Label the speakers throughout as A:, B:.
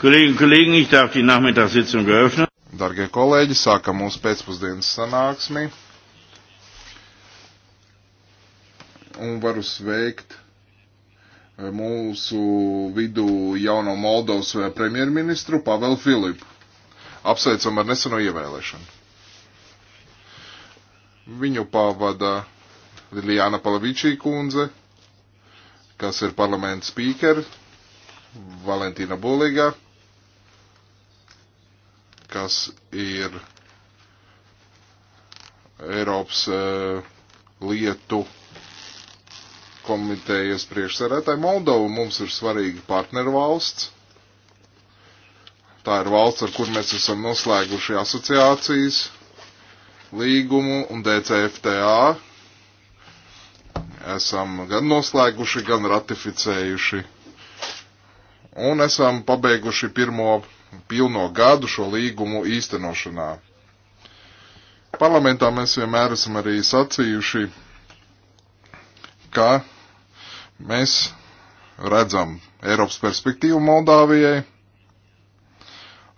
A: Kolleginnen und Kollegen, ich darf die Nachmittagssitzung eröffnen. Dargie kolēģi, sākam mūsu pēcpusdienas sanāksmi. Un varu sveikt eh, mūsu vidū jauno Moldovas eh, premjerministru Pavelu Filipu. Apsveicam ar neseno ievēlēšanu. Viņu pavada Liljana Palavičī kundze kas ir parlamenta spīkeri, Valentīna Bulīga, kas ir Eiropas uh, lietu komitejas priekšsarētāji. Moldova mums ir svarīga partneru valsts. Tā ir valsts, ar kur mēs esam noslēguši asociācijas līgumu un DCFTA esam gan noslēguši, gan ratificējuši. Un esam pabeiguši pirmo pilno gadu šo līgumu īstenošanā. Parlamentā mēs vienmēr esam arī sacījuši, ka mēs redzam Eiropas perspektīvu Moldāvijai.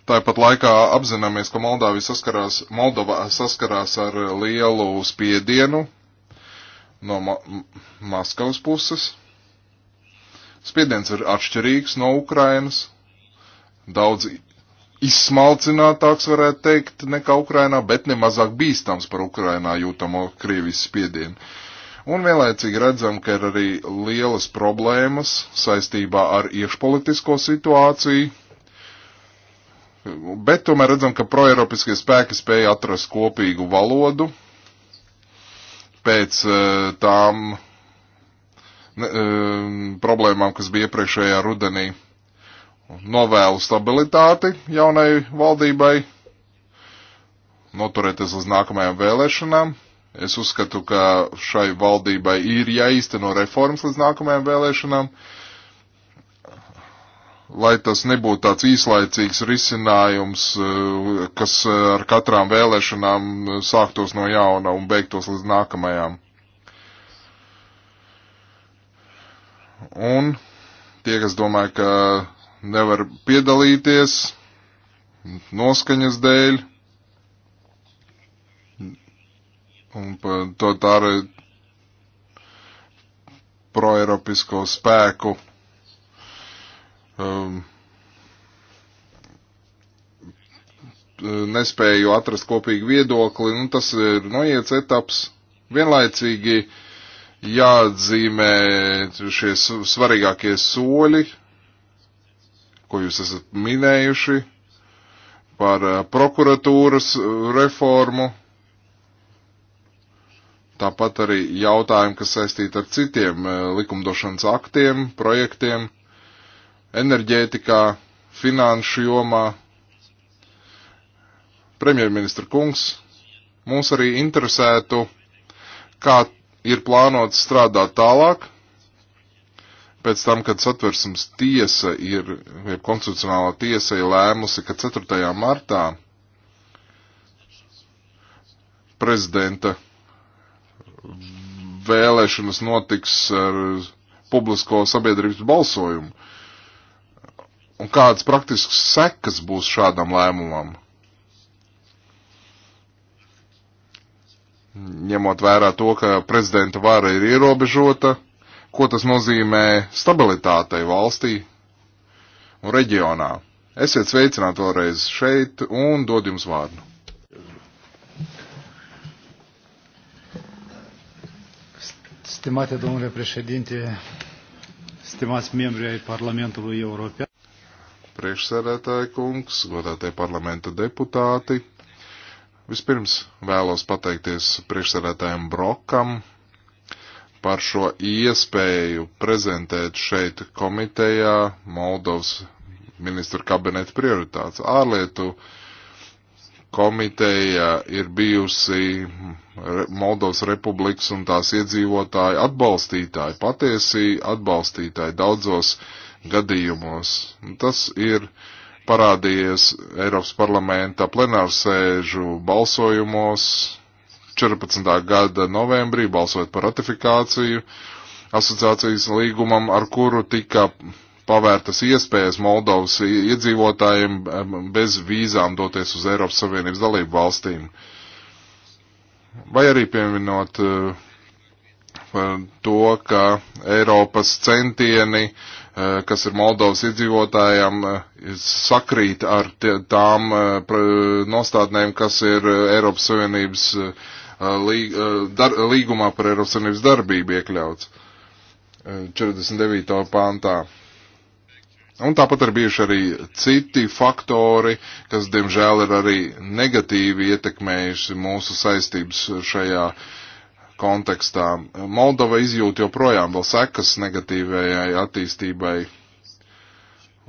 A: Tāpat laikā apzināmies, ka Moldāvija saskarās, Moldova saskarās ar lielu spiedienu no Ma Maskavas puses. Spiediens ir atšķirīgs no Ukrainas, daudz izsmalcinātāks, varētu teikt, nekā Ukrainā, bet ne mazāk bīstams par Ukrainā jūtamo Krievijas spiedienu. Un vienlaicīgi redzam, ka ir arī lielas problēmas saistībā ar iekšpolitisko situāciju, bet tomēr redzam, ka proeiropiskie spēki spēja atrast kopīgu valodu, pēc eh, tām eh, problēmām, kas bija iepriekšējā rudenī. Novēlu stabilitāti jaunai valdībai, noturēties līdz nākamajām vēlēšanām. Es uzskatu, ka šai valdībai ir jāīsteno reformas līdz nākamajām vēlēšanām. Uh, lai tas nebūtu tāds īslaicīgs risinājums, eh, kas eh, ar katrām vēlēšanām eh, sāktos no jauna un beigtos līdz nākamajām. Un tie, kas domāja, ka nevar piedalīties noskaņas dēļ, un to tā arī proeiropisko spēku um, nespēju atrast kopīgu viedokli, nu tas ir noiets etaps. Vienlaicīgi jāatzīmē šie svarīgākie soļi, ko jūs esat minējuši par uh, prokuratūras uh, reformu. Tāpat arī jautājumi, kas saistīti ar citiem uh, likumdošanas aktiem, projektiem enerģētikā, finanšu jomā. Premjerministra kungs, mums arī interesētu, kā ir plānots strādāt tālāk, pēc tam, kad satversums tiesa ir, vai konstitucionālā tiesa ir lēmusi, ka 4. martā prezidenta vēlēšanas notiks ar publisko sabiedrības balsojumu. Un kādas praktiskas sekas būs šādam lēmumam? Ņemot vērā to, ka prezidenta vara ir ierobežota, ko tas nozīmē stabilitātei valstī un reģionā. Esiet sveicināti vēlreiz šeit un dod jums vārdu.
B: Stimate domnule președinte, stimați membri ai Parlamentului European,
A: priekšsēdētāja kungs, godātie parlamenta deputāti. Vispirms vēlos pateikties priekšsēdētājiem Brokam par šo iespēju prezentēt šeit komitejā Moldovas ministru kabineta prioritātes. Ārlietu komiteja ir bijusi Moldovas republikas un tās iedzīvotāji atbalstītāji, patiesi atbalstītāji daudzos uh, gadījumos. Tas ir parādījies Eiropas parlamenta plenārsēžu balsojumos 14. gada novembrī, balsojot par ratifikāciju asociācijas līgumam, ar kuru tika pavērtas iespējas Moldovas iedzīvotājiem bez vīzām doties uz Eiropas Savienības dalību valstīm. Vai arī pieminot eh, to, ka Eiropas centieni Eh, kas ir Moldovas iedzīvotājiem, eh, sakrīt ar tām eh, nostādnēm, kas ir Eiropas Savienības līgumā par Eiropas Savienības darbību iekļauts 49. pāntā. Un tāpat ir bijuši arī citi faktori, kas, diemžēl, ir arī negatīvi ietekmējuši mūsu saistības šajā uh, kontekstā. Moldova izjūt joprojām vēl sekas negatīvajai attīstībai.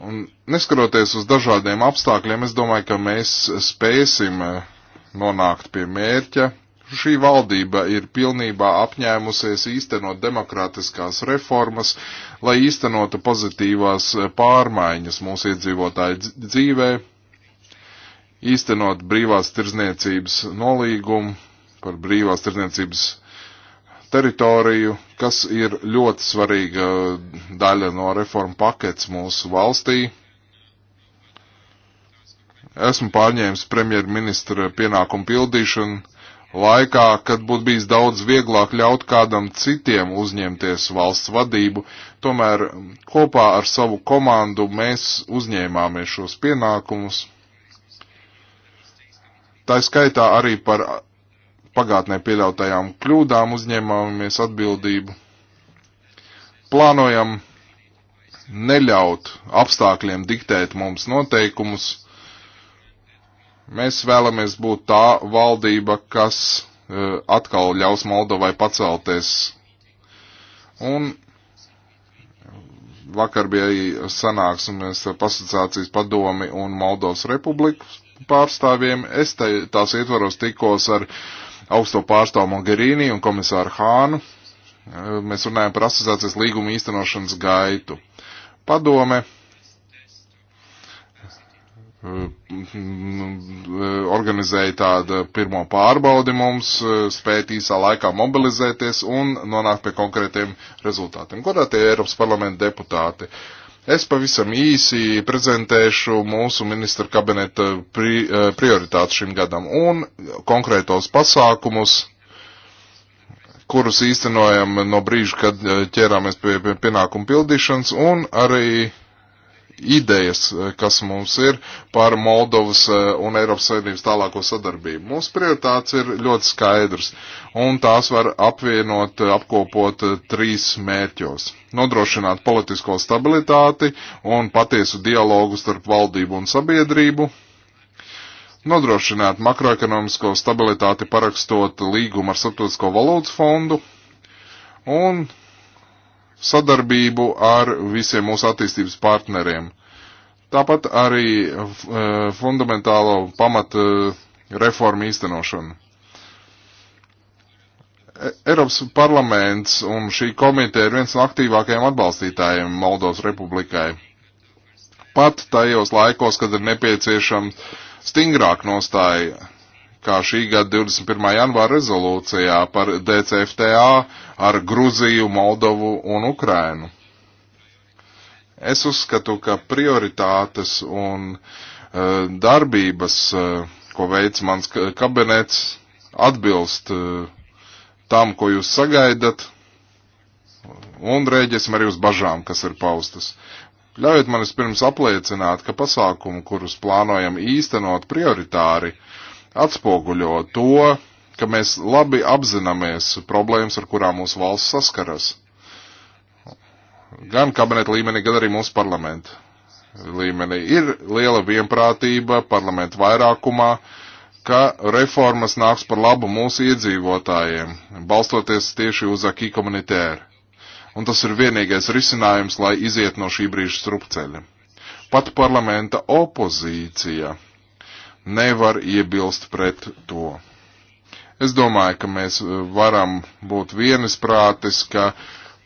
A: Un neskaroties uz dažādiem apstākļiem, es domāju, ka mēs spēsim eh, nonākt pie mērķa. Šī valdība ir pilnībā apņēmusies īstenot demokrātiskās reformas, lai īstenotu pozitīvās eh, pārmaiņas mūsu iedzīvotāju dzīvē, īstenot brīvās tirzniecības nolīgumu par brīvās tirzniecības teritoriju, kas ir ļoti svarīga daļa no reformu pakets mūsu valstī. Esmu pārņēmis premjerministra pienākumu pildīšanu laikā, kad būtu bijis daudz vieglāk ļaut kādam citiem uzņemties valsts vadību, tomēr kopā ar savu komandu mēs uzņēmāmies šos pienākumus. Tā skaitā arī par pagātnē pieļautajām kļūdām uzņemamies atbildību. Plānojam neļaut apstākļiem diktēt mums noteikumus. Mēs vēlamies būt tā valdība, kas uh, atkal ļaus Moldovai pacelties. Un vakar bija sanāksmes ar asociācijas padomi un Moldovas republiku pārstāvjiem. Es te, tās ietvaros tikos ar uh, augsto pārstāvu Mogherini un komisāru Hānu. Eh, mēs runājam par asociācijas līgumu īstenošanas gaitu. Padome eh, eh, organizēja tādu pirmo pārbaudi mums, spēt īsā laikā mobilizēties un nonākt pie konkrētiem rezultātiem. Godātie Eiropas parlamenta deputāti, uh, Es pavisam īsi prezentēšu mūsu ministra kabineta pri, eh, prioritāti šim gadam un konkrētos pasākumus, kurus īstenojam no brīža, kad eh, ķērāmies pie, pie pienākumu pildīšanas un arī idejas, eh, kas mums ir par Moldovas eh, un Eiropas Savienības tālāko sadarbību. Mūsu prioritātes ir ļoti skaidrs, un tās var apvienot, eh, apkopot trīs mērķos - nodrošināt politisko stabilitāti un patiesu dialogu starp valdību un sabiedrību, nodrošināt makroekonomisko stabilitāti parakstot līgumu ar Starptautisko valūtas fondu, un sadarbību ar visiem mūsu attīstības partneriem. Tāpat arī eh, fundamentālo pamata eh, reformu īstenošanu. E, Eiropas parlaments un šī komiteja ir viens no aktīvākajiem atbalstītājiem Moldovas republikai. Pat tajos laikos, kad ir nepieciešams stingrāk nostāja kā šī gada 21. janvāra rezolūcijā par DCFTA ar Gruziju, Moldovu un Ukrainu. Es uzskatu, ka prioritātes un uh, darbības, uh, ko veic mans kabinets, atbilst uh, tam, ko jūs sagaidat, un rēģēsim arī uz bažām, kas ir paustas. Ļaujiet man vispirms apliecināt, ka pasākumu, kurus plānojam īstenot prioritāri, uh, atspoguļo to, ka mēs labi apzināmies problēmas, ar kurām mūsu valsts saskaras. Gan kabineta līmenī, gan arī mūsu parlamenta līmenī. Ir liela vienprātība parlamenta vairākumā, ka reformas nāks par labu mūsu iedzīvotājiem, balstoties tieši uz akī komunitēru. Un tas ir vienīgais risinājums, lai iziet no šī brīža strupceļa. Pat parlamenta opozīcija nevar iebilst pret to. Es domāju, ka mēs e, varam būt vienisprātis, ka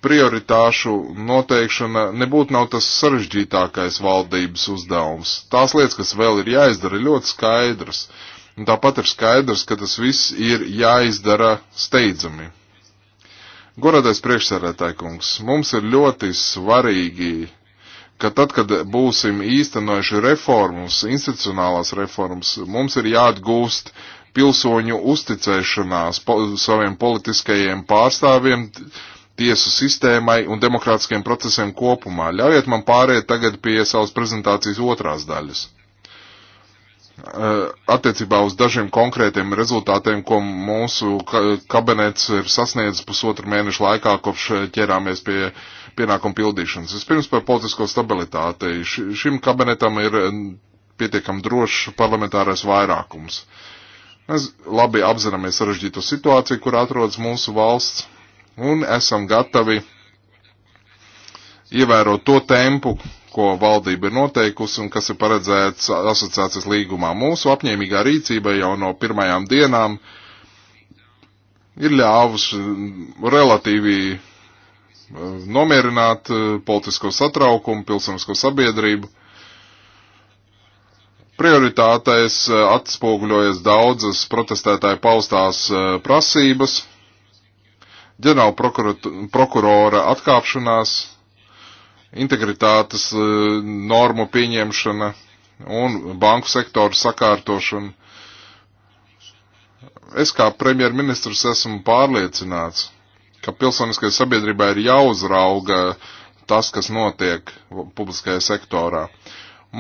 A: prioritāšu noteikšana nebūtu nav tas sarežģītākais valdības uzdevums. Tās lietas, kas vēl ir jāizdara, ir ļoti skaidras. Un tāpat ir skaidrs, ka tas viss ir jāizdara steidzami. Godātais priekšsēdētāji kungs, mums ir ļoti svarīgi ka tad, kad būsim īstenojuši reformas, institucionālās reformas, mums ir jāatgūst pilsoņu uzticēšanās po, saviem politiskajiem pārstāvjiem, tiesu sistēmai un demokrātiskiem procesiem kopumā. Ļaujiet man pāriet tagad pie savas prezentācijas otrās daļas. Eh, attiecībā uz dažiem konkrētiem rezultātiem, ko mūsu kabinets ir sasniedzis pusotru mēnešu laikā, kopš eh, ķerāmies pie uh, pienākumu pildīšanas. Vispirms par politisko stabilitāti. Šim kabinetam ir pietiekam drošs parlamentārais vairākums. Mēs labi apzināmies sarežģīto situāciju, kur atrodas mūsu valsts, un esam gatavi ievērot to tempu, ko valdība ir noteikusi un kas ir paredzēts asociācijas līgumā. Mūsu apņēmīgā rīcība jau no pirmajām dienām ir ļāvusi relatīvi Eh, nomierināt eh, politisko satraukumu, pilsonisko sabiedrību. Prioritātēs eh, atspoguļojas daudzas protestētāju paustās prasības, ģenerāla prokurora atkāpšanās, integritātes normu pieņemšana un banku sektoru sakārtošana. Es kā premjerministrs esmu pārliecināts, ka pilsoniskai sabiedrībai ir jāuzrauga tas, kas notiek publiskajā sektorā.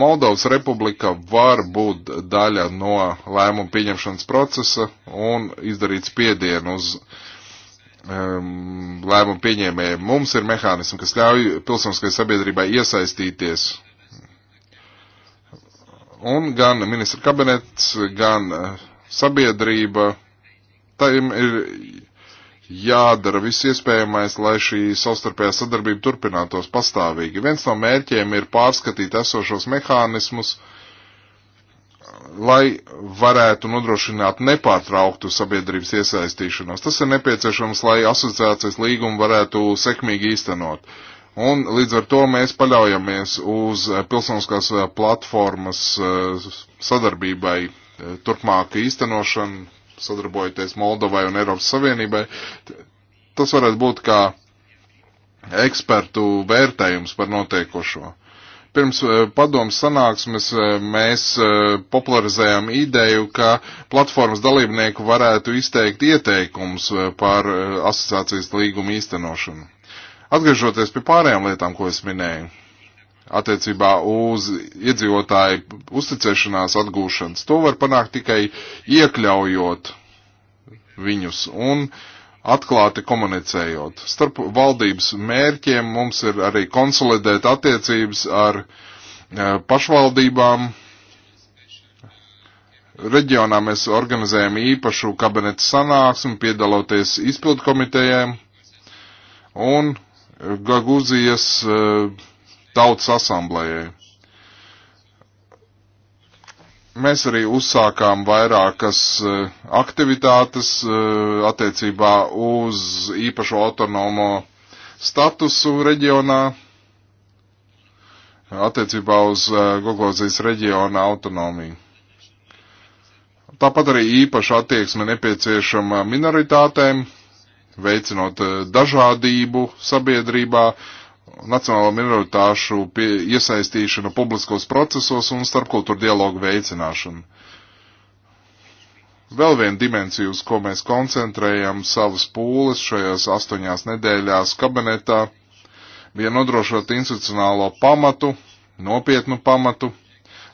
A: Moldovas republika var būt daļa no lēmumu pieņemšanas procesa un izdarīt spiedienu uz um, lēmumu pieņēmējiem. Mums ir mehānismi, kas ļauj pilsoniskajai sabiedrībai iesaistīties. Un gan ministra kabinets, gan eh, sabiedrība, tam ir jādara viss iespējamais, lai šī savstarpējā sadarbība turpinātos pastāvīgi. Viens no mērķiem ir pārskatīt esošos mehānismus, lai varētu nodrošināt nepārtrauktu sabiedrības iesaistīšanos. Tas ir nepieciešams, lai asociācijas līgumu varētu sekmīgi īstenot. Un līdz ar to mēs paļaujamies uz pilsoniskās platformas eh, sadarbībai eh, turpmāk īstenošanu sadarbojoties Moldovai un Eiropas Savienībai. Tas varētu būt kā ekspertu vērtējums par notiekošo. Pirms e, padomas sanāksmes e, mēs e, popularizējām ideju, ka platformas dalībnieku varētu izteikt ieteikums par asociācijas līgumu īstenošanu. Atgriežoties pie pārējām lietām, ko es minēju, attiecībā uz iedzīvotāju uzticēšanās atgūšanas. To var panākt tikai iekļaujot viņus un atklāti komunicējot. Starp valdības mērķiem mums ir arī konsolidēt attiecības ar eh, pašvaldībām. Reģionā mēs organizējam īpašu kabinetu sanāksmi, piedaloties izpildu komitejiem un Gagūzijas uh, eh, tautas asamblējai. Mēs arī uzsākām vairākas e, aktivitātes e, attiecībā uz īpašo autonomo statusu reģionā, attiecībā uz e, Goglozijas reģiona autonomiju. Tāpat arī īpaša attieksme nepieciešama minoritātēm, veicinot dažādību sabiedrībā, uh, nacionālo minoritāšu pie, iesaistīšanu publiskos procesos un starpkultūra dialogu veicināšanu. Vēl viena dimensija, uz ko mēs koncentrējam savas pūles šajās astoņās nedēļās kabinetā, bija nodrošot institucionālo pamatu, nopietnu pamatu,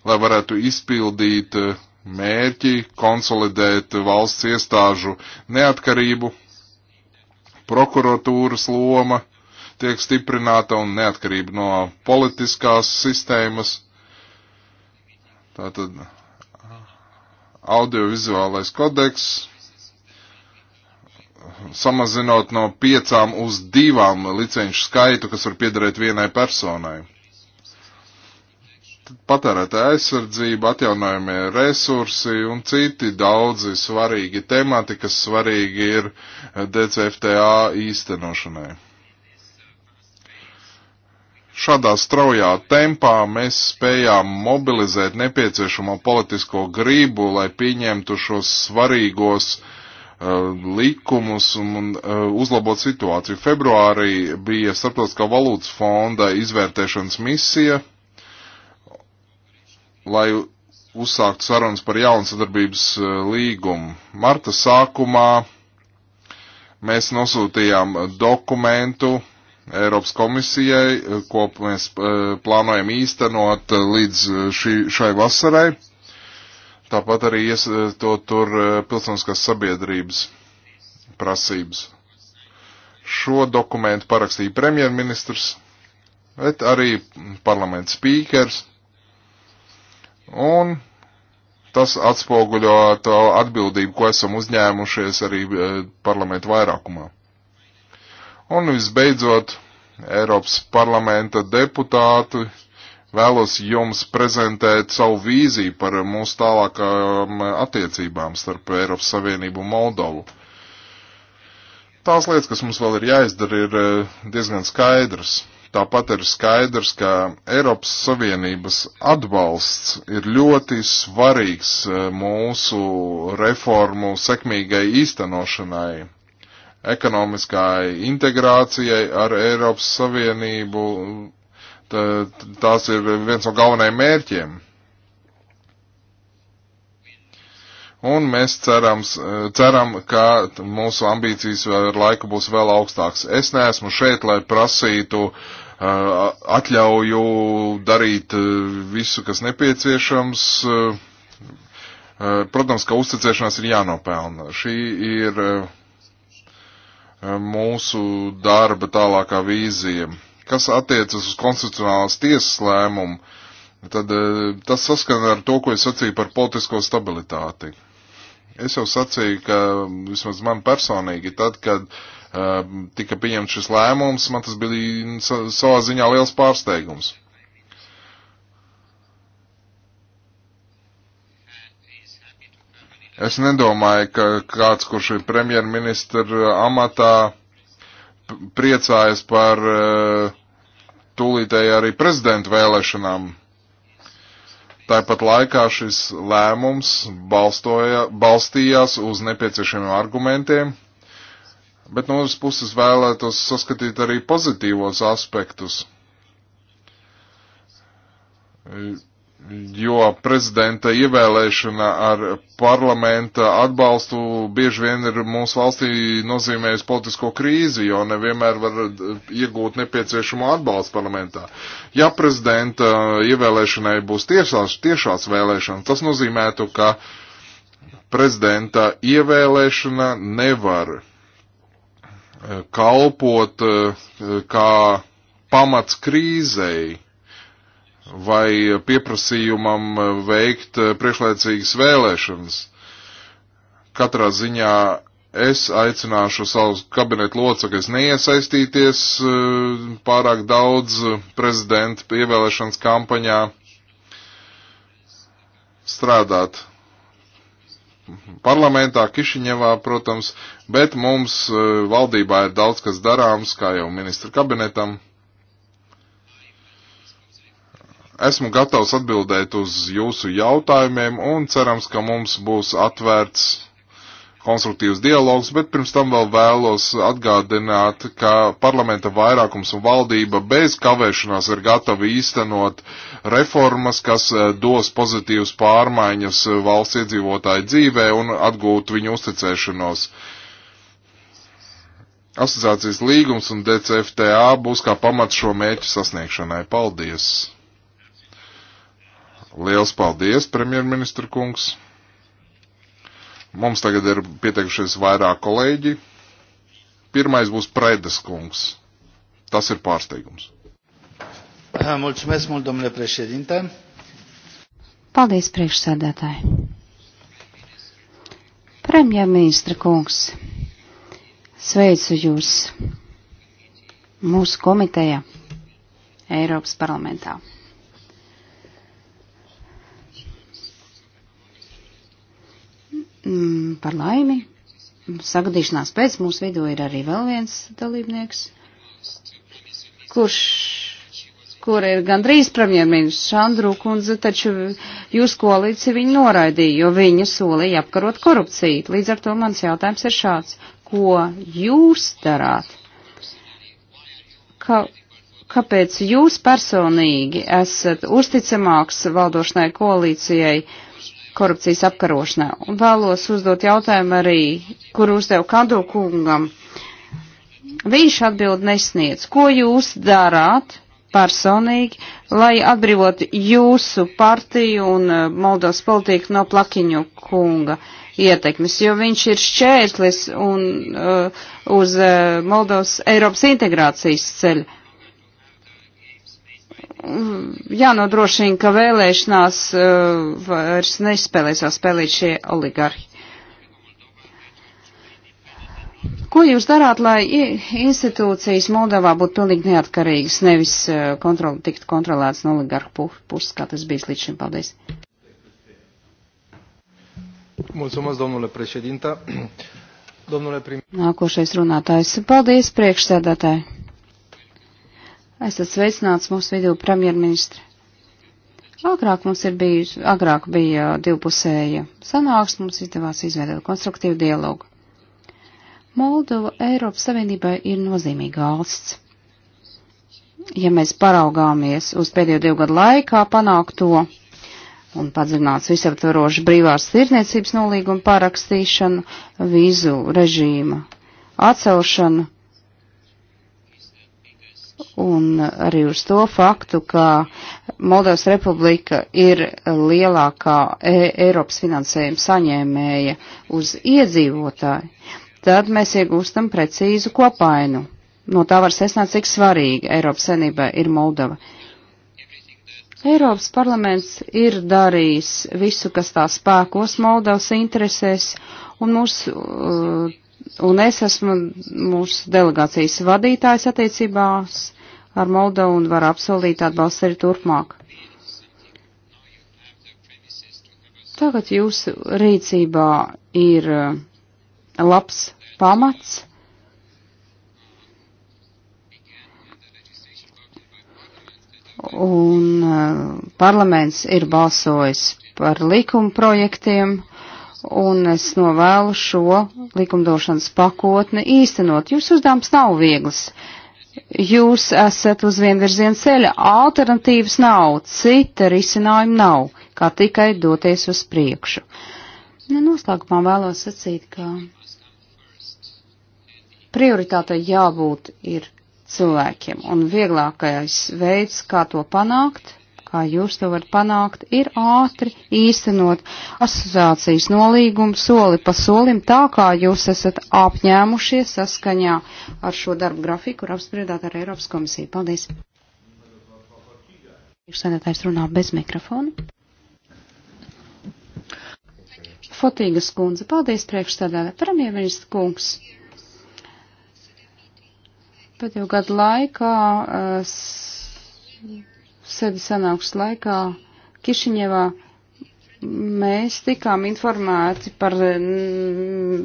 A: lai varētu izpildīt eh, mērķi, konsolidēt valsts iestāžu neatkarību, prokuratūras loma tiek stiprināta un neatkarība no politiskās sistēmas. Tātad audiovizuālais kodeks samazinot no piecām uz divām licenšu skaitu, kas var piederēt vienai personai. Patērētāja aizsardzība, atjaunojumie resursi un citi daudzi svarīgi temati, kas svarīgi ir DCFTA īstenošanai šādā straujā tempā mēs spējām mobilizēt nepieciešamo politisko gribu, lai pieņemtu šos svarīgos uh, likumus un, un uh, uzlabot situāciju. Februārī bija Starptautiskā valūtas fonda izvērtēšanas misija, lai uzsāktu sarunas par jaunu sadarbības uh, līgumu. Marta sākumā mēs nosūtījām dokumentu Eiropas komisijai, ko mēs eh, plānojam īstenot eh, līdz eh, šī, šai vasarai. Tāpat arī iestot tur pilsoniskās sabiedrības prasības. Šo dokumentu parakstīja premjerministrs, bet arī parlaments spīkers. Un tas atspoguļo to atbildību, ko esam uzņēmušies arī parlamentu vairākumā. Un visbeidzot, Eiropas parlamenta deputāti vēlos jums prezentēt savu vīziju par mūsu tālākām attiecībām starp Eiropas Savienību un Moldovu. Tās lietas, kas mums vēl ir jāizdara, ir eh, diezgan skaidrs. Tāpat ir skaidrs, ka Eiropas Savienības atbalsts ir ļoti svarīgs eh, mūsu reformu sekmīgai īstenošanai ekonomiskā integrācijai ar Eiropas Savienību. Tā, tās ir viens no galvenajiem mērķiem. Un mēs cerams, ceram, ka mūsu ambīcijas ar laiku būs vēl augstāks. Es neesmu šeit, lai prasītu uh, atļauju darīt uh, visu, kas nepieciešams. Uh, protams, ka uzticēšanās ir jānopelna. Šī ir uh, mūsu darba tālākā vīzija. Kas attiecas uz konstitucionālas tiesas lēmumu, tad eh, tas saskana ar to, ko es sacīju par politisko stabilitāti. Es jau sacīju, ka vismaz man personīgi, tad, kad uh, tika pieņemts šis lēmums, man tas bija savā ziņā liels pārsteigums. Es nedomāju, ka kāds, kurš ir premjerministra amatā, priecājas par eh, tūlītēji arī prezidenta vēlēšanām. Tāpat laikā šis lēmums balstoja, balstījās uz nepieciešamiem argumentiem, bet no otras puses vēlētos saskatīt arī pozitīvos aspektus jo prezidenta ievēlēšana ar parlamenta atbalstu bieži vien ir mūsu valstī nozīmējusi politisko krīzi, jo nevienmēr var iegūt nepieciešamo atbalstu parlamentā. Ja prezidenta ievēlēšanai būs tiešās, tiešās vēlēšanas, tas nozīmētu, ka prezidenta ievēlēšana nevar eh, kalpot eh, kā pamats krīzei vai pieprasījumam veikt priekšlaicīgas vēlēšanas. Katrā ziņā es aicināšu savus kabinetu locekļus neiesaistīties eh, pārāk daudz prezidenta ievēlēšanas kampaņā, strādāt parlamentā, Kišiņevā, protams, bet mums eh, valdībā ir daudz kas darāms, kā jau ministra kabinetam. Esmu gatavs atbildēt uz jūsu jautājumiem un cerams, ka mums būs atvērts konstruktīvs dialogs, bet pirms tam vēl vēlos atgādināt, ka parlamenta vairākums un valdība bez kavēšanās ir gatavi īstenot reformas, kas eh, dos pozitīvas pārmaiņas eh, valsts iedzīvotāju dzīvē un atgūt viņu uzticēšanos. Asociācijas līgums un DCFTA būs kā pamats šo mērķu sasniegšanai. Paldies! Liels paldies, premjerministra kungs. Mums tagad ir pieteikušies vairāk kolēģi. Pirmais būs Predes kungs. Tas ir pārsteigums.
B: Mulțumesc mult, domnule președinte.
C: Paldies, priekšsēdētāji. Premjerministra kungs, sveicu jūs mūsu komiteja Eiropas parlamentā. Mm, par laimi, sagadīšanās pēc mūsu vidū ir arī vēl viens dalībnieks, kurš, kur ir gandrīz premjerministrs Šandru kundze, taču jūs koalīci viņu noraidīja, jo viņa solīja apkarot korupciju. Līdz ar to mans jautājums ir šāds. Ko jūs darāt? Ka, kāpēc jūs personīgi esat uzticamāks valdošanai koalīcijai? korupcijas apkarošanā. Un vēlos uzdot jautājumu arī, kur uzdev Kando kungam. Viņš atbild nesniedz. Ko jūs darāt personīgi, lai atbrīvotu jūsu partiju un eh, Moldovas politiku no plakiņu kunga ietekmes, jo viņš ir šķērslis un uh, uz uh, Moldovas Eiropas integrācijas ceļu. Mm, jānodrošina, ka vēlēšanās uh, vairs nespēlēs vēl spēlīt šie oligarhi. Ko jūs darāt, lai institūcijas Moldavā būtu pilnīgi neatkarīgas, nevis uh, kontrol, tikt kontrolētas no oligarhu puses, kā tas bijis līdz šim? Paldies!
B: Mulțumesc, domnule președinte. Domnule
C: prim... Nākošais runātājs. Paldies, priekšsēdētāji. Esat sveicināts mūsu vidū premjerministri. Agrāk mums ir bijusi, agrāk bija divpusēja sanāks, mums izdevās izveidot konstruktīvu dialogu. Moldova Eiropas Savienībai ir nozīmīga valsts. Ja mēs paraugāmies uz pēdējo divu gadu laikā panākto un padziļināts visaptvaroši brīvās tirniecības nolīguma pārakstīšanu, vīzu režīma atcelšanu, un arī uz to faktu, ka Moldovas republika ir lielākā e Eiropas finansējuma saņēmēja uz iedzīvotāju, tad mēs iegūstam precīzu kopainu. No tā var sesināt, cik svarīga Eiropas senībā ir Moldova. Eiropas parlaments ir darījis visu, kas tā spēkos Moldovas interesēs, un mūsu uh, un es esmu mūsu delegācijas vadītājs attiecībās ar Moldovu un var apsolīt atbalstu arī turpmāk. Tagad jūsu rīcībā ir eh, labs pamats. Un eh, parlaments ir balsojis par likuma projektiem, un es novēlu šo likumdošanas pakotni īstenot. Jūsu uzdevums nav viegls jūs esat uz vienvirziena ceļa, alternatīvas nav, cita risinājuma nav, kā tikai doties uz priekšu. Nu, noslēgumā vēlos sacīt, ka prioritāte jābūt ir cilvēkiem, un vieglākais veids, kā to panākt, kā jūs to varat panākt, ir ātri īstenot asociācijas nolīgumu soli pa solim, tā kā jūs esat apņēmušies saskaņā ar šo darbu grafiku, kur apspriedāt ar Eiropas komisiju. Paldies! Jūs senatājs runā bez mikrofona. Fotīgas kundze, paldies priekšstādātā. Premjerministra kungs. Pēdējo gadu laikā uh, sēdes sanāks laikā Kišiņevā mēs tikām informēti par mm,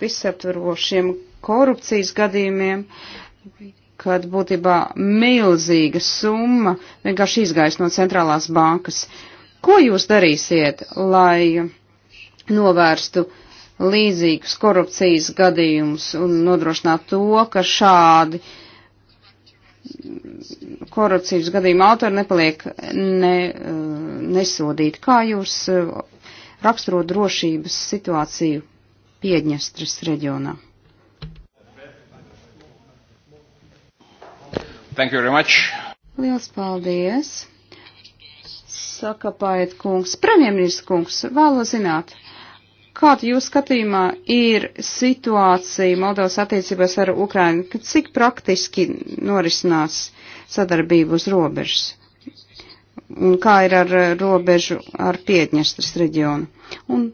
C: visaptvarošiem korupcijas gadījumiem, kad būtībā milzīga summa vienkārši izgais no centrālās bankas. Ko jūs darīsiet, lai novērstu līdzīgus korupcijas gadījumus un nodrošinātu to, ka šādi uh, korupcijas gadījuma autori nepaliek ne, eh, nesodīti. Kā jūs eh, raksturot drošības situāciju Piedņestras reģionā?
A: Thank you very much.
C: Liels paldies. Saka Paiet kungs, premjerministrs kungs, vēlos zināt, Kāda jūs skatījumā ir situācija Moldovas attiecībās ar Ukrainu? Cik praktiski norisinās sadarbību uz robežas? Un kā ir ar robežu ar Piedņestras reģionu? Un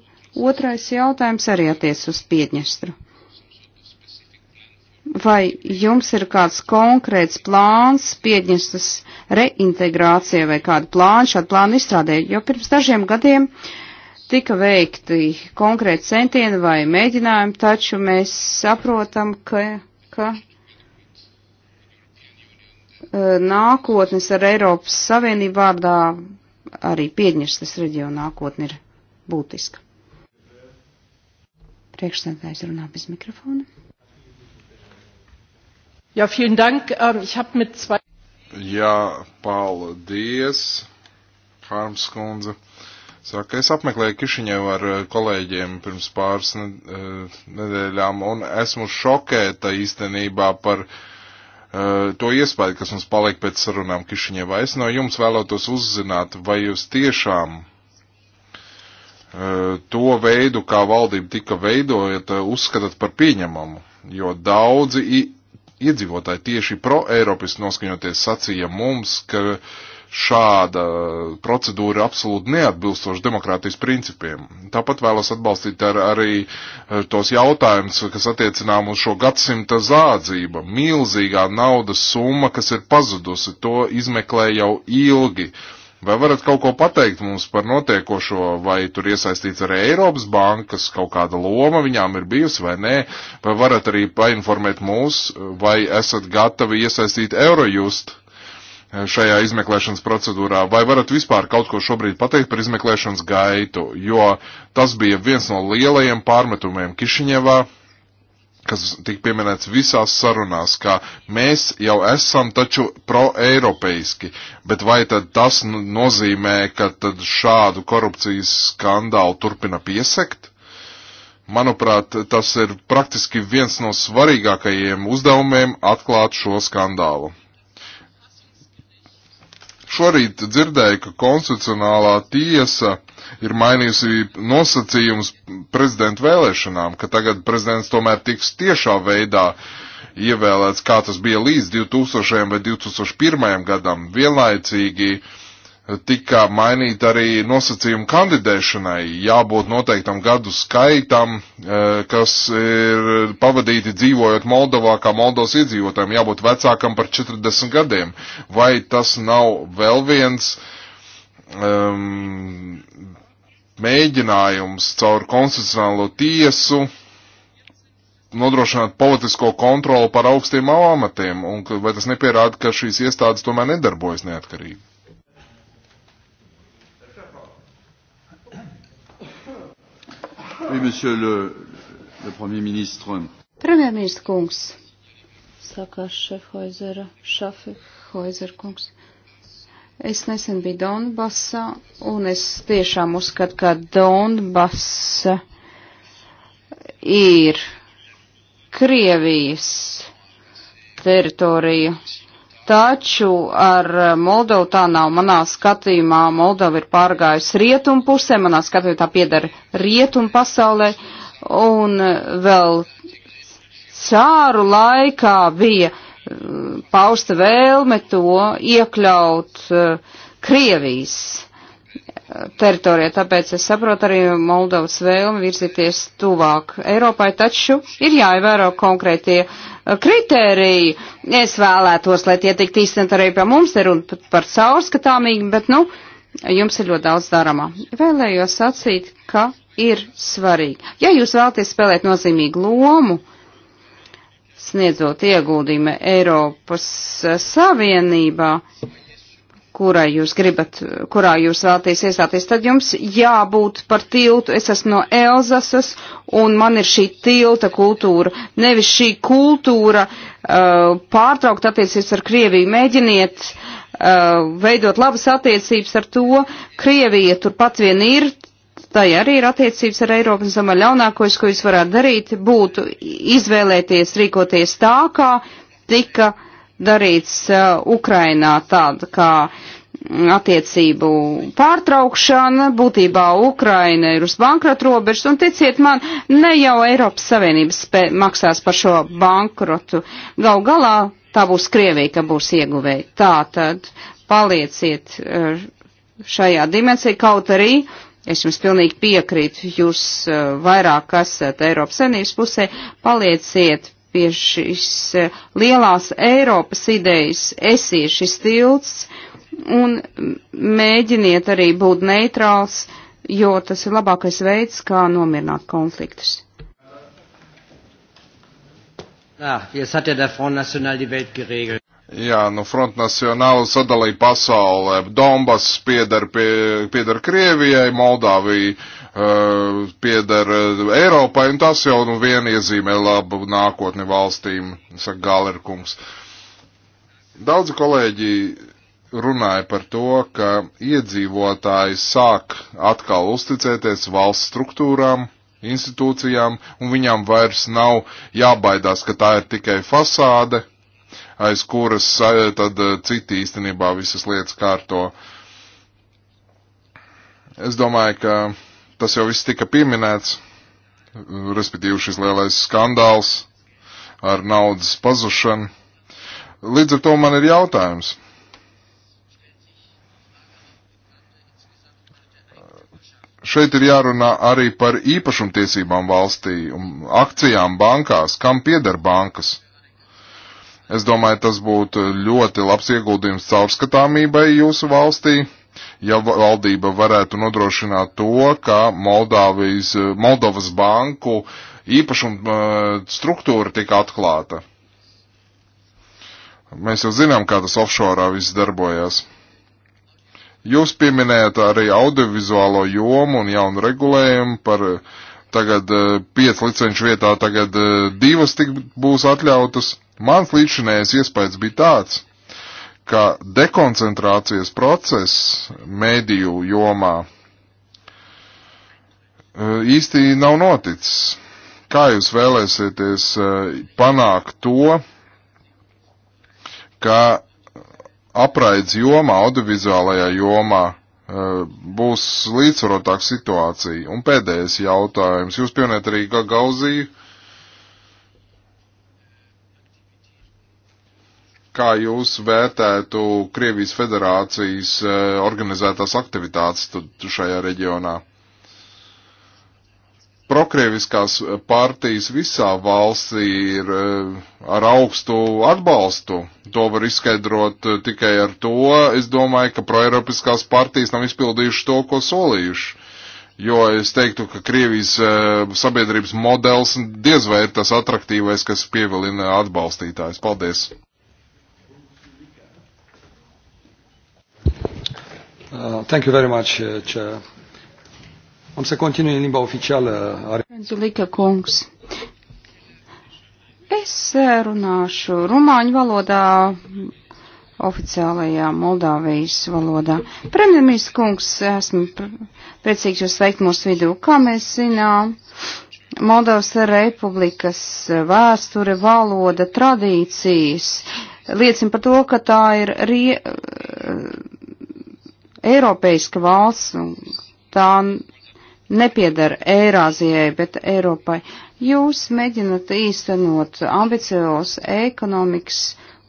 C: otrais jautājums arī attiec uz Piedņestru. Vai jums ir kāds konkrēts plāns Piedņestras reintegrācijai vai kādu plānu šādu plānu izstrādē? Jo pirms dažiem gadiem uh, Tika veikti konkrēti centieni vai mēģinājumi, taču mēs saprotam, ka, ka e, nākotnes ar Eiropas Savienību vārdā arī Piedņestas reģiona nākotne ir būtiska. Priekšsēdētājs runā bez mikrofona. Ja, vielen Dank. Ähm, ich habe mit zwei.
A: Ja, paldies, Harms Kunze. Saka, es apmeklēju Kišiņevu ar eh, kolēģiem pirms pāris eh, nedēļām un esmu šokēta īstenībā par uh, to iespēju, kas mums palika pēc sarunām Kišiņevā. Es no jums vēlētos uzzināt, vai jūs tiešām uh, to veidu, kā valdība tika veidojata, uzskatāt par pieņemamu, jo daudzi iedzīvotāji tieši pro-Eiropas noskaņoties sacīja mums, ka uh, šāda procedūra absolūti neatbilstoša demokrātijas principiem. Tāpat vēlos atbalstīt ar, arī eh, tos jautājumus, kas attiecinām uz šo gadsimta zādzību. Milzīgā naudas summa, kas ir pazudusi, to izmeklē jau ilgi. Vai varat kaut ko pateikt mums par notiekošo, vai tur iesaistīts arī Eiropas bankas, kaut kāda loma viņām ir bijusi vai nē, vai varat arī painformēt mūs, vai esat gatavi iesaistīt Eurojust? šajā izmeklēšanas procedūrā, vai varat vispār kaut ko šobrīd pateikt par izmeklēšanas gaitu, jo tas bija viens no lielajiem pārmetumiem Kišiņevā, kas tika pieminēts visās sarunās, ka mēs jau esam taču pro-eiropeiski, bet vai tad tas nozīmē, ka tad šādu korupcijas skandālu turpina piesekt? Manuprāt, tas ir praktiski viens no svarīgākajiem uzdevumiem atklāt šo skandālu. Šorīt dzirdēju, ka konstitucionālā tiesa ir mainījusi nosacījums prezidenta vēlēšanām, ka tagad prezidents tomēr tiks tiešā veidā ievēlēts, kā tas bija līdz 2000 vai 2001 gadam, vienlaicīgi uh, tika mainīta arī nosacījuma kandidēšanai. Jābūt noteiktam gadu skaitam, e, kas ir pavadīti dzīvojot Moldovā kā Moldovas iedzīvotājiem, jābūt vecākam par 40 gadiem. Vai tas nav vēl viens um, mēģinājums caur konstitucionālo tiesu? nodrošināt politisko kontroli par augstiem amatiem, un vai tas nepierāda, ka šīs iestādes tomēr nedarbojas neatkarīgi? Oui, monsieur le, le premier ministre.
C: Premjerministrs kungs, saka Šefhoizera, Šafhoizera kungs. Es nesen biju Donbassā, un es tiešām uzskatu, ka Donbassa ir Krievijas teritorija Taču ar eh, Moldovu tā nav. Manā skatījumā Moldova ir pārgājusi rietumu pusē, manā skatījumā tā piedara rietumu pasaulē, un eh, vēl cāru laikā bija eh, pausta vēlme to iekļaut Krievijas teritorijā, tāpēc es saprotu arī Moldovas vēlmi virzīties tuvāk Eiropai, taču ir jāievēro konkrētie eh, kritēriji. Es vēlētos, lai tie tiktu īstenot arī pie mums, ir un par caurskatāmību, bet, nu, jums ir ļoti daudz darāmā. Vēlējos sacīt, ka ir svarīgi. Ja jūs vēlaties spēlēt nozīmīgu lomu, sniedzot ieguldījumu Eiropas Savienībā, kurai jūs gribat, kurā jūs vēlaties iestāties, tad jums jābūt par tiltu. Es esmu no Elzasas, un man ir šī tilta kultūra. Nevis šī kultūra uh, pārtraukt attiecības ar Krieviju. Mēģiniet uh, veidot labas attiecības ar to. Krievija turpat vien ir. Tā arī ir attiecības ar Eiropu, un zama ļaunākojas, ko jūs varētu darīt, būtu izvēlēties, rīkoties tā, kā tika uh, darīts uh, Ukrainā tāda kā mm, attiecību pārtraukšana, būtībā Ukraina ir uz bankrota robežas, un ticiet man, ne jau Eiropas Savienības maksās par šo bankrotu. Gal galā tā būs Krievija, ka būs ieguvēji. Tā tad palieciet uh, šajā dimensijā, kaut arī Es jums pilnīgi piekrītu, jūs eh, vairāk esat Eiropas senības pusē, palieciet pie šīs e, lielās Eiropas idejas, esiet šis tilts un mēģiniet arī būt neitrāls, jo tas ir labākais veids, kā nomierināt konfliktus.
A: Ah, Jā, nu Front National sadalīja pasaulē. Donbass pieder, pie, pieder Krievijai, Moldāvija uh, eh, piedara eh, Eiropai, un tas jau nu vien iezīmē labu nākotni valstīm, saka Galerkungs. Daudzi kolēģi runāja par to, ka iedzīvotāji sāk atkal uzticēties valsts struktūrām, institūcijām, un viņām vairs nav jābaidās, ka tā ir tikai fasāde, aiz kuras eh, tad citi īstenībā visas lietas kārto. Es domāju, ka tas jau viss tika pieminēts, respektīvi šis lielais skandāls ar naudas pazušanu. Līdz ar to man ir jautājums. šeit ir jārunā arī par īpašumtiesībām valstī un um, akcijām bankās, kam pieder bankas. Es domāju, tas būtu ļoti labs ieguldījums caurskatāmībai jūsu valstī ja valdība varētu nodrošināt to, ka Moldāvijas, eh, Moldovas banku īpašuma eh, struktūra tika atklāta. Mēs jau zinām, kā tas offshore viss darbojas. Jūs pieminējat arī audiovizuālo jomu un jaunu regulējumu par eh, tagad 5 licenču vietā, tagad divas tik būs atļautas. Mans līdzinējais iespējas bija tāds, ka dekoncentrācijas process mediju jomā e, īsti nav noticis. Kā jūs vēlēsieties e, panākt to, ka apraidz jomā, audiovizuālajā jomā e, būs līdzsvarotāka situācija? Un pēdējais jautājums. Jūs pieminējat arī Gagauziju. Ga kā jūs vērtētu Krievijas federācijas e, organizētās aktivitātes šajā reģionā? Prokrieviskās partijas visā valstī ir e, ar augstu atbalstu. To var izskaidrot e, tikai ar to, es domāju, ka proeiropiskās partijas nav izpildījuši to, ko solījuši. Jo es teiktu, ka Krievijas sabiedrības modelis diez vai ir tas atraktīvais, kas pievilina atbalstītājs. Paldies!
B: Uh, thank you very much, uh, Chair.
D: Am să continui în limba oficială.
C: Zulika kungs. Es runāšu rumāņu valodā, oficiālajā Moldāvijas valodā. Premjerministrs kungs, esmu priecīgs jūs sveikt mūsu vidū. Kā mēs zinām, Moldavas republikas vēsture, valoda, tradīcijas liecina par to, ka tā ir rie Eiropeiska valsts, un tā nepiedara Eirāzijai, bet Eiropai. Jūs mēģināt īstenot ambiciozu ekonomikas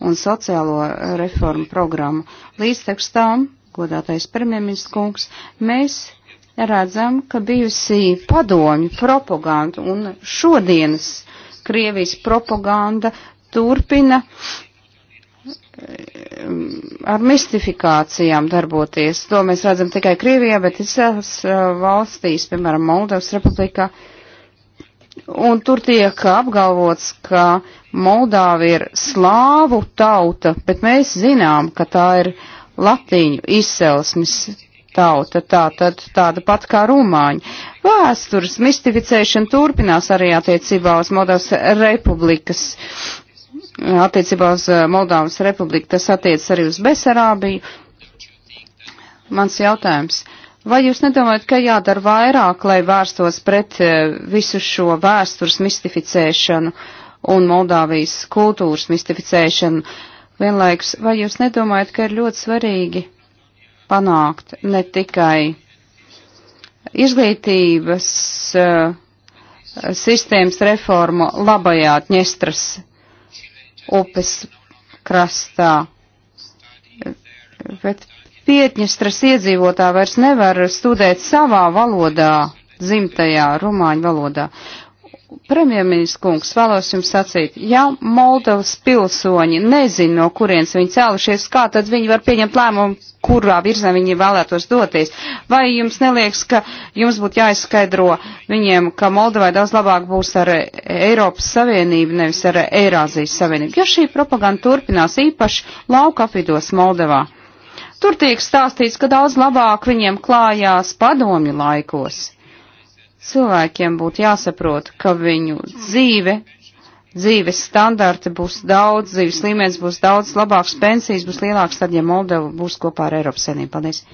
C: un sociālo reformu programmu. Līdz tekstām, godātais premjerministrs kungs, mēs redzam, ka bijusi padomju propaganda un šodienas Krievijas propaganda turpina uh, ar mistifikācijām darboties. To mēs redzam tikai Krievijā, bet visās uh, valstīs, piemēram, Moldovas republikā. Un tur tiek apgalvots, ka Moldāva ir slāvu tauta, bet mēs zinām, ka tā ir latīņu izcelsmes tauta, tā tad tāda pat kā rumāņi. Vēstures mistificēšana turpinās arī attiecībā uz Moldovas republikas attiecībā uz eh, Moldovas republiku. Tas attiec arī uz Besarābiju. Mans jautājums. Vai jūs nedomājat, ka jādara vairāk, lai vērstos pret eh, visu šo vēstures mistificēšanu un Moldāvijas kultūras mistificēšanu? Vienlaikus, vai jūs nedomājat, ka ir ļoti svarīgi panākt ne tikai izglītības uh, sistēmas reformu labajā Ņestras upes krastā. Bet Pietņestras iedzīvotāji vairs nevar studēt savā valodā, dzimtajā rumāņu valodā. Premjerministrs kungs, vēlos jums sacīt, ja Moldovas pilsoņi nezina, no kurienes viņi cēlušies, kā tad viņi var pieņemt lēmumu, kurā virzienā viņi vēlētos doties? Vai jums neliekas, ka jums būtu jāizskaidro viņiem, ka Moldovai daudz labāk būs ar Eiropas Savienību, nevis ar Eirāzijas Savienību? Ja šī propaganda turpinās īpaši lauka apvidos Moldovā, tur tiek stāstīts, ka daudz labāk viņiem klājās padomju laikos Cilvēkiem būtu jāsaprot, ka viņu dzīve, dzīves standarti būs daudz, dzīves līmenis būs daudz labāks, pensijas būs lielāks, tad, ja Moldova būs kopā ar Eiropas Savienību. Paldies!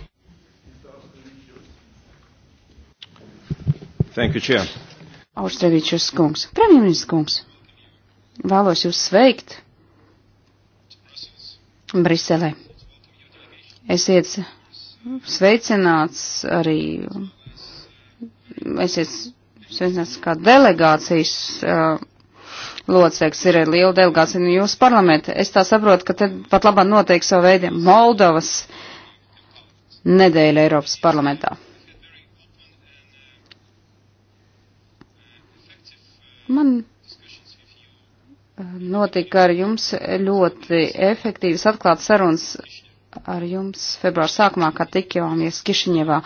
C: Thank you, Chair. Austrevičus kungs, premjerministrs kungs, vēlos jūs sveikt Briselē. Esiet sveicināts arī esiet sveicināts kā delegācijas uh, loceks, ir liela delegācija no jūsu parlamenta. Es tā saprotu, ka tad pat labāk noteikti savu veidu Moldovas nedēļa Eiropas parlamentā. Man notika ar jums ļoti efektīvas atklātas sarunas ar jums februāra sākumā, kad tikāmies Kišiņevā.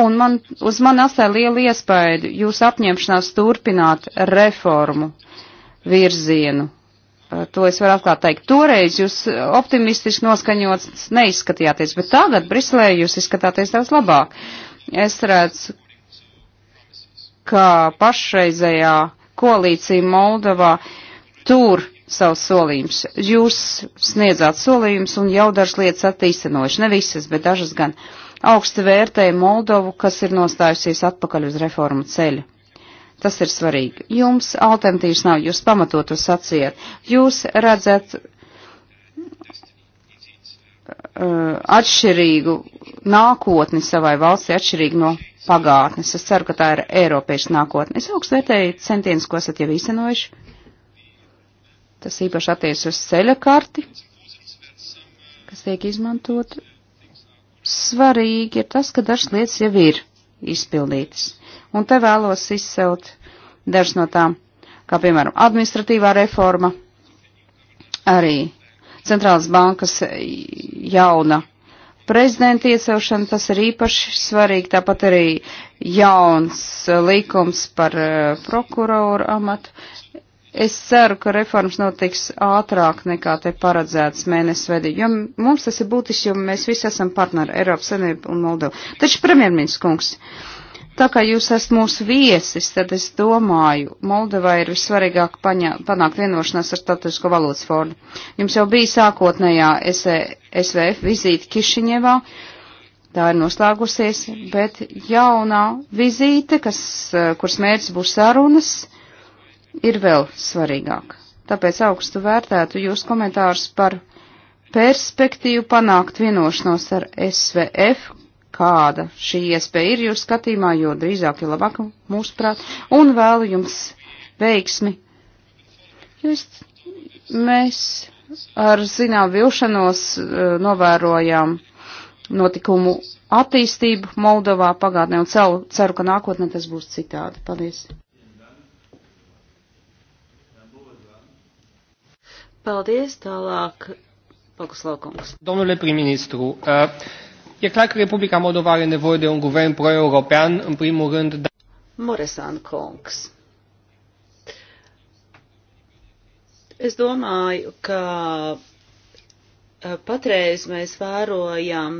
C: Un man, uz mani atstāja lielu iespēju jūs apņemšanās turpināt reformu virzienu. To es varu atklāt teikt. Toreiz jūs optimistiski noskaņots neizskatījāties, bet tagad Briselē jūs izskatāties daudz labāk. Es redzu, ka pašreizējā koalīcija Moldovā tur savus solījumus. Jūs sniedzāt solījumus un jau dažas lietas attīstenojuši, ne visas, bet dažas gan. Augsti vērtēja Moldovu, kas ir nostājusies atpakaļ uz reformu ceļu. Tas ir svarīgi. Jums alternatīvas nav, jūs pamatot to sacījāt. Jūs redzat uh, atšķirīgu nākotni savai valstī, atšķirīgi no pagātnes. Es ceru, ka tā ir Eiropiešu nākotne. Es augstu vērtēju centienus, ko esat jau īstenojuši Tas īpaši attiec uz ceļa karti, kas tiek izmantot. Svarīgi ir tas, ka dažas lietas jau ir izpildītas. Un te vēlos izcelt dažas no tām, kā piemēram administratīvā reforma, arī centrālas bankas jauna prezidenta iecelšana, tas ir īpaši svarīgi, tāpat arī jauns likums par eh, prokuroru amatu. Es ceru, ka reformas notiks ātrāk nekā te paredzēts mēnesis vedī, jo mums tas ir būtiski, jo mēs visi esam partneri Eiropas Savienību un Moldovu. Taču premjerministrs kungs, tā kā jūs esat mūsu viesis, tad es domāju, Moldovai ir vissvarīgāk paņa, panākt vienošanās ar Statusko valūtas fondu. Jums jau bija sākotnējā SVF e, vizīte Kišiņevā. Tā ir noslēgusies, bet jaunā vizīte, kas, eh, kuras mērķis būs sarunas, ir vēl svarīgāk. Tāpēc augstu vērtētu jūs komentārus par perspektīvu panākt vienošanos ar SVF, kāda šī iespēja ir jūsu skatījumā, jo drīzāk ir labāk mūsuprāt, un vēlu jums veiksmi. Jūs, mēs ar zinām vilšanos e, novērojām notikumu attīstību Moldovā pagātnē un ceru, ceru, ka nākotnē tas būs citādi. Paldies!
D: Paldies, tālāk Boguslaukums.
C: Domnule prim-ministru, uh, e clar că Republica Moldova are nevoie de un guvern pro-european, în primul rând... Da... Moresan Kongs.
D: Es domāju, ka Eh, patreiz mēs vērojam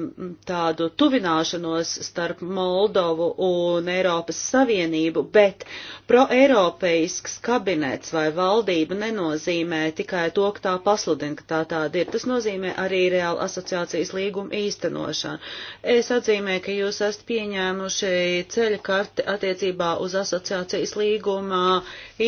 D: tādu tuvināšanos starp Moldovu un Eiropas Savienību, bet proeiropeisks kabinets vai valdība nenozīmē tikai to, ka tā pasludina, ka tā tāda ir. Tas nozīmē arī reāli asociācijas līguma īstenošanu. Es atzīmēju, ka jūs esat pieņēmuši ceļa karti attiecībā uz asociācijas līguma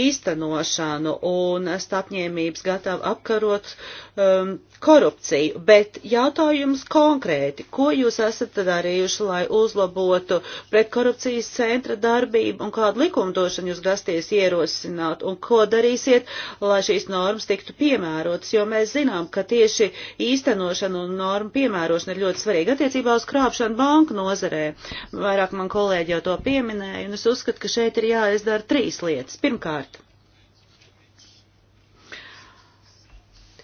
D: īstenošanu un esat apņēmības gatavi apkarot um, korupciju pieeju, bet jautājums konkrēti, ko jūs esat darījuši, lai uzlabotu pretkorupcijas centra darbību un kādu likumdošanu jūs gasties ierosināt un ko darīsiet, lai šīs normas tiktu piemērotas, jo mēs zinām, ka tieši īstenošana un norma piemērošana ir ļoti svarīga attiecībā uz krāpšanu banku nozarē. Vairāk man kolēģi jau to pieminēja un es uzskatu, ka šeit ir jāizdara trīs lietas. Pirmkārt,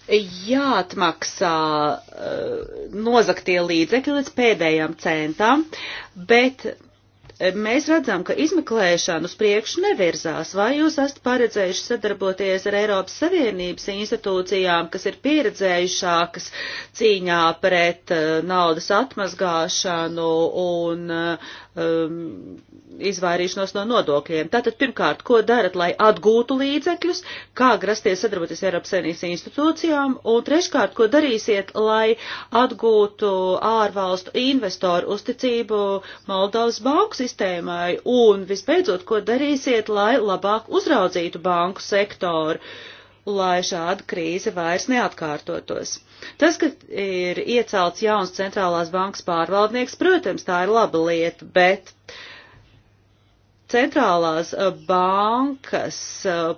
D: jāatmaksā eh, nozaktie līdzekļi līdz pēdējām centām, bet eh, mēs redzam, ka izmeklēšana uz priekšu nevirzās. Vai jūs esat paredzējuši sadarboties ar Eiropas Savienības institūcijām, kas ir pieredzējušākas cīņā pret eh, naudas atmazgāšanu un uh, um, izvairīšanos no nodokļiem. Tātad, pirmkārt, ko darat, lai atgūtu līdzekļus, kā grasties sadarboties Eiropas Savienības institūcijām, un treškārt, ko darīsiet, lai atgūtu ārvalstu investoru uzticību Moldovas banku sistēmai, un visbeidzot, ko darīsiet, lai labāk uzraudzītu banku sektoru. Uh, lai šāda krīze vairs neatkārtotos. Tas, ka ir iecelts jauns centrālās bankas pārvaldnieks, protams, tā ir laba lieta, bet centrālās uh, bankas uh,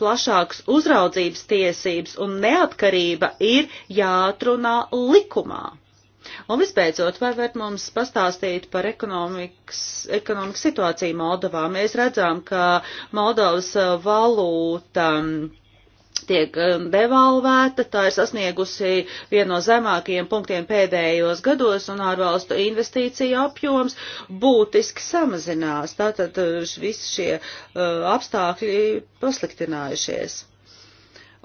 D: plašāks uzraudzības tiesības un neatkarība ir jāatrunā likumā. Un visbeidzot, vai var mums pastāstīt par ekonomikas, ekonomikas situāciju Moldovā? Mēs redzam, ka Moldovas uh, valūta um, tiek um, devalvēta, tā ir sasniegusi vienu no zemākajiem punktiem pēdējos gados, un ārvalstu investīcija apjoms būtiski samazinās. Tātad uh, visi šie uh, apstākļi pasliktinājušies.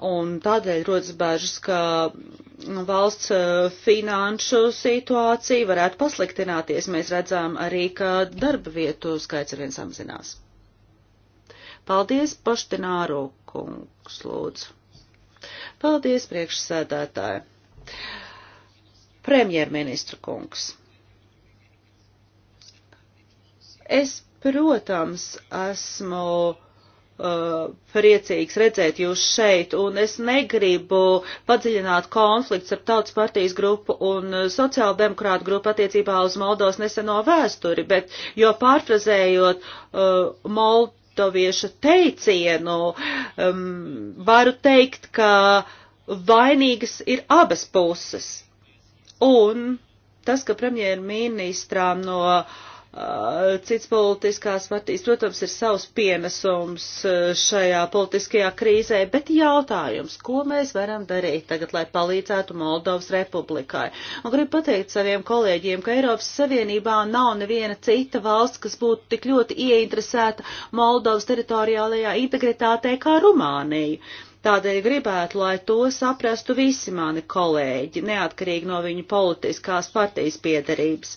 D: Un tādēļ rodas bažas, ka nu, valsts uh, finanšu situācija varētu pasliktināties. Mēs redzam arī, ka darba vietu skaits arvien samazinās. Paldies, Paštināro kungs, lūdzu. Paldies, priekšsēdētāji. Premjerministra kungs. Es, protams, esmu uh, priecīgs redzēt jūs šeit, un es negribu padziļināt konflikts ar Tautas partijas grupu un uh, sociāldemokrātu grupu attiecībā uz Moldovas neseno vēsturi, bet jo pārfrazējot uh, Moldovas lietuviešu teicienu, um, varu teikt, ka vainīgas ir abas puses. Un tas, ka premjerministrām no uh, Uh, cits politiskās partijas, protams, ir savs pienesums uh, šajā politiskajā krīzē, bet jautājums, ko mēs varam darīt tagad, lai palīdzētu Moldovas republikai. Un gribu pateikt saviem kolēģiem, ka Eiropas Savienībā nav neviena cita valsts, kas būtu tik ļoti ieinteresēta Moldovas teritoriālajā integritātē kā Rumānija. Tādēļ gribētu, lai to saprastu visi mani kolēģi, neatkarīgi no viņu politiskās partijas piedarības.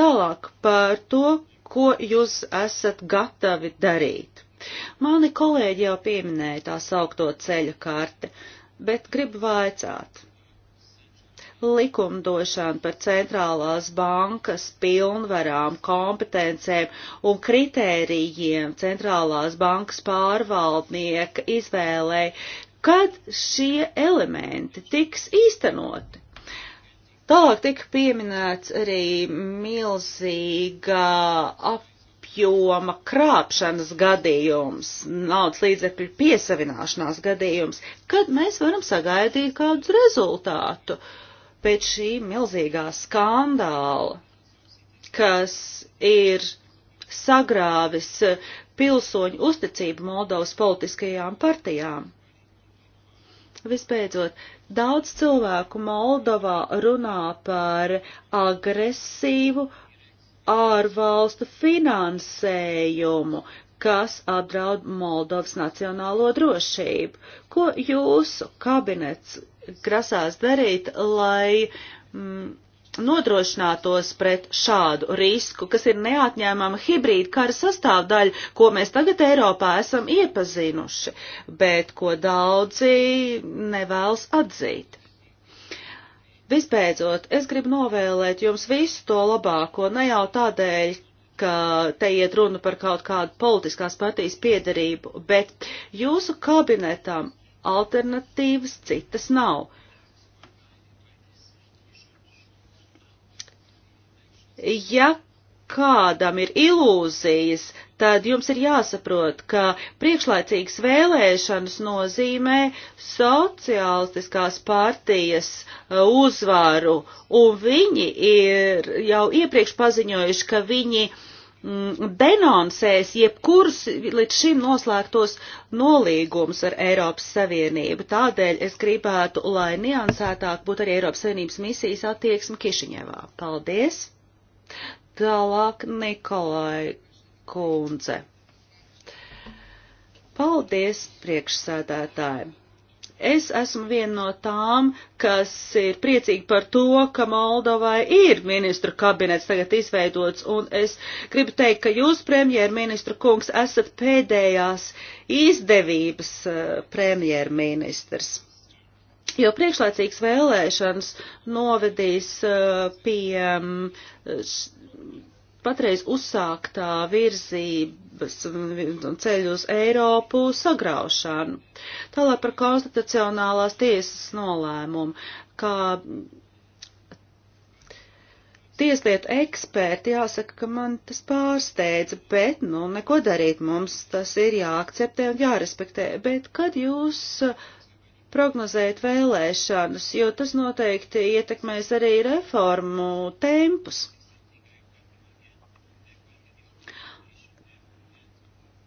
D: Tālāk par to, ko jūs esat gatavi darīt. Mani kolēģi jau pieminēja tā saukto ceļa karte, bet gribu vaicāt. Likumdošana par centrālās bankas pilnvarām, kompetencēm un kritērijiem centrālās bankas pārvaldnieka izvēlē, kad šie elementi tiks īstenoti. Tālāk tika pieminēts arī milzīga apjoma krāpšanas gadījums, naudas līdzekļu piesavināšanās gadījums, kad mēs varam sagaidīt kādu rezultātu pēc šī milzīgā skandāla, kas ir sagrāvis pilsoņu uzticību Moldovas politiskajām partijām. Visbeidzot, daudz cilvēku Moldovā runā par agresīvu ārvalstu finansējumu, kas apdraud Moldovas nacionālo drošību. Ko jūsu kabinets grasās darīt, lai mm, nodrošinātos pret šādu risku, kas ir neatņēmama hibrīda kara sastāvdaļa, ko mēs tagad Eiropā esam iepazinuši, bet ko daudzi nevēlas atzīt. Visbeidzot, es gribu novēlēt jums visu to labāko, ne jau tādēļ, ka te iet runa par kaut kādu politiskās partijas piedarību, bet jūsu kabinetam alternatīvas citas nav. ja kādam ir ilūzijas, tad jums ir jāsaprot, ka priekšlaicīgas vēlēšanas nozīmē sociālistiskās partijas uh, uzvaru, un viņi ir jau iepriekš paziņojuši, ka viņi mm, denoncēs jebkurus līdz šim noslēgtos nolīgumus ar Eiropas Savienību. Tādēļ es gribētu, lai niansētāk būtu arī Eiropas Savienības misijas attieksme Kišiņevā. Paldies! Tālāk Nikolai Kundze. Paldies priekšsēdētājiem! Es esmu viena no tām, kas ir priecīga par to, ka Moldovai ir ministru kabinets tagad izveidots, un es gribu teikt, ka jūs, premjerministru kungs, esat pēdējās izdevības eh, premjerministrs jo priekšlaicīgas vēlēšanas novedīs eh, pie patreiz uzsāktā virzības ceļu uz Eiropu sagraušanu. Tālāk par konstitucionālās tiesas nolēmumu, kā tieslietu eksperti jāsaka, ka man tas pārsteidza, bet, nu, neko darīt mums, tas ir jāakceptē un jārespektē. Bet kad jūs uh, prognozēt vēlēšanas, jo tas noteikti ietekmēs arī reformu tempus.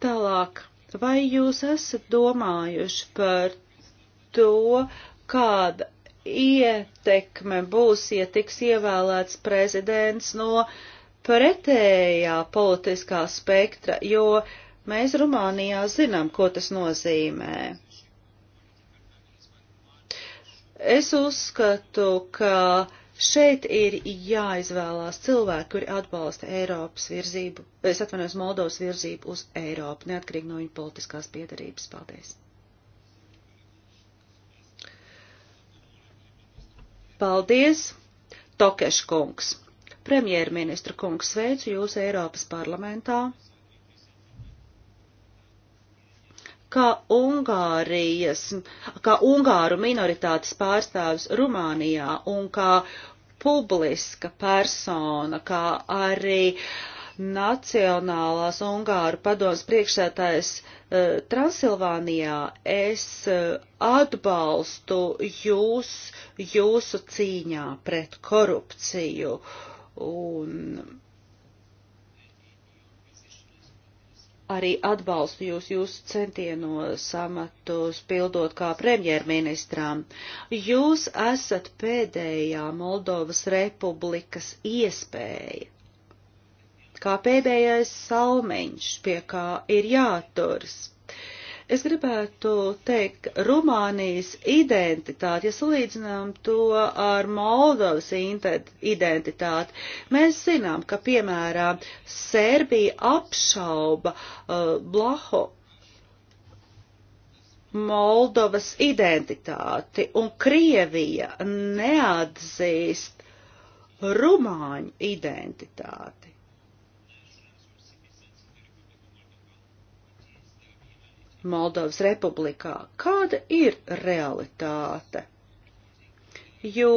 D: Tālāk, vai jūs esat domājuši par to, kāda ietekme būs, ja tiks ievēlēts prezidents no pretējā politiskā spektra, jo mēs Rumānijā zinām, ko tas nozīmē. Es uzskatu, ka šeit ir jāizvēlās cilvēki, kuri atbalsta Eiropas virzību, es atvainojos Moldovas virzību uz Eiropu, neatkarīgi no viņa politiskās piedarības. Paldies! Paldies, Tokeškungs! Premjerministra kungs sveicu jūs Eiropas parlamentā! kā Ungārijas, kā Ungāru minoritātes pārstāvis Rumānijā un kā publiska persona, kā arī Nacionālās Ungāru padomas priekšsētājs uh, Transilvānijā, es uh, atbalstu jūs, jūsu cīņā pret korupciju. Un arī atbalstu jūs jūsu centienos amatus pildot kā premjerministrām. Jūs esat pēdējā Moldovas republikas iespēja, kā pēdējais salmeņš, pie kā ir jāturas. Es gribētu teikt, Rumānijas identitāti, ja salīdzinām to ar Moldovas identitāti, mēs zinām, ka, piemēram, Sērbija apšauba uh, Blaho Moldovas identitāti, un Krievija neatzīst Rumāņu identitāti. Moldovas republikā. Kāda ir realitāte? Jo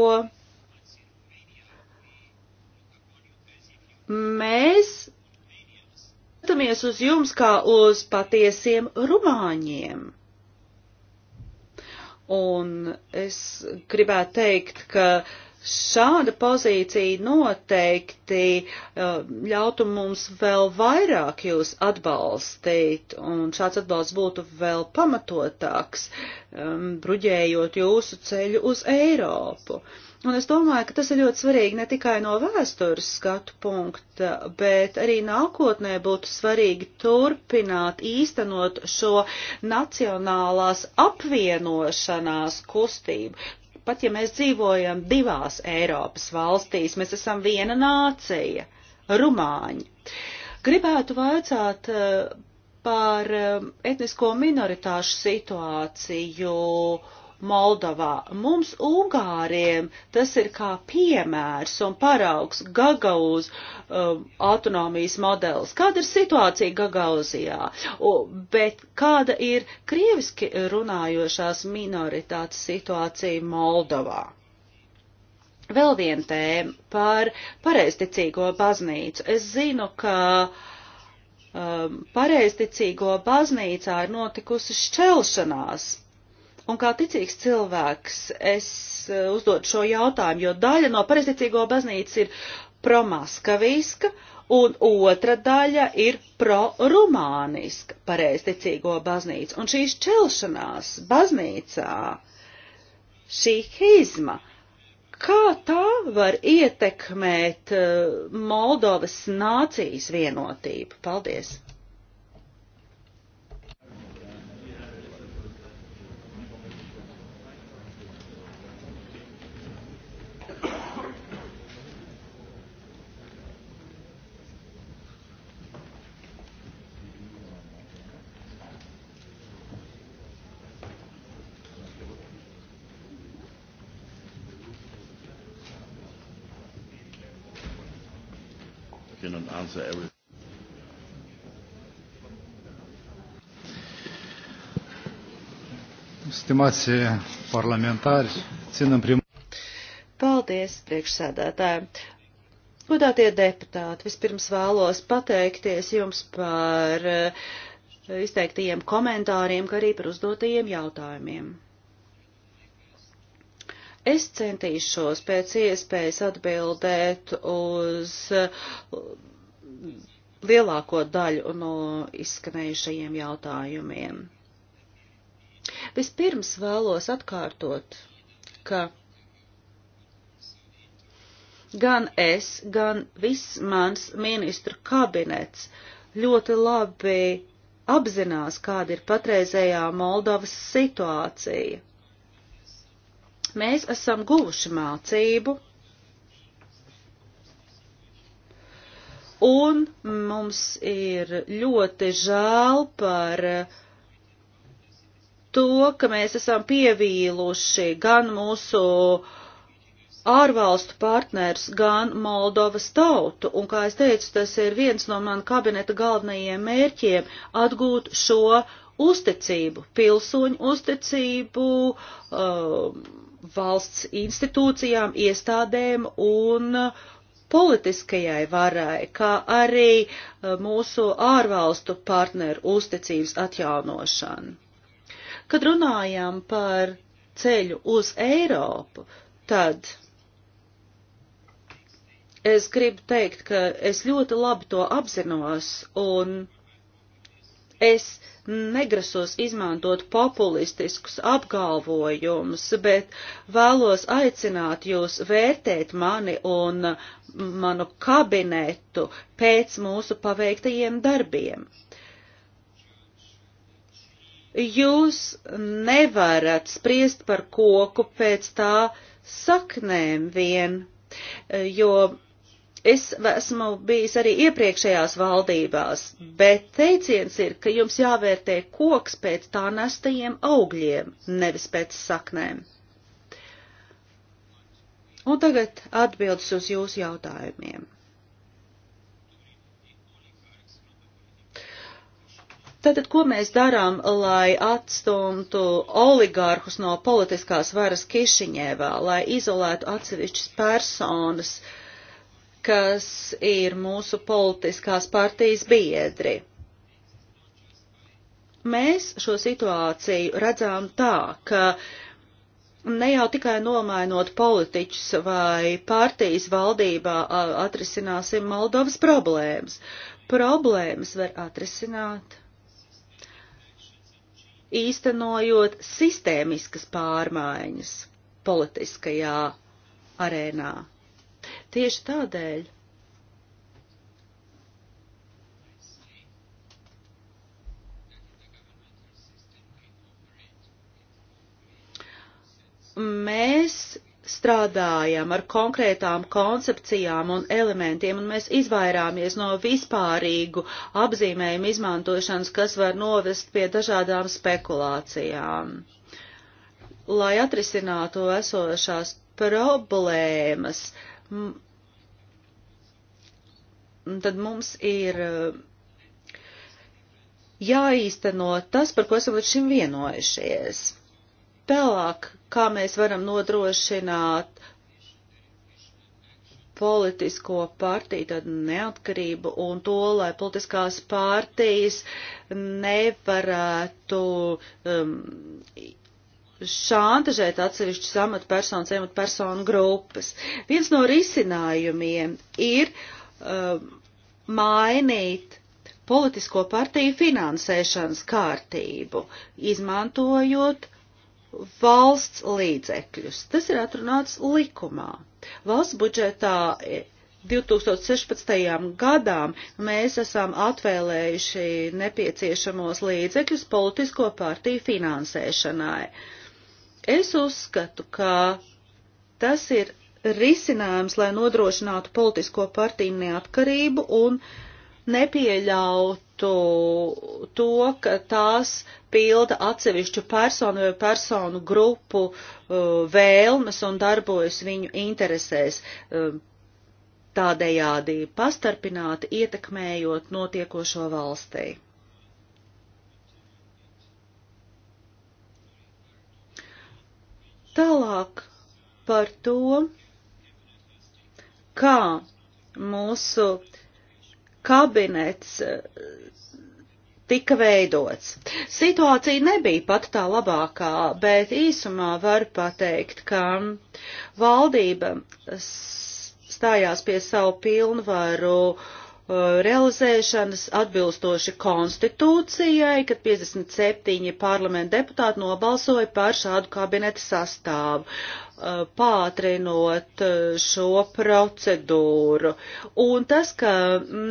D: mēs skatāmies uz jums kā uz patiesiem rumāņiem. Un es gribētu teikt, ka uh, Šāda pozīcija noteikti uh, ļautu mums vēl vairāk jūs atbalstīt, un šāds atbalsts būtu vēl pamatotāks, um, bruģējot jūsu ceļu uz Eiropu. Un es domāju, ka tas ir ļoti svarīgi ne tikai no vēstures skatu punkta, bet arī nākotnē būtu svarīgi turpināt īstenot šo nacionālās apvienošanās kustību. Pat ja mēs dzīvojam divās Eiropas valstīs, mēs esam viena nācija - rumāņi. Gribētu vaicāt eh, par eh, etnisko minoritāšu situāciju Moldovā. Mums Ungāriem tas ir kā piemērs un paraugs Gagauz um, autonomijas modelis. Kāda ir situācija Gagauzijā? U, bet kāda ir krieviski runājošās minoritātes situācija Moldovā? Vēl viena tēma par pareizticīgo baznīcu. Es zinu, ka uh, um, pareizticīgo baznīcā ir notikusi šķelšanās Un kā ticīgs cilvēks es eh, uzdodu šo jautājumu, jo daļa no pareizticīgo baznīcas ir promaskavīska un otra daļa ir prorumāniska pareizticīgo baznīca. Un šī šķelšanās baznīcā, šī hizma, kā tā var ietekmēt eh, Moldovas nācijas vienotību? Paldies!
B: Stimați parlamentari, ținăm primul.
D: Paldies, priekšsēdētāji. Godātie deputāti, vispirms vēlos pateikties jums par eh, izteiktajiem komentāriem, kā arī par uzdotajiem jautājumiem. Es centīšos pēc iespējas atbildēt uz eh, lielāko daļu no izskanējušajiem jautājumiem. Vispirms vēlos atkārtot, ka gan es, gan viss mans ministru kabinets ļoti labi apzinās, kāda ir patreizējā Moldovas situācija. Mēs esam guvuši mācību, un mums ir ļoti žēl par uh, to, ka mēs esam pievīluši gan mūsu ārvalstu partners, gan Moldovas tautu. Un, kā es teicu, tas ir viens no man kabineta galvenajiem mērķiem - atgūt šo uzticību, pilsoņu uzticību uh, valsts institūcijām, iestādēm un politiskajai varai, kā arī uh, mūsu ārvalstu partneru uzticības atjaunošanu. Kad runājām par ceļu uz Eiropu, tad es gribu teikt, ka es ļoti labi to apzinos un es negrasos izmantot populistiskus apgalvojumus, bet vēlos aicināt jūs vērtēt mani un manu kabinetu pēc mūsu paveiktajiem darbiem. Jūs nevarat spriest par koku pēc tā saknēm vien, jo es esmu bijis arī iepriekšējās valdībās, bet teiciens ir, ka jums jāvērtē koks pēc tā nestajiem augļiem, nevis pēc saknēm. Un tagad atbildes uz jūsu jautājumiem. Tātad, ko mēs darām, lai atstumtu oligārhus no politiskās varas Kišiņēvā, lai izolētu atsevišķas personas, kas ir mūsu politiskās partijas biedri? Mēs šo situāciju redzām tā, ka ne jau tikai nomainot politiķus vai partijas valdībā atrisināsim Moldovas problēmas. Problēmas var atrisināt īstenojot sistēmiskas pārmaiņas politiskajā arēnā. Tieši tādēļ mēs strādājam ar konkrētām koncepcijām un elementiem, un mēs izvairāmies no vispārīgu apzīmējumu izmantošanas, kas var novest pie dažādām spekulācijām. Lai atrisinātu esošās problēmas, tad mums ir jāīsteno tas, par ko esam līdz šim vienojušies. Tālāk, kā mēs varam nodrošināt politisko partiju tad neatkarību un to, lai politiskās partijas nevarētu um, šāntažēt atsevišķu amatpersonas, amatpersonu grupas. Viens no risinājumiem ir um, mainīt politisko partiju finansēšanas kārtību, izmantojot valsts līdzekļus. Tas ir atrunāts likumā. Valsts budžetā 2016. E, gadām mēs esam atvēlējuši nepieciešamos līdzekļus politisko partiju finansēšanai. Es uzskatu, ka tas ir risinājums, lai nodrošinātu politisko partiju neatkarību un nepieļaut tu, to, ka tās pilda atsevišķu personu vai personu grupu uh, vēlmes un darbojas viņu interesēs, uh, tādējādi pastarpināti ietekmējot notiekošo valstī. Tālāk par to, kā mūsu uh, kabinets eh, tika veidots. Situācija nebija pat tā labākā, bet īsumā var pateikt, ka valdība stājās pie savu pilnvaru uh, Uh, realizēšanas atbilstoši konstitūcijai, kad 57 parlamenta deputāti nobalsoja par šādu kabineta sastāvu, uh, pātrinot uh, šo procedūru. Un tas, ka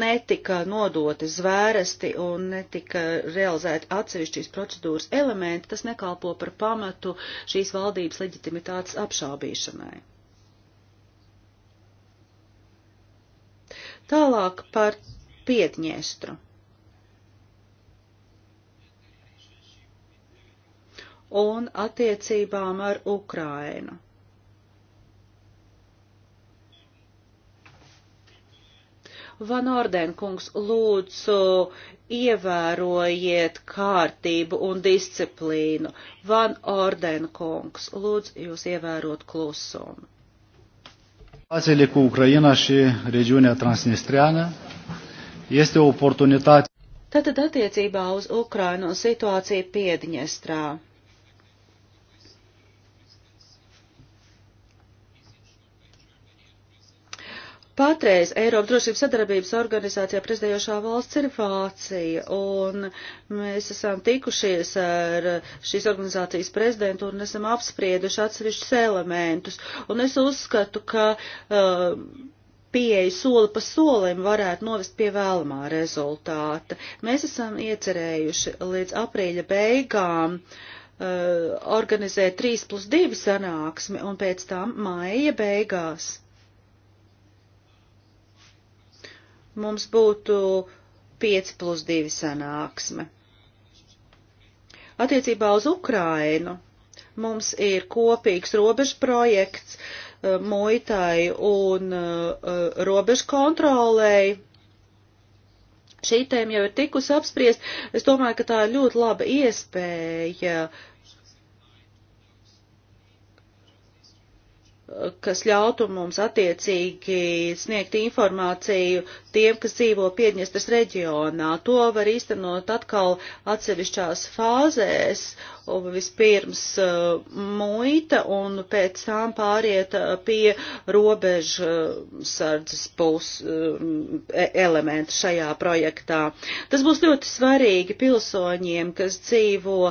D: netika nodoti zvēresti un netika realizēti atsevišķīs procedūras elementi, tas nekalpo par pamatu šīs valdības leģitimitātes apšābīšanai. Tālāk par Piedņestru. un attiecībām ar Ukrainu. Van Ordenkungs, lūdzu, ievērojiet kārtību un disciplīnu. Van Ordenkungs, lūdzu, jūs ievērot klusumu.
B: Relațiile cu Ucraina și regiunea transnistreană este o oportunitāte.
D: Tātad attiecībā uz Ukrainu un situāciju Piedņestrā. Patreiz Eiropas drošības sadarbības organizācijā prezidējošā valsts ir Vācija, un mēs esam tikušies ar šīs organizācijas prezidentu un esam apsprieduši atsevišķus elementus. Un es uzskatu, ka uh, pieeja soli pa solim varētu novest pie vēlamā rezultāta. Mēs esam iecerējuši līdz aprīļa beigām uh, organizēt 3 plus 2 sanāksmi un pēc tam māja beigās mums būtu 5 plus 2 sanāksme. Attiecībā uz Ukrainu mums ir kopīgs robežu projekts uh, muitai un uh, robežu kontrolēji. Šī tēma jau ir tikusi apspriest. Es domāju, ka tā ir ļoti laba iespēja uh, kas ļautu mums attiecīgi sniegt informāciju tiem, kas dzīvo Piedņestras reģionā. To var īstenot atkal atsevišķās fāzēs vispirms uh, muita un pēc tām pāriet uh, pie robežsardzes uh, pus e, elementu šajā projektā. Tas būs ļoti svarīgi pilsoņiem, kas dzīvo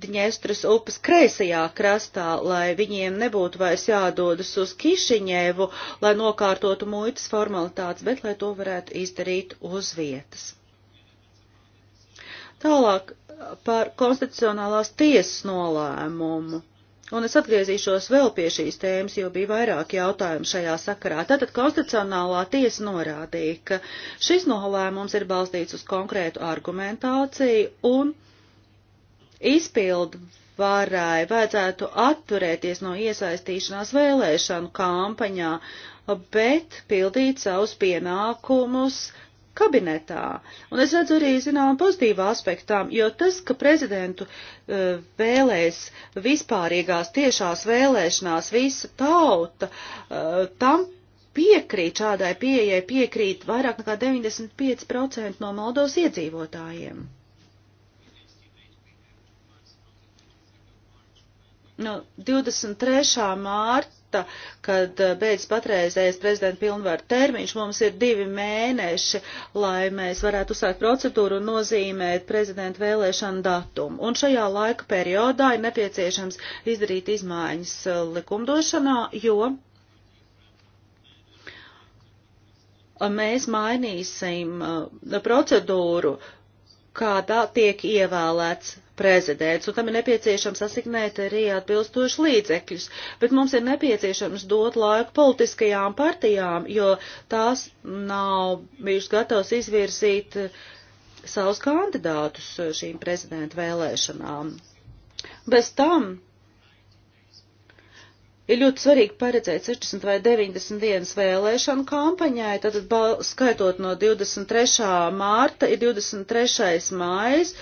D: Dņestras upas kreisajā krastā, lai viņiem nebūtu vairs jādodas uz Kišiņēvu, lai nokārtotu muitas formalitātes, bet lai to varētu izdarīt uz vietas. Tālāk par konstitucionālās tiesas nolēmumu. Un es atgriezīšos vēl pie šīs tēmas, jo bija vairāk jautājumu šajā sakarā. Tātad konstitucionālā tiesa norādīja, ka šis nolēmums ir balstīts uz konkrētu argumentāciju un izpildu varai vajadzētu atturēties no iesaistīšanās vēlēšanu kampaņā, bet pildīt savus pienākumus kabinetā. Un es redzu arī, zinām, pozitīvu aspektām, jo tas, ka prezidentu uh, vēlēs vispārīgās tiešās vēlēšanās visa tauta, uh, tam piekrīt šādai pieejai, piekrīt vairāk nekā 95% no Moldovas iedzīvotājiem. No nu, 23. mārta marta, kad eh, beidz patreizējais prezidenta pilnvaru termiņš. Mums ir divi mēneši, lai mēs varētu uzsākt procedūru un nozīmēt prezidenta vēlēšanu datumu. Un šajā laika periodā ir nepieciešams izdarīt izmaiņas eh, likumdošanā, jo mēs mainīsim eh, procedūru kādā tiek ievēlēts prezidents, un tam ir nepieciešams asignēt arī atbilstoši līdzekļus, bet mums ir nepieciešams dot laiku politiskajām partijām, jo tās nav bijušas gatavas izvirzīt savus kandidātus šīm prezidenta vēlēšanām. Bez tam ir ļoti svarīgi paredzēt 60 vai 90 dienas vēlēšanu kampaņai, tad skaitot no 23. mārta ir 23. mājas,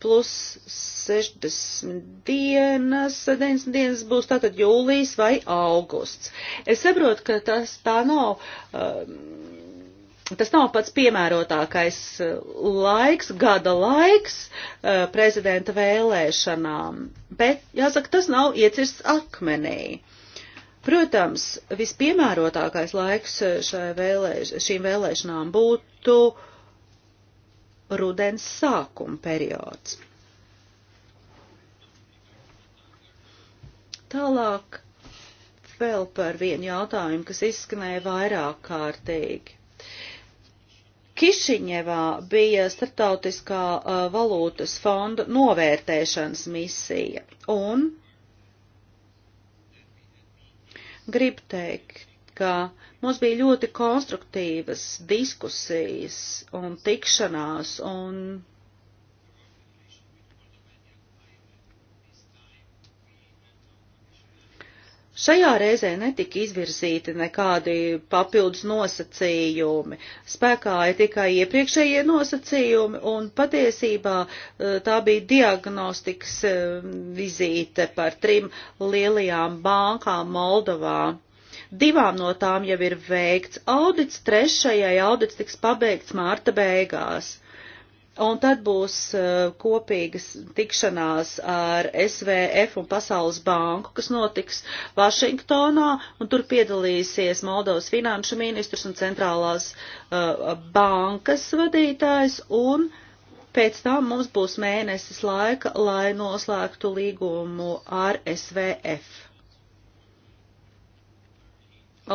D: plus 60 dienas, 90 dienas būs tātad jūlijas vai augusts. Es saprotu, ka tas tā nav. Um, Tas nav pats piemērotākais uh, laiks, gada laiks uh, prezidenta vēlēšanām, bet, jāsaka, tas nav iecirsts akmenī. Protams, vispiemērotākais laiks eh, vēlēš, šīm vēlēšanām būtu rudens sākuma periods. Tālāk vēl par vienu jautājumu, kas izskanēja vairāk kārtīgi. Kišiņevā bija starptautiskā eh, valūtas fonda novērtēšanas misija, un gribu teikt, ka mums bija ļoti konstruktīvas diskusijas un tikšanās, un Šajā reizē netika izvirzīti nekādi papildus nosacījumi. Spēkā ir tikai iepriekšējie nosacījumi, un patiesībā e, tā bija diagnostikas e, vizīte par trim lielajām bankām Moldovā. Divām no tām jau ir veikts audits, trešajai audits tiks pabeigts mārta beigās. Un tad būs uh, kopīgas tikšanās ar SVF un Pasaules banku, kas notiks Vašingtonā, un tur piedalīsies Moldovas finanšu ministrs un centrālās uh, bankas vadītājs, un pēc tam mums būs mēnesis laika, lai noslēgtu līgumu ar SVF.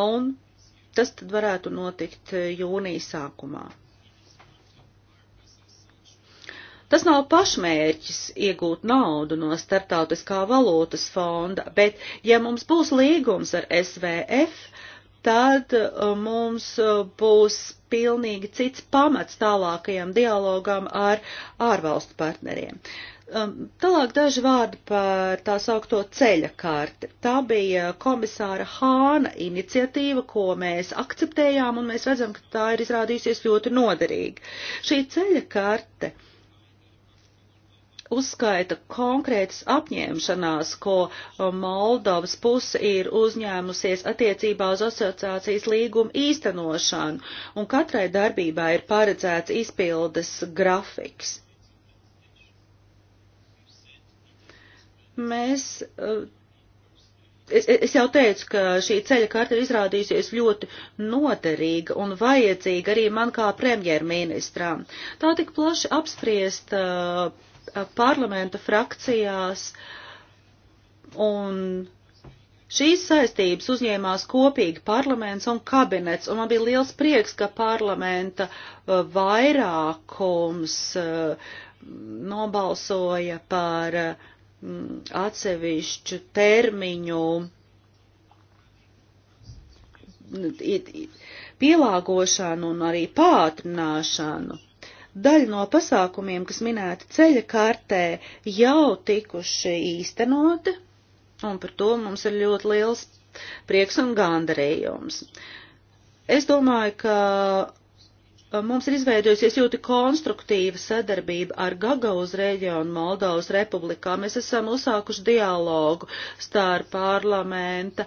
D: Un tas tad varētu notikt uh, jūnija sākumā. Tas nav pašmērķis iegūt naudu no starptautiskā valūtas fonda, bet ja mums būs līgums ar SVF, tad uh, mums uh, būs pilnīgi cits pamats tālākajam dialogam ar ārvalstu partneriem. Um, tālāk daži vārdi par tā saukto ceļa karti. Tā bija komisāra Hāna iniciatīva, ko mēs akceptējām, un mēs redzam, ka tā ir izrādījusies ļoti noderīga. Šī ceļa karte uh, uzskaita konkrētas apņēmšanās, ko um, Moldovas puse ir uzņēmusies attiecībā uz asociācijas līgumu īstenošanu, un katrai darbībā ir paredzēts izpildes grafiks. Mēs uh, Es, es jau teicu, ka šī ceļa karta ir izrādījusies ļoti noderīga un vajadzīga arī man kā premjerministram. Tā tik plaši apspriest uh, Eh, parlamenta frakcijās, un Šīs saistības uzņēmās kopīgi parlaments un kabinets, un man bija liels prieks, ka parlamenta eh, vairākums eh, nobalsoja par atsevišķu termiņu pielāgošanu un arī pātrināšanu. Daļa no pasākumiem, kas minēta ceļa kartē, jau tikuši īstenoti, un par to mums ir ļoti liels prieks un gandarījums. Es domāju, ka mums ir izveidojusies ļoti konstruktīva sadarbība ar Gagauz reģionu Moldovas republikā. Mēs esam uzsākuši dialogu starp parlamenta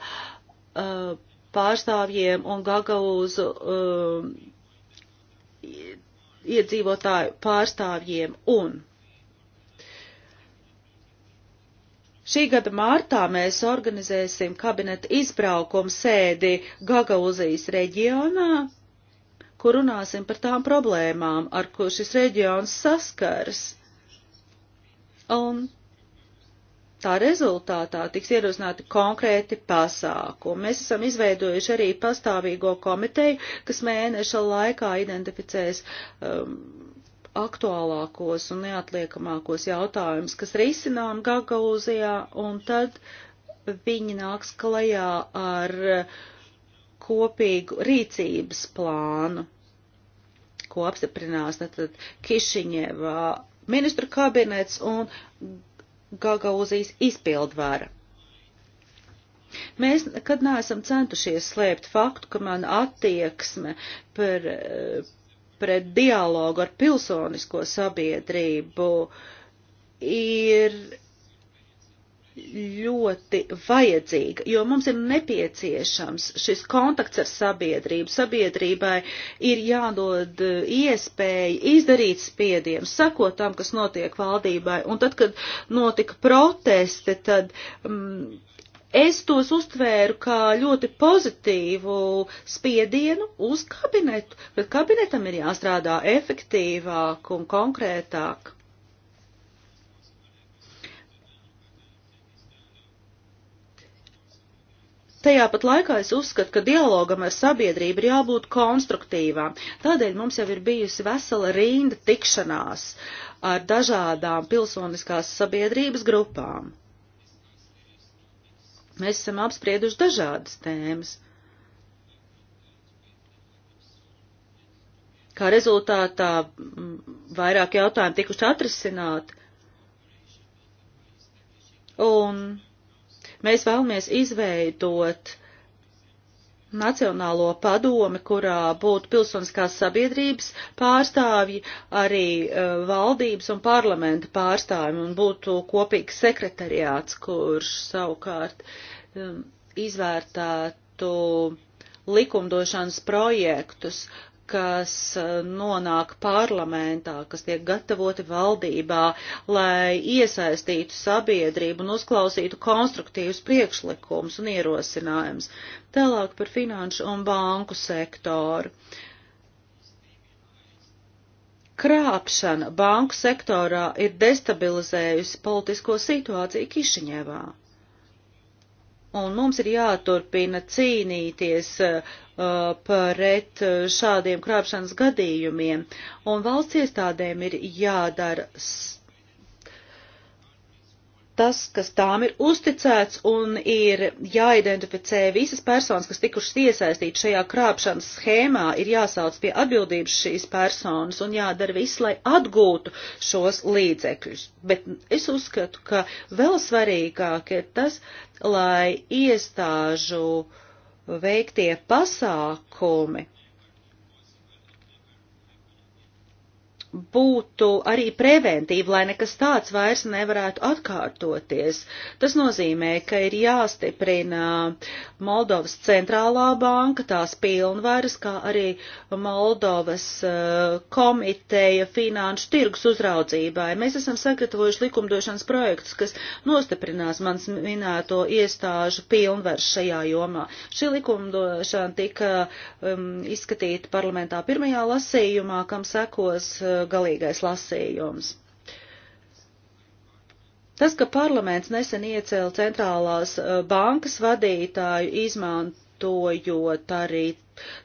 D: pārstāvjiem un Gagauzu iedzīvotāju pārstāvjiem un Šī gada mārtā mēs organizēsim kabineta izbraukumu sēdi Gagauzijas reģionā, kur runāsim par tām problēmām, ar ko šis reģions saskars. Un Tā rezultātā tiks ierosināti konkrēti pasākumi. Mēs esam izveidojuši arī pastāvīgo komiteju, kas mēneša laikā identificēs um, aktuālākos un neatliekamākos jautājumus, kas risinām Gagauzijā, un tad viņi nāks klajā ar uh, kopīgu rīcības plānu, ko apstiprinās tad Kišiņevā ministru kabinets un Gagauzijas izpildvara. Mēs nekad neesam centušies slēpt faktu, ka man attieksme par, pret dialogu ar pilsonisko sabiedrību ir ļoti vajadzīga, jo mums ir nepieciešams šis kontakts ar sabiedrību. Sabiedrībai ir jādod eh, iespēja izdarīt spiedienu, sakot tam, kas notiek valdībai. Un tad, kad notika protesti, tad. Mm, Es tos uztvēru kā ļoti pozitīvu spiedienu uz kabinetu, bet kabinetam ir jāstrādā efektīvāk un konkrētāk. Tajā pat laikā es uzskatu, ka dialogam ar sabiedrību ir jābūt konstruktīvām. Tādēļ mums jau ir bijusi vesela rinda tikšanās ar dažādām pilsoniskās sabiedrības grupām. Mēs esam apsprieduši dažādas tēmas. Kā rezultātā vairāk jautājumu tikuši atrisināti. Un Mēs vēlamies izveidot Nacionālo padomi, kurā būtu pilsoniskās sabiedrības pārstāvji, arī uh, valdības un parlamenta pārstāvji, un būtu kopīgs sekretariāts, kurš savukārt um, izvērtētu likumdošanas projektus, kas eh, nonāk parlamentā, kas tiek gatavoti valdībā, lai iesaistītu sabiedrību un uzklausītu konstruktīvus priekšlikumus un ierosinājumus. Tālāk par finanšu un banku sektoru. Krāpšana banku sektorā ir destabilizējusi politisko situāciju Kišiņevā. Un mums ir jāturpina cīnīties uh, Uh, pret uh, šādiem krāpšanas gadījumiem. Un valsts iestādēm ir jādara tas, kas tām ir uzticēts un ir jāidentificē visas personas, kas tikušas iesaistītas šajā krāpšanas schēmā, ir jāsauc pie atbildības šīs personas un jādara viss, lai atgūtu šos līdzekļus. Bet es uzskatu, ka vēl svarīgāk ir tas, lai iestāžu uh, veiktie pasākumi būtu arī preventīva, lai nekas tāds vairs nevarētu atkārtoties. Tas nozīmē, ka ir jāstiprina Moldovas centrālā banka, tās pilnvaras, kā arī Moldovas eh, komiteja finanšu tirgus uzraudzībai. Mēs esam sagatavojuši likumdošanas projektus, kas nostiprinās mans minēto iestāžu pilnvaras šajā jomā. Šī likumdošana tika um, izskatīta parlamentā pirmajā lasījumā, kam sekos uh, galīgais lasījums. Tas, ka parlaments nesen iecēla centrālās eh, bankas vadītāju, izmantojot arī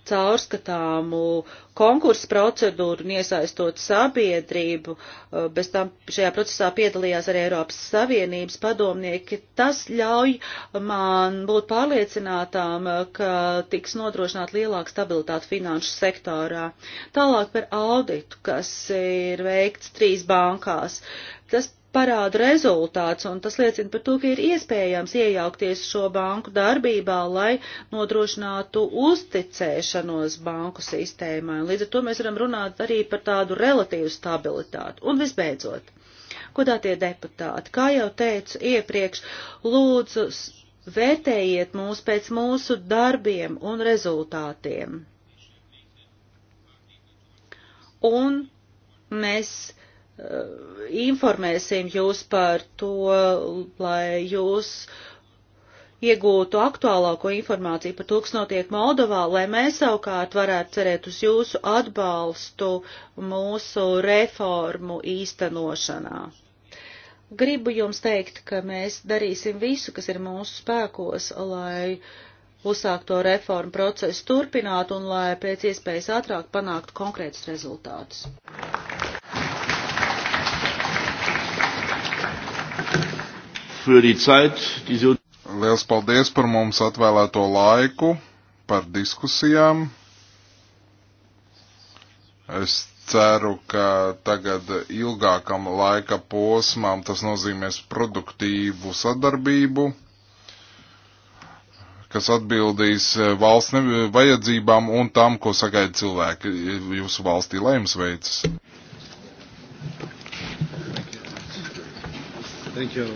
D: caurskatāmu konkursu procedūru un iesaistot sabiedrību. Uh, bez tam šajā procesā piedalījās arī Eiropas Savienības padomnieki. Tas ļauj man būt pārliecinātām, uh, ka tiks nodrošināt lielāka stabilitāte finanšu sektorā. Tālāk par auditu, kas ir veikts trīs bankās. Tas parādu rezultāts, un tas liecina par to, ka ir iespējams iejaukties šo banku darbībā, lai nodrošinātu uzticēšanos banku sistēmai. Līdz ar to mēs varam runāt arī par tādu relatīvu stabilitāti. Un visbeidzot, godātie deputāti, kā jau teicu iepriekš, lūdzu vērtējiet mūs pēc mūsu darbiem un rezultātiem. Un mēs informēsim jūs par to, lai jūs iegūtu aktuālāko informāciju par to, kas notiek Moldovā, lai mēs savukārt varētu cerēt uz jūsu atbalstu mūsu reformu īstenošanā. Gribu jums teikt, ka mēs darīsim visu, kas ir mūsu spēkos, lai uzsākto reformu procesu turpinātu un lai pēc iespējas ātrāk panāktu konkrētus rezultātus.
A: für die Zeit, die Sie Liels paldies par mums atvēlēto laiku, par diskusijām. Es ceru, ka tagad ilgākam laika posmām tas nozīmēs produktīvu sadarbību, kas atbildīs valsts vajadzībām un tam, ko sagaida cilvēki jūsu valstī. Lai jums veicas! Thank you.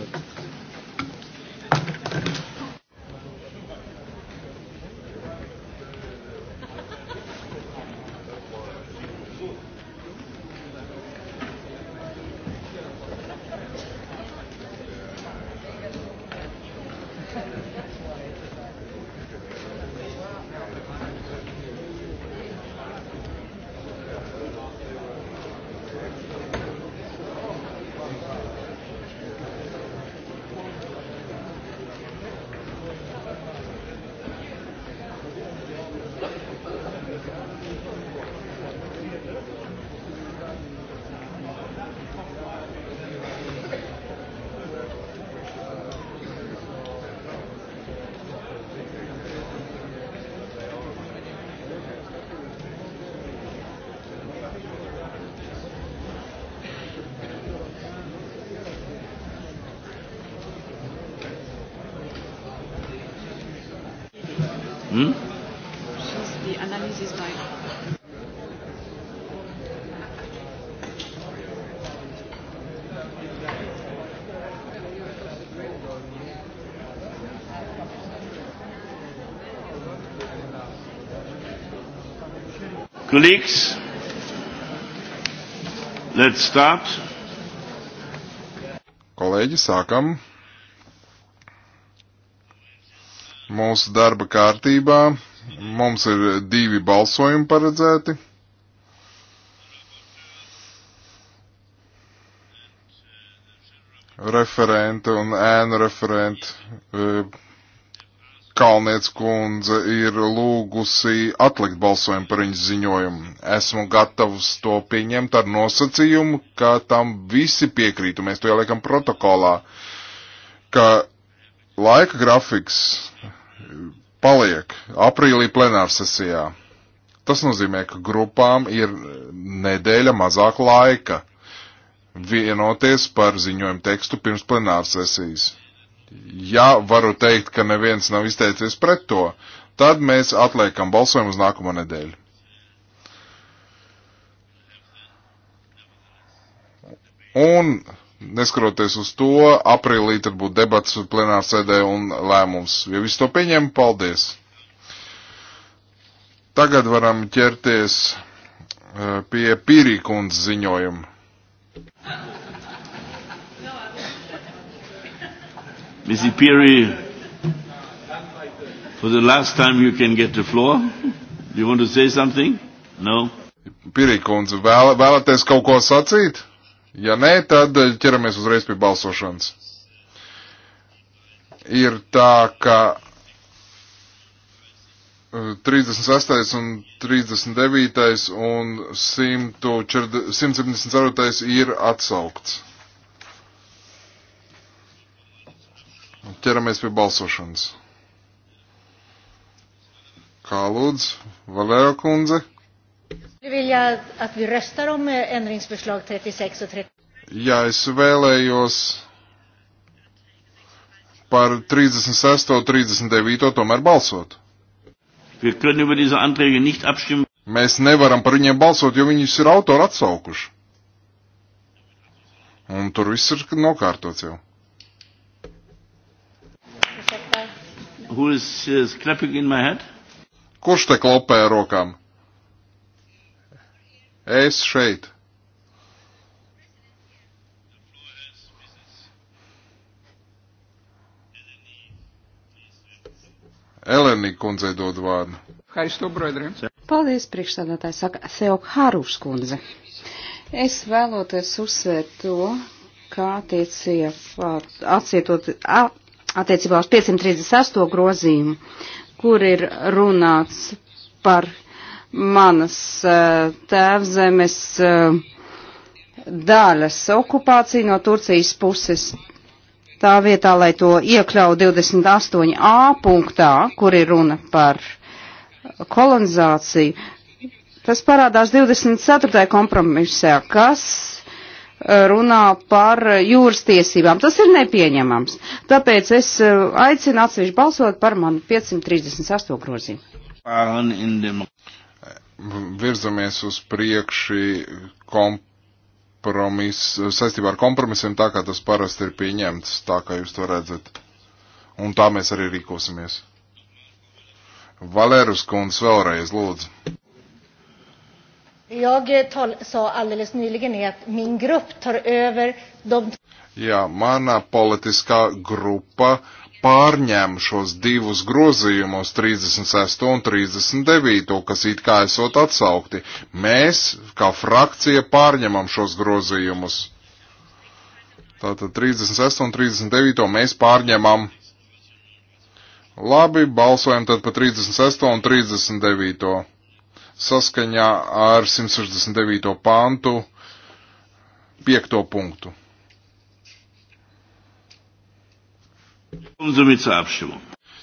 A: Colleagues, let's start. Kolēģi, sākam. Mūsu darba kārtībā mums ir divi balsojumi paredzēti. Referente un ēnu referente eh, Kalniec kundze ir lūgusi atlikt balsojumu par viņas ziņojumu. Esmu gatavs to pieņemt ar nosacījumu, ka tam visi piekrītu. Mēs to ieliekam protokolā, ka laika grafiks paliek aprīlī plenārsesijā. Tas nozīmē, ka grupām ir nedēļa mazāk laika vienoties par ziņojumu tekstu pirms plenārsesijas. Ja varu teikt, ka neviens nav izteicies pret to, tad mēs atliekam balsojumu uz nākamo nedēļu. Un, neskaroties uz to, aprīlī tad būtu debats plenārsēdē un lēmums. Ja visu to pieņem, paldies! Tagad varam ķerties eh, pie Pīrīkundas ziņojuma. Ms. Ipiri, for the last time you can get the floor. Do you want to say something? No? Pirikundze, vēl, vēlaties kaut ko sacīt? Ja nē, tad eh, ķeramies uzreiz pie balsošanas. Ir tā, ka 36. Eh, un 39. un 174. ir atsaukts. Ķeramies pie balsošanas. Kā lūdz, Valēra kundze?
D: Jā, eh,
A: es vēlējos par 36. un 39. tomēr balsot. Mēs nevaram par viņiem balsot, jo viņus ir autori atsaukuši. Un tur viss ir nokārtots jau. Who is, is clapping in my head? Kurš te klopē ar rokām? Es šeit. Elenī kundzei dod vārdu.
C: Paldies, priekšstādātāji, saka Theok Hārūš kundze. Es vēloties uzsvērt to, kā attiecīja, atsietot, attiecībā uz 538 grozījumu, kur ir runāts par manas eh, tēvzemes eh, daļas okupāciju no Turcijas puses. Tā vietā, lai to iekļau 28a punktā, kur ir runa par kolonizāciju, tas parādās 24. kompromisā, kas runā par jūras tiesībām. Tas ir nepieņemams. Tāpēc es eh, aicinu atsevišķi balsot par manu 538
A: grozīmu. Virzamies uz priekšu kompromis, saistībā ar kompromisiem, tā kā tas parasti ir pieņemts, tā kā jūs to redzat. Un tā mēs arī rīkosimies. Valērus kundz vēlreiz lūdzu.
D: Jag tal, sa alldeles nyligen är att min grupp tar över de...
A: Jā, mana politiskā grupa pārņem šos divus grozījumus, 36 un 39, kas it kā esot atsaukti. Mēs, kā frakcija, pārņemam šos grozījumus. Tātad 36 un 39 mēs pārņemam. Labi, balsojam tad pa 36 un 39 saskaņā ar 169. pantu 5. punktu.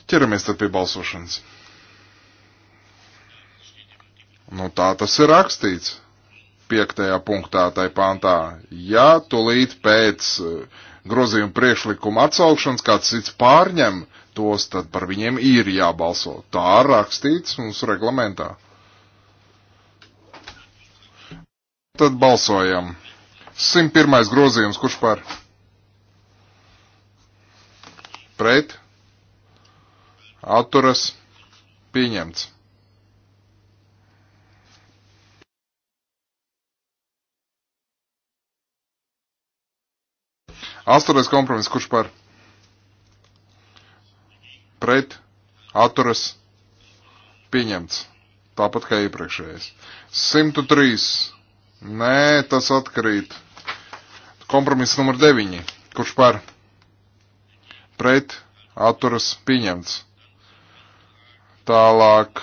A: Ķeramies tad pie balsošanas. Nu tā tas ir rakstīts. 5. punktā tai pantā. Ja tulīt pēc eh, grozījuma priekšlikuma atsaukšanas kāds cits pārņem tos, tad par viņiem ir jābalso. Tā rakstīts mums reglamentā. Tad balsojam. 101. grozījums, kurš par? Pret? Atturas? Pieņemts. Astoties kompromiss, kurš par? Pret? Atturas? Pieņemts. Tāpat kā iepriekšējais. 103 Nē, tas atkarīt. Kompromiss numur 9. Kurš par? Pret atturas pieņemts. Tālāk.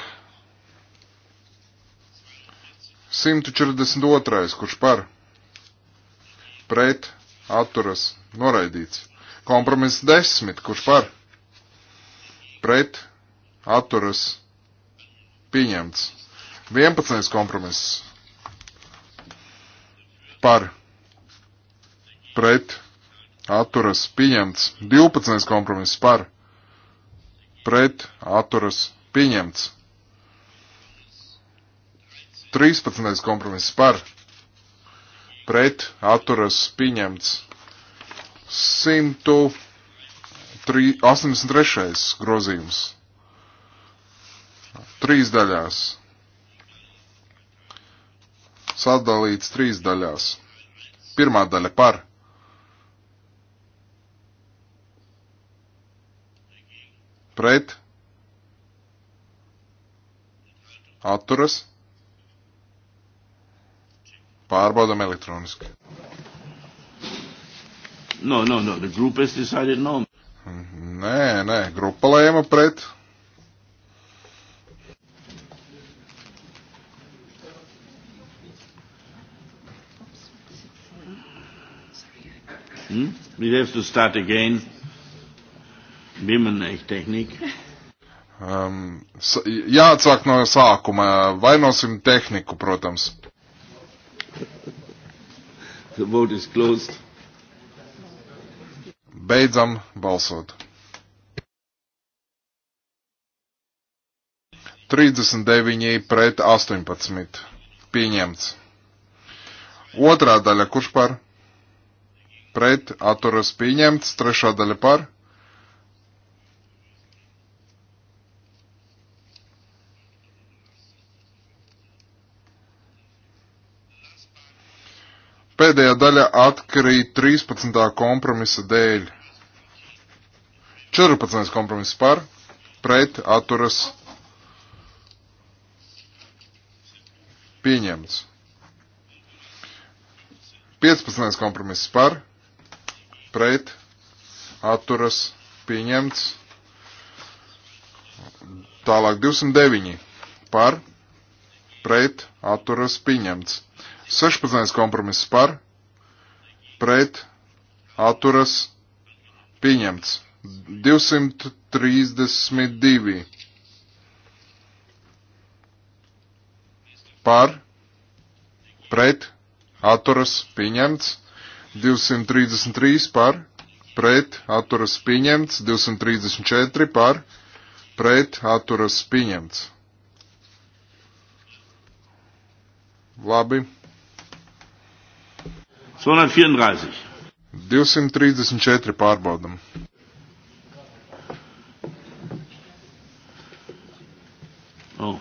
A: 142. Kurš par? Pret atturas noraidīts. Kompromiss 10. Kurš par? Pret atturas pieņemts. 11. kompromiss par pret atturas pieņemts. 12. kompromiss par pret atturas pieņemts. 13. kompromiss par pret atturas pieņemts. 183. grozījums. Trīs daļās sadalīts trīs daļās. Pirmā daļa par, pret, atturas, pārbaudam elektroniski. No, no, no, the group has decided no. Nē, nē, grupa lēma pret. Hmm? We have to start again. Bimenēk tehnika. Ähm, um, jāatsāk äh, no sākuma. Vainosim tehniku, protams. The vote is closed. Beidzam balsot. 39 pret 18. Pieņemts. Otrā daļa, kurš par? pret atturas pieņemts, trešā daļa par. Pēdējā daļa atkrīt 13. kompromisa dēļ. 14. kompromiss par, pret atturas pieņemts. 15. kompromiss par, pret atturas pieņemts. Tālāk 209 par pret atturas pieņemts. 16. kompromiss par pret atturas pieņemts. 232 par pret atturas pieņemts. 233 par, pret atturas pieņemts, 234 par, pret atturas pieņemts. Labi. 234. 234 pārbaudam. Oh.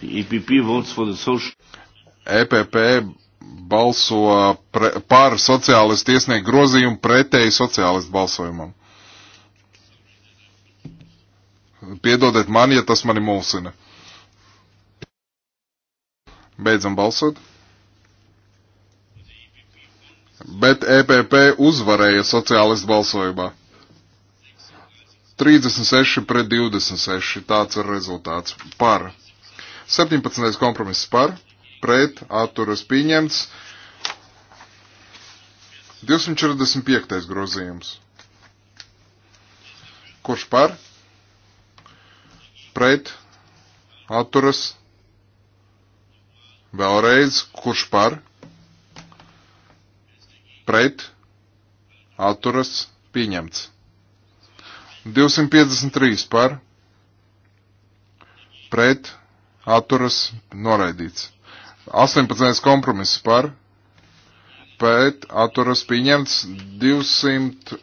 A: The EPP votes for the social. EPP balso pre, par sociālistu iesniegt grozījumu pretēji sociālistu balsojumam. Piedodiet man, ja tas mani mulsina. Beidzam balsot. Bet EPP uzvarēja sociālistu balsojumā. 36 pret 26. Tāds ir rezultāts. Par. 17. kompromiss par pret atturas pieņemts. 245. grozījums. Kurš par? Pret atturas. Vēlreiz, kurš par? Pret atturas pieņemts. 253 par pret atturas noraidīts. 18. kompromiss par, pret atturas pieņemts 265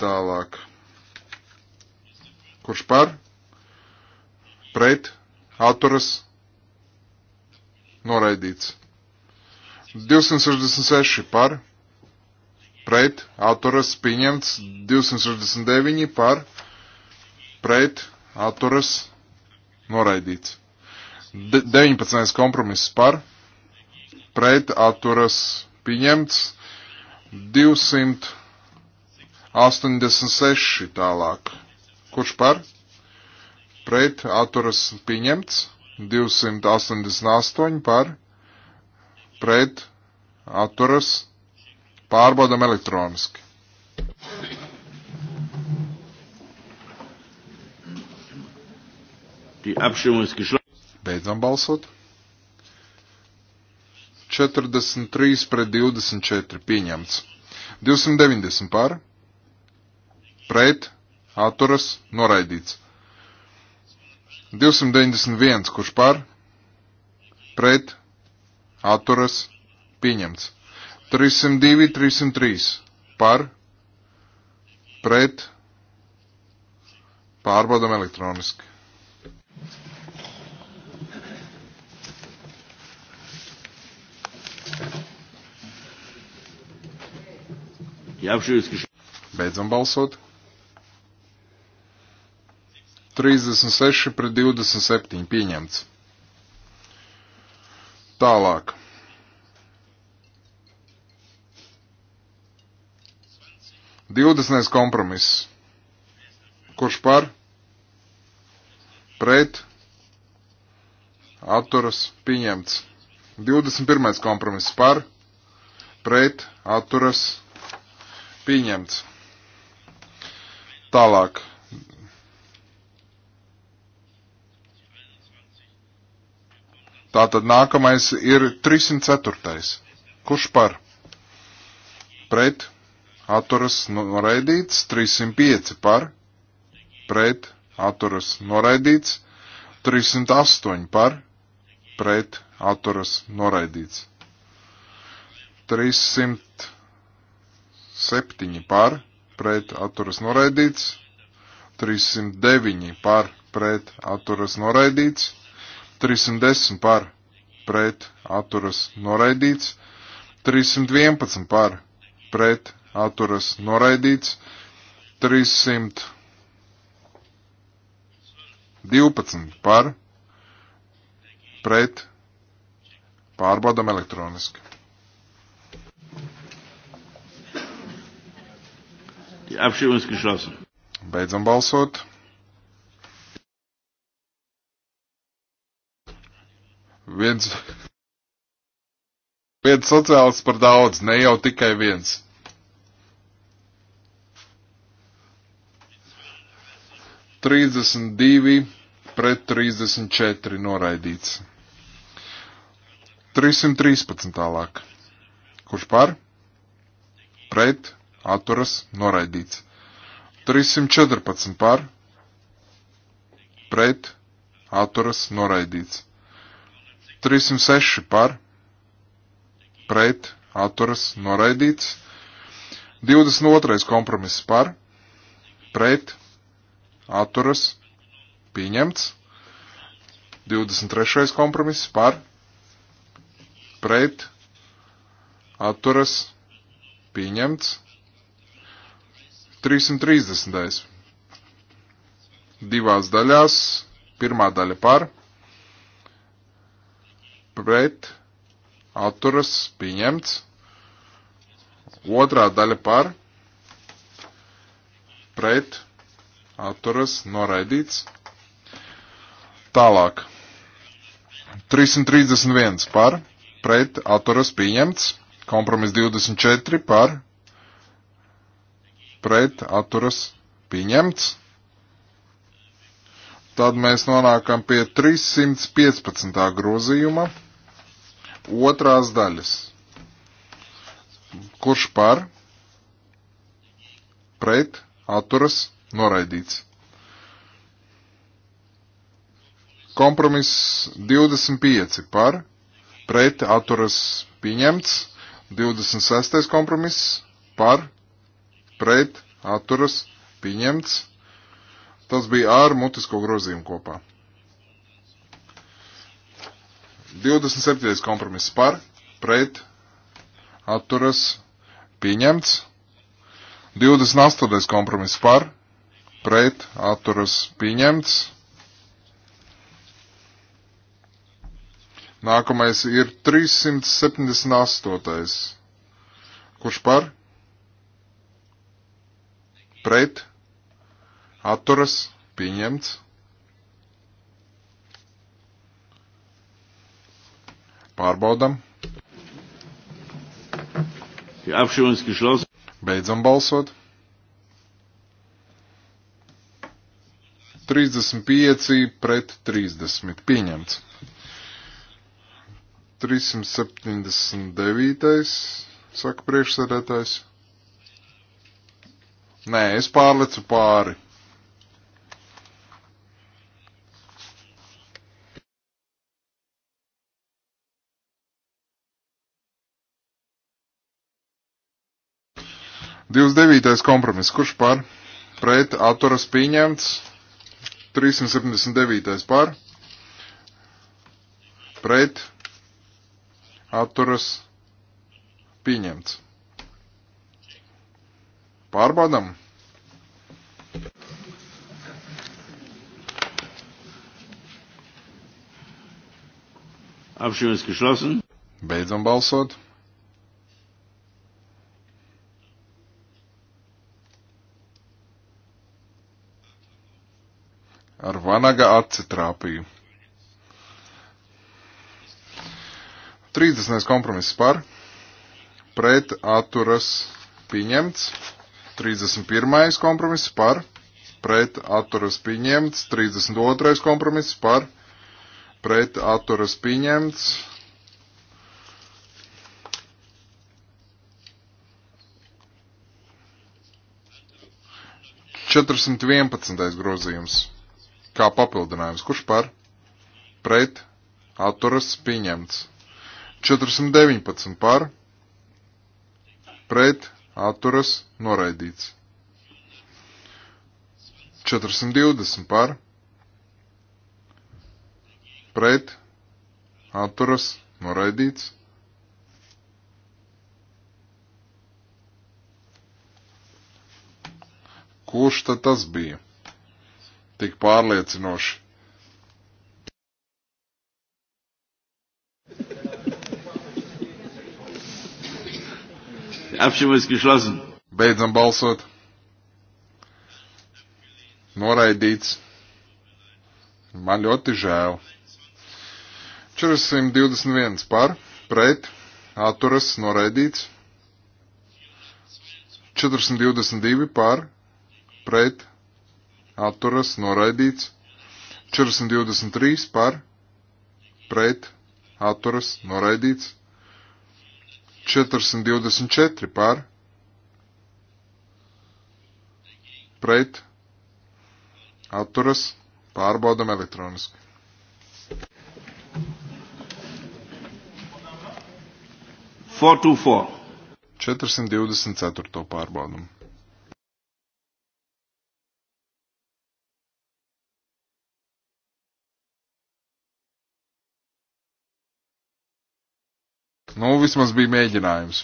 A: tālāk. Kurš par, pret atturas noraidīts. 266 par, pret atturas pieņemts 269 par, pret atturas noraidīts. De 19. kompromiss par, pret atturas pieņemts 286 tālāk. Kurš par? Pret atturas pieņemts 288 par, pret atturas pārbaudam elektroniski. Die Abstimmung ist geschlossen. Beidzam balsot. 43 pret 24 pieņemts. 290 pār. Pret. Atturas. Noraidīts. 291 kurš pār. Pret. Atturas. Pieņemts. 302, 303 par. Pret. Pārbaudam elektroniski. Beidzam balsot. 36 pret 27 pieņemts. Tālāk. 20. kompromiss. Kurš par? Pret? Atturas pieņemts. 21. kompromiss par? Pret? Atturas Pieņemts. Tālāk. Tātad nākamais ir 304. Kurš par? Pret. Atturas noraidīts. 305 par. Pret. Atturas noraidīts. 308 par. Pret. Atturas noraidīts. 300. 7 par, pret atturas noraidīts, 309 par, pret atturas noraidīts, 310 par, pret atturas noraidīts, 311 par, pret atturas noraidīts, 312 par, pret pārbaudam elektroniski. Die Abstimmung ist geschlossen. Beidzam balsot. Viens, viens sociāls par daudz, ne jau tikai viens. Trīsdesmit divi pret 34 noraidīts. 313 tālāk. Kurš par? Pret? atturas noraidīts. 314 par, pret, atturas noraidīts. 306 par, pret, atturas noraidīts. 22. kompromiss par, pret, atturas pieņemts. 23. kompromiss par, pret, atturas pieņemts. 330. Divās daļās. Pirmā daļa par. Pret. Atturas. Pieņemts. Otrā daļa par. Pret. Atturas. Noraidīts. Tālāk. 331 par, pret, atturas pieņemts, kompromis 24 par, pret atturas pieņemts. Tad mēs nonākam pie 315. grozījuma otrās daļas. Kurš par? Pret atturas noraidīts. Kompromiss 25 par, pret atturas pieņemts, 26. kompromiss par, pret, atturas, pieņemts. Tas bija ar mutisko grozījumu kopā. 27. kompromiss par, pret, atturas, pieņemts. 28. kompromiss par, pret, atturas, pieņemts. Nākamais ir 378. Kurš par? pret, atturas, pieņemts. Pārbaudam. Beidzam balsot. 35 pret 30. Pieņemts. 379. saka priekšsēdētājs. Nē, es pārlecu pāri. Divas devītais kompromiss. Kurš par? Pret atturas pieņemts. 379. par. Pret atturas pieņemts. Pārbaudam. Abstimmung ist geschlossen. Beidzam balsot. Ar vanaga aci trāpīju. 30. kompromiss par, pret atturas pieņemts. 31. kompromiss par, pret atturas pieņemts, 32. kompromiss par, pret atturas pieņemts. Četrsimt vienpadsmitais grozījums. Kā papildinājums. Kurš par? Pret. Atturas pieņemts. 419 par. Pret atturas noraidīts. 420 par pret atturas noraidīts. 421. Kurš tad tas bija? Tik pārliecinoši. Abstimmung ist geschlossen. Beidzam balsot. Noraidīts. Man ļoti žēl. 421 par, pret, atturas, noraidīts. 422 par, pret, atturas, noraidīts. 423 par, pret, atturas, noraidīts. 424 par pret atturas pārbaudam elektroniski. Four two four. 424. pārbaudam. Nu, vismaz bija mēģinājums.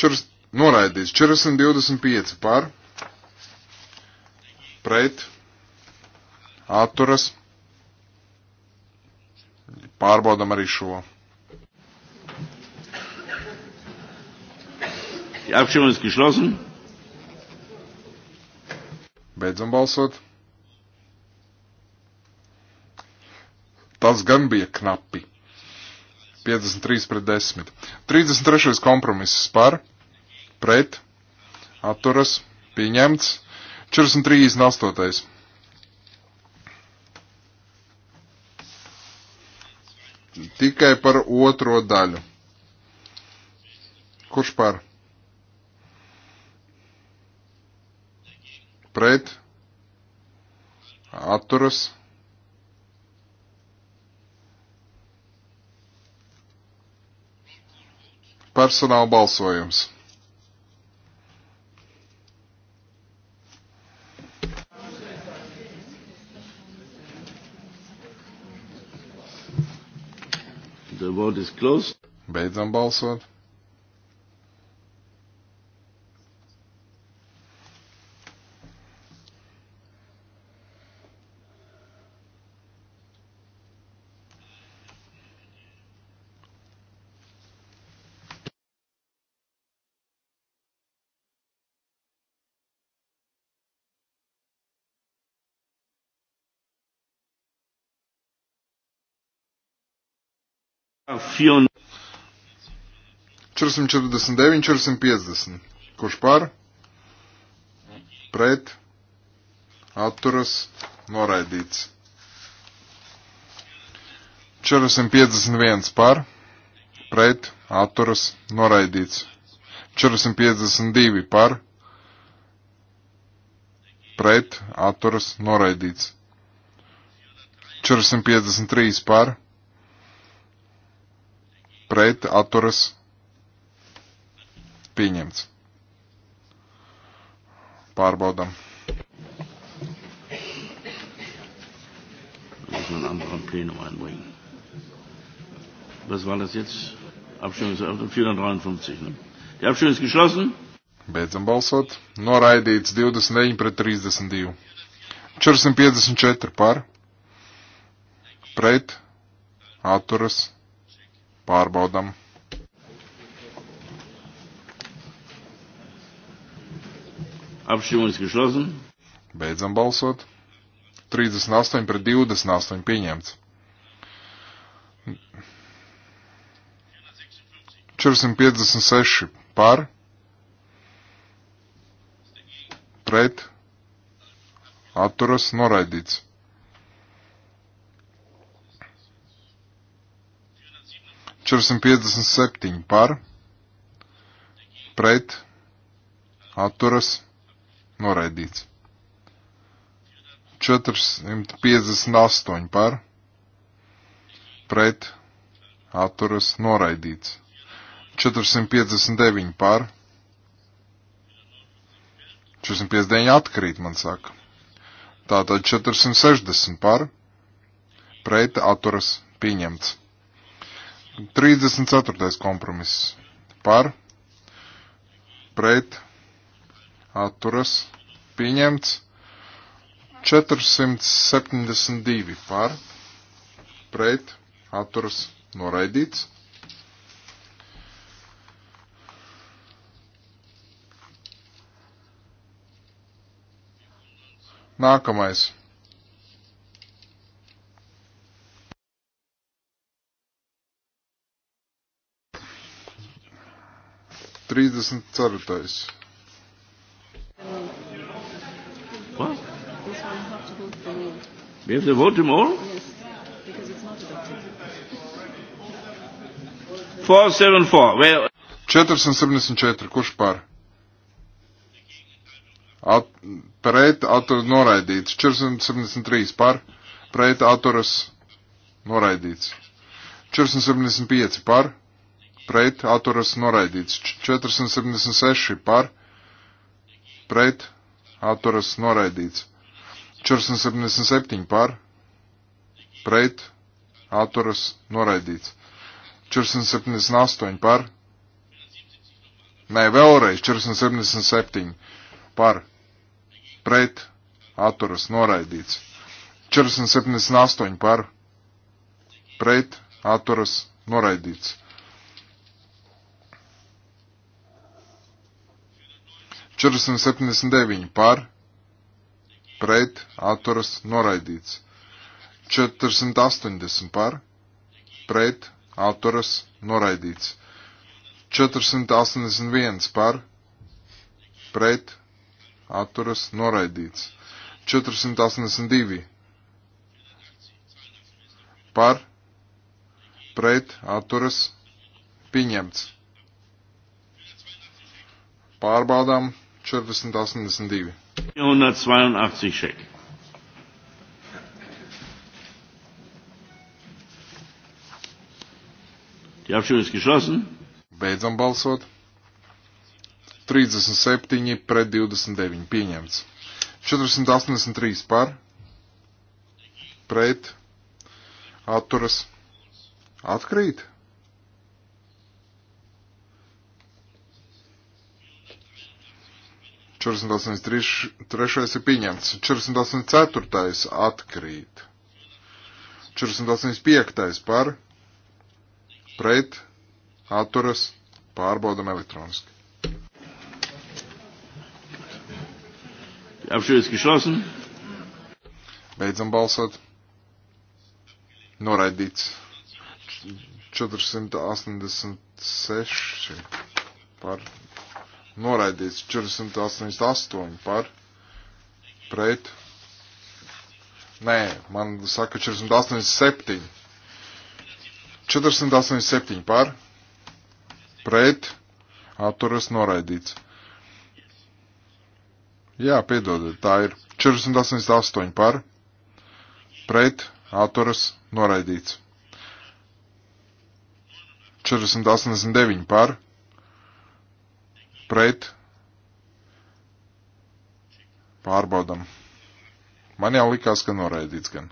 A: Čurs, noraidīts 425 par, pret, atturas, pārbaudam arī šo. Die Abstimmung ist geschlossen. Beidzam balsot. Tas gan bija knapi. 53 pret 10. 33. kompromiss par, pret, atturas, pieņemts. 43. nastotais. Tikai par otro daļu. Kurš par? Pret, atturas, pieņemts Personāla balsojums. The vote is closed. Beidzam balsot. 449, 450. Kurš par? Pret? Atturas? Noraidīts. 451 par, pret, atturas, noraidīts. 452 par, pret, atturas, noraidīts. 453 par, pret atturas pieņemts. Pārbaudam. aus einem anderen Plenum einbringen. Was war das jetzt? Abstimmung ist 453. Ne? Die Abstimmung ist geschlossen. Beidzam balsot. Noraidīts 29 pret 32. 454 par. Pret. Atturas. Pārbaudam. Apšķirums geschlossen. Beidzam balsot. 38 pret 28 pieņemts. 456 par, pret, atturas, noraidīts. 457 par, pret, atturas, noraidīts. 458 par, pret, atturas, noraidīts. 459 par, 459 atkrīt, man saka. Tātad 460 par, pret, atturas, pieņemts. 34. kompromiss par, pret, atturas, pieņemts 472 par, pret, atturas, noraidīts. Nākamais 34. What? This one have
B: to vote them
A: all. We have to vote them all?
B: Yes, because it's not adopted.
A: 474. Where? 474. Kurš par? At, pret atturas noraidīts. 473 par. Pret atturas noraidīts. 475 par pret atturas noraidīts. 476 par pret atturas noraidīts. 477 par pret atturas noraidīts. 478 par. Nē, vēlreiz 477 par pret atturas noraidīts. 478 par pret atturas noraidīts. 479 par, pret, atturas, noraidīts. 480 par, pret, atturas, noraidīts. 481 par, pret, atturas, noraidīts. 482 par, pret, atturas, pieņemts. Pārbaudām 1482. 482 Scheck. Die Abstimmung ist geschlossen. Beidzam balsot. 37 pret 29 pieņemts. 483 par, pret, atturas, atkrīt. 483 ir pieņemts, 484 atkrīt, 485 par, pret, atturas, pārbaudam elektroniski. Apšķirīs geschlossen. Beidzam balsot. Noraidīts. 486 par noraidīts 488 par pret. Nē, man saka 487. 487 par pret atturas noraidīts. Jā, piedodiet, tā ir 488 par pret atturas noraidīts. 489 par pret pret pārbaudam. Man jau likās, ka noraidīts gan.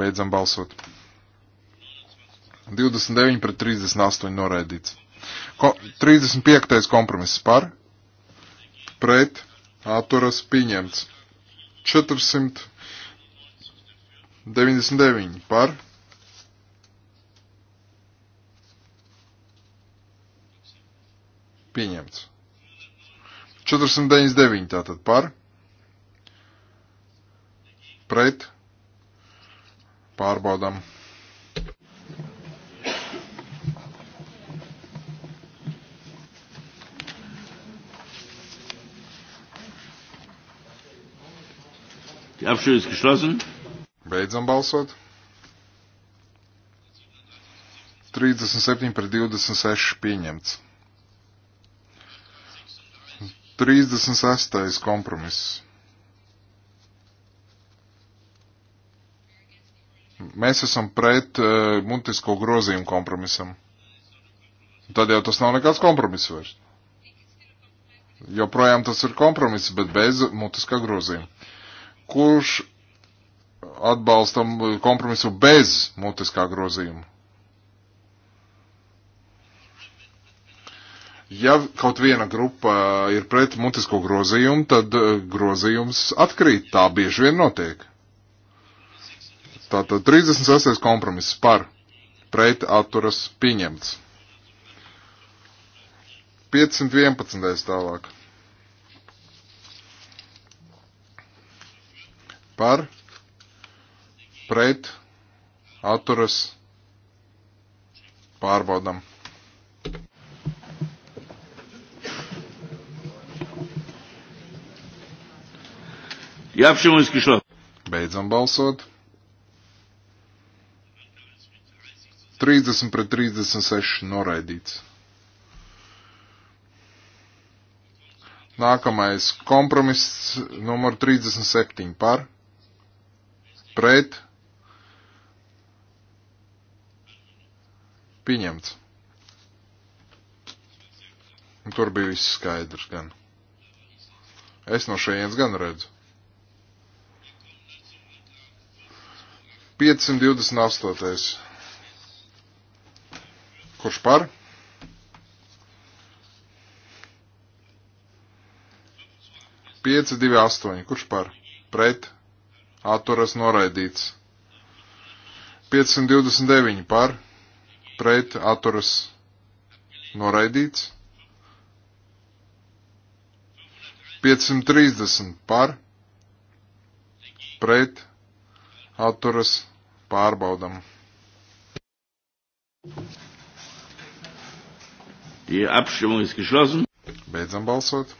A: Beidzam balsot. 29 pret 38 noraidīts. Ko, 35. kompromiss par, pret, atturas pieņemts. 499 par, Pieņemts. 499 tātad par, pret, pārbaudam. Die Abstimmung ist geschlossen. Beidzam balsot. 37 pret 26 pieņemts. 36. kompromiss. Mēs esam pret uh, mutisko grozījumu kompromisam. Tad jau tas nav nekāds kompromiss vairs. Joprojām tas ir kompromiss, bet bez mutiskā grozījuma. Kurš atbalstam kompromisu bez mutiskā grozījuma? Ja kaut viena grupa ir pret mutisko grozījumu, tad eh, grozījums atkrīt. Tā bieži vien notiek. Tātad 36. kompromiss par pret atturas pieņemts. 511. tālāk. Par pret atturas pārbaudam. Die Abstimmung ist geschlossen. Beidzam balsot. 30 pret 36 noraidīts. Nākamais kompromiss numur 37 par pret pieņemts. Un tur bija viss skaidrs gan. Es no šejienes gan redzu. 528. Kurš par? Pieci, divi, astoņi. Kurš par? Pret. Atturas noraidīts. 529 par. Pret. Atturas noraidīts. 530 par. Pret atturas pārbaudam. Die Abstimmung ist geschlossen. Beidzam balsot.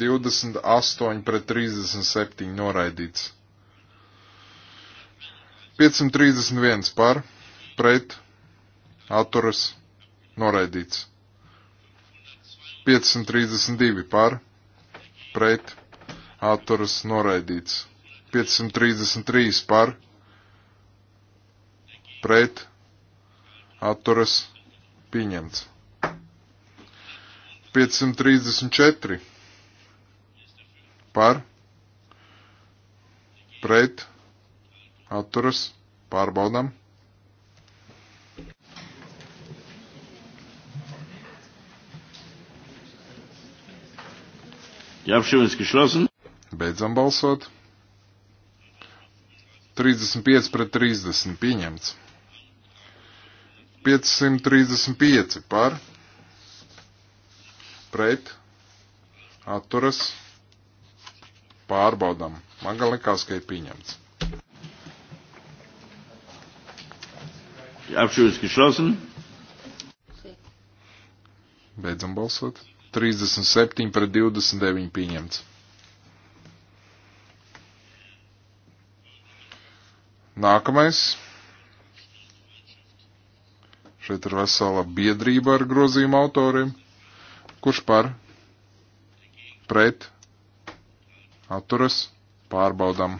A: Divdesmit astoņi pret trīsdesmit septiņi noraidīts. 531 par, pret, atturas, noraidīts. 532 par, pret, atturas noraidīts. 533 par, pret, atturas pieņemts. 534 par, pret, atturas pārbaudām. Die Abstimmung ist geschlossen. Beidzam balsot. 35 pret 30 pieņemts. 535 par pret atturas pārbaudam. Man gan likās, ka ir pieņemts. Apšķirts geschlossen. Beidzam balsot. 37 pret 29 pieņemts. Nākamais. Šeit ir vesela biedrība ar grozījumu autoriem. Kurš par? Pret? Atturas? Pārbaudam.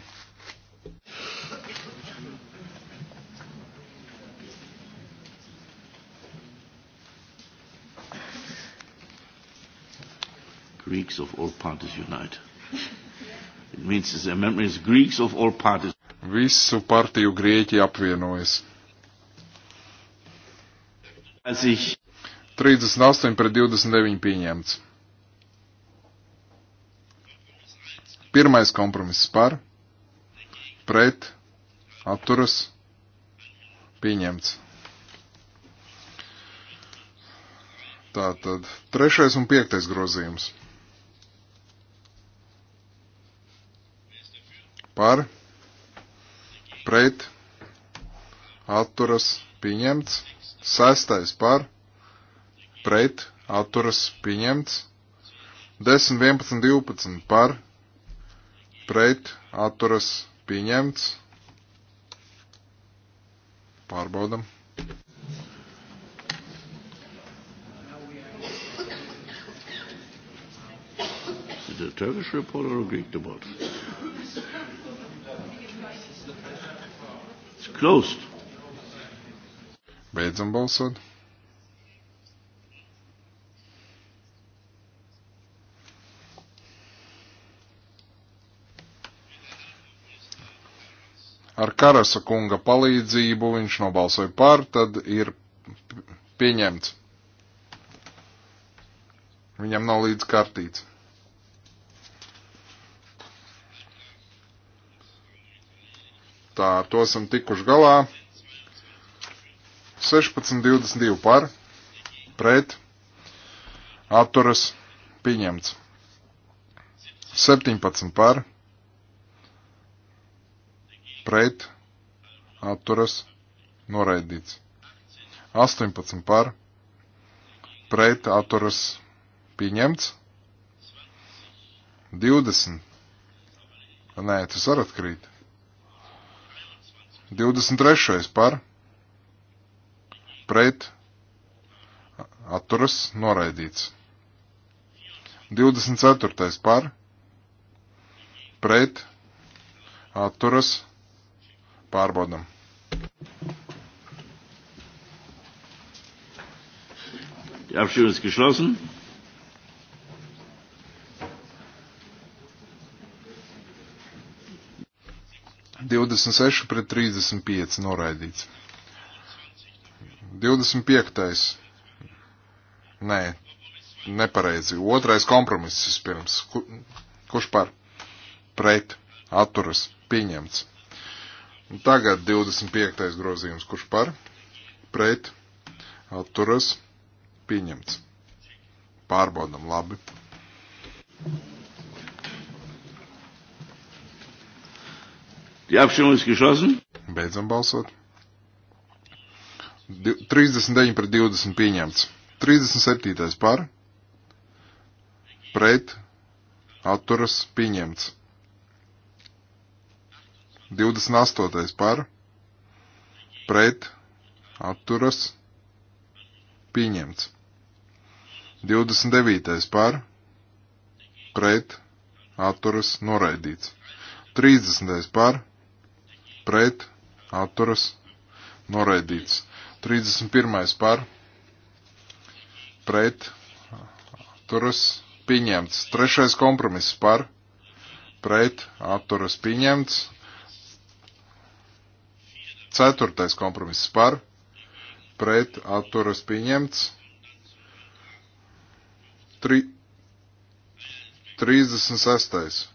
A: Greeks of all parties unite. It means this amendment is Greeks of all parties. Visu partiju Grieķi apvienojas. 38 pret 29 pieņemts. Pirmais kompromiss par, pret, atturas, pieņemts. Tātad trešais un piektais grozījums. par, pret, atturas, pieņemts. Sestais par, pret, atturas, pieņemts. 10, 11, 12 par, pret, atturas, pieņemts. Pārbaudam. the Turkish report or Greek report? Closed. Beidzam balsot. Ar Karasa kunga palīdzību viņš nobalsoja par, tad ir pieņemts. Viņam nav līdz kartīts. Tā, ar to esam tikuši galā. 16.22 par, pret, atturas, pieņemts. 17 par, pret, atturas, noraidīts. 18 par, pret, atturas, pieņemts. 20. Nē, tas var atkrīt. 23. par pret atturas noraidīts. 24. par pret atturas pārbaudam. Die Abstimmung ist geschlossen. 26 pret 35 noraidīts. 25. Nē, nepareizi. Otrais kompromiss vispirms. Kurš par? Pret. Atturas. Pieņemts. Tagad 25. grozījums. Kurš par? Pret. Atturas. Pieņemts. Pārbaudam labi. Thank you. Die Abstimmung ist geschlossen. Beidzam balsot. 39 pret 20 pieņemts. 37. par. Pret. Atturas pieņemts. 28. par. Pret. Atturas pieņemts. 29. par. Pret. Atturas noraidīts. 30. par pret, atturas, noraidīts. 31. par, pret, atturas, pieņemts. 3. kompromiss par, pret, atturas, pieņemts. 4. kompromiss par, pret, atturas, pieņemts. 3. 36.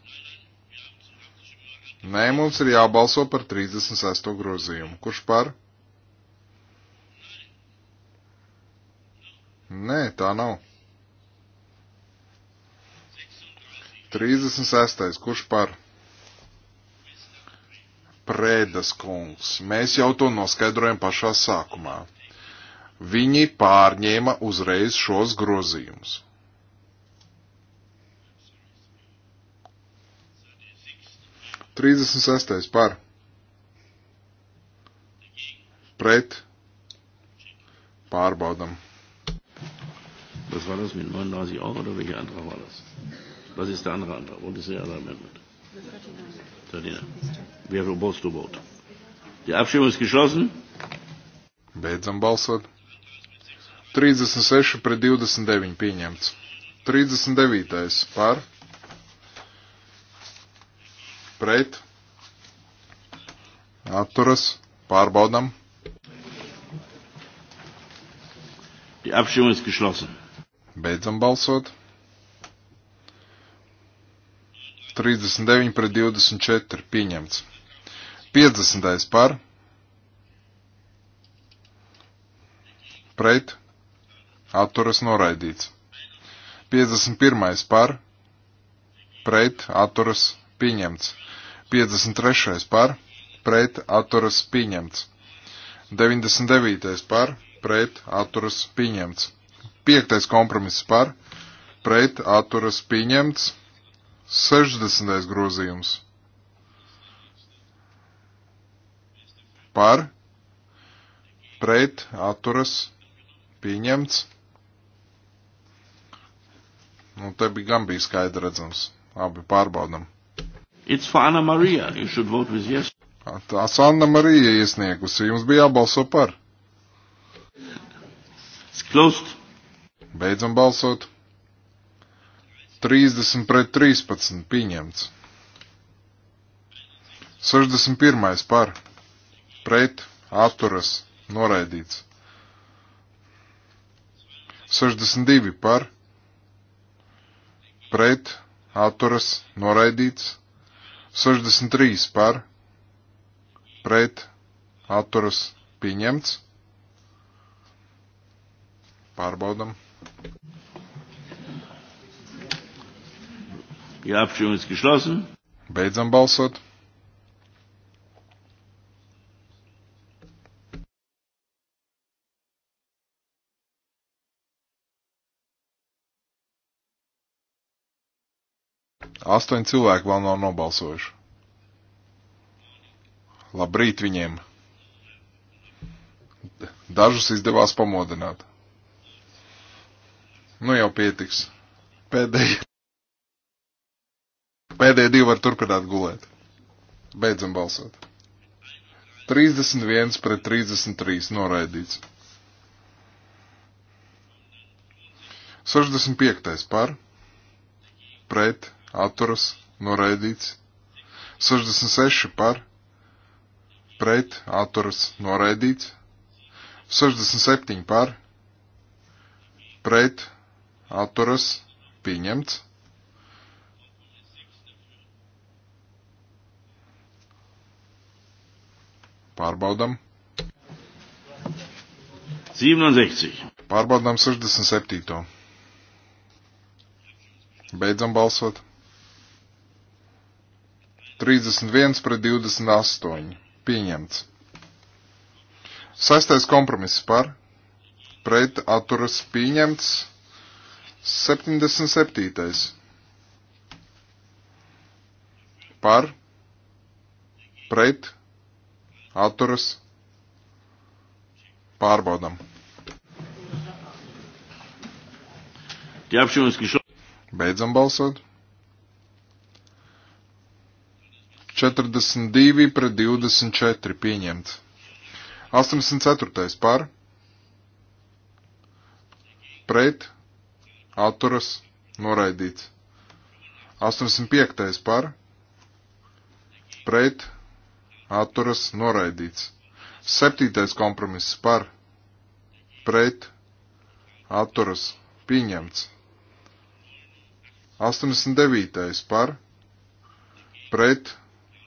A: Nē, mums ir jābalso par 36. grozījumu. Kurš par? Nē, tā nav. 36. Kurš par? Prēdas kungs. Mēs jau to noskaidrojam pašā sākumā. Viņi pārņēma uzreiz šos grozījumus. 36. par. Pret. Pārbaudam. Was war das mit 39 Euro oder welcher Antrag war das? Was ist der andere Antrag? Und ist der andere Amendment? 39. We have a both to vote. Die Abstimmung ist geschlossen. Beidzam balsot. 36 pret 29 pieņemts. 39. par pret, atturas, pārbaudam. Die Abstimmung ist geschlossen. Beidzam balsot. 39 pret 24 pieņemts. 50. par. Pret. Atturas noraidīts. 51. par. Pret. Atturas pieņemts. 53. par pret atturas pieņemts. 99. par pret atturas pieņemts. 5. kompromiss par pret atturas pieņemts. 60. grozījums par pret atturas pieņemts. Nu, te bija gan bija skaidrs redzams. Abi pārbaudam. It's for Anna Maria. You should vote with yes. Ah, tās Anna Marija iesniegusi. Jums bija jābalso par. It's closed. Beidzam balsot. 30 pret 13 pieņemts. 61 par. Pret. Atturas. Noraidīts. 62 par. Pret. Atturas. Noraidīts. 63 par pret atturas pieņemts. Pārbaudam. Die Abstimmung ist geschlossen. Beidzam balsot. Astoņi cilvēki vēl nav nobalsojuši. Labrīt viņiem! Dažus izdevās pamodināt. Nu jau pietiks. Pēdējie. Pēdējie divi var turpināt gulēt. Beidzam balsot. 31 pret 33 noraidīts. 65. par pret atturas noraidīts. 66 par pret atturas noraidīts. 67 par pret atturas pieņemts. Pārbaudam. 67. Pārbaudām 67. Beidzam balsot. 31 pret 28. Pieņemts. Sastais kompromiss par pret atturas pieņemts 77. Par pret atturas pārbaudam. Beidzam balsot. 42 pret 24 pieņemts. 84. par pret atturas noraidīts. 85. par pret atturas noraidīts. 7. kompromiss par pret atturas pieņemts. 89. par pret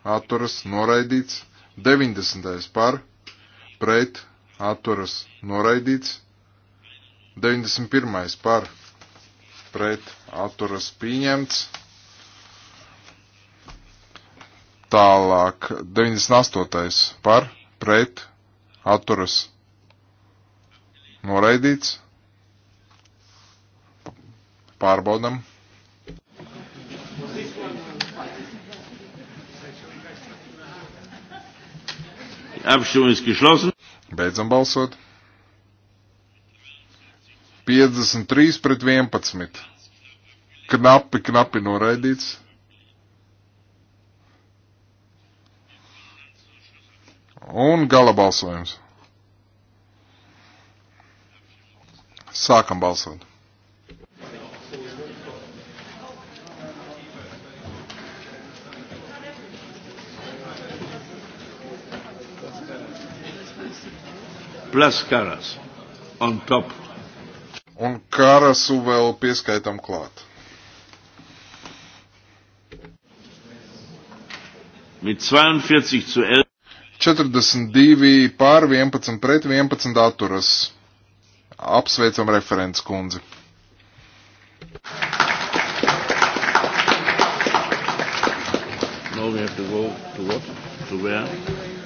A: atturas noraidīts, 90. par, pret, atturas noraidīts, 91. par, pret, atturas pieņemts. Tālāk, 98. par, pret, atturas noraidīts. Pārbaudam. Abstimmung ist geschlossen. Beidzam balsot. 53 pret 11. Knapi, knapi noraidīts. Un gala balsojums. Sākam balsot. plus Karas on top. Un Karasu vēl pieskaitam klāt. Mit 42 zu 11. 42 pār 11 pret 11 atturas. Apsveicam referents kundzi. Now we have
B: to go to what? To where?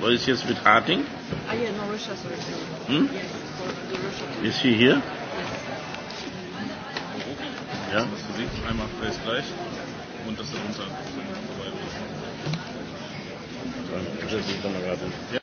B: Was ist jetzt mit Harting?
C: Ah, yeah, no, Russia, sorry.
B: Hm? Yes, Ist sie hier? Yes. Ja, das Gesicht einmal gleich gleich und das darunter vorbei. Er ja.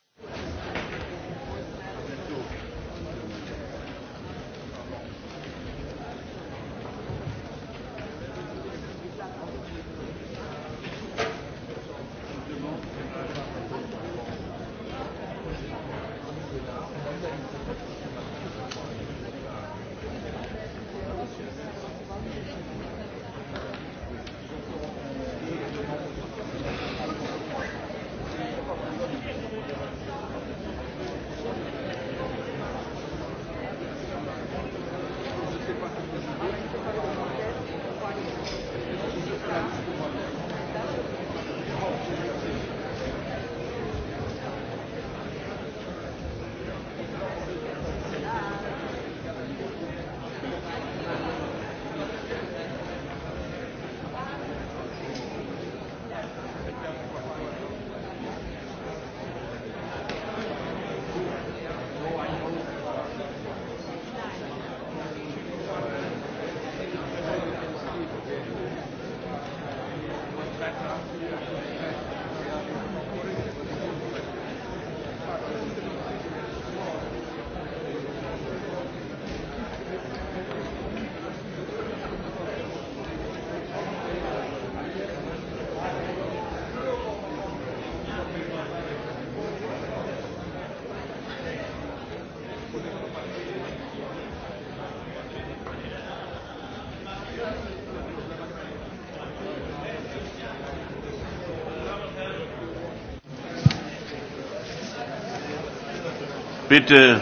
B: bitte,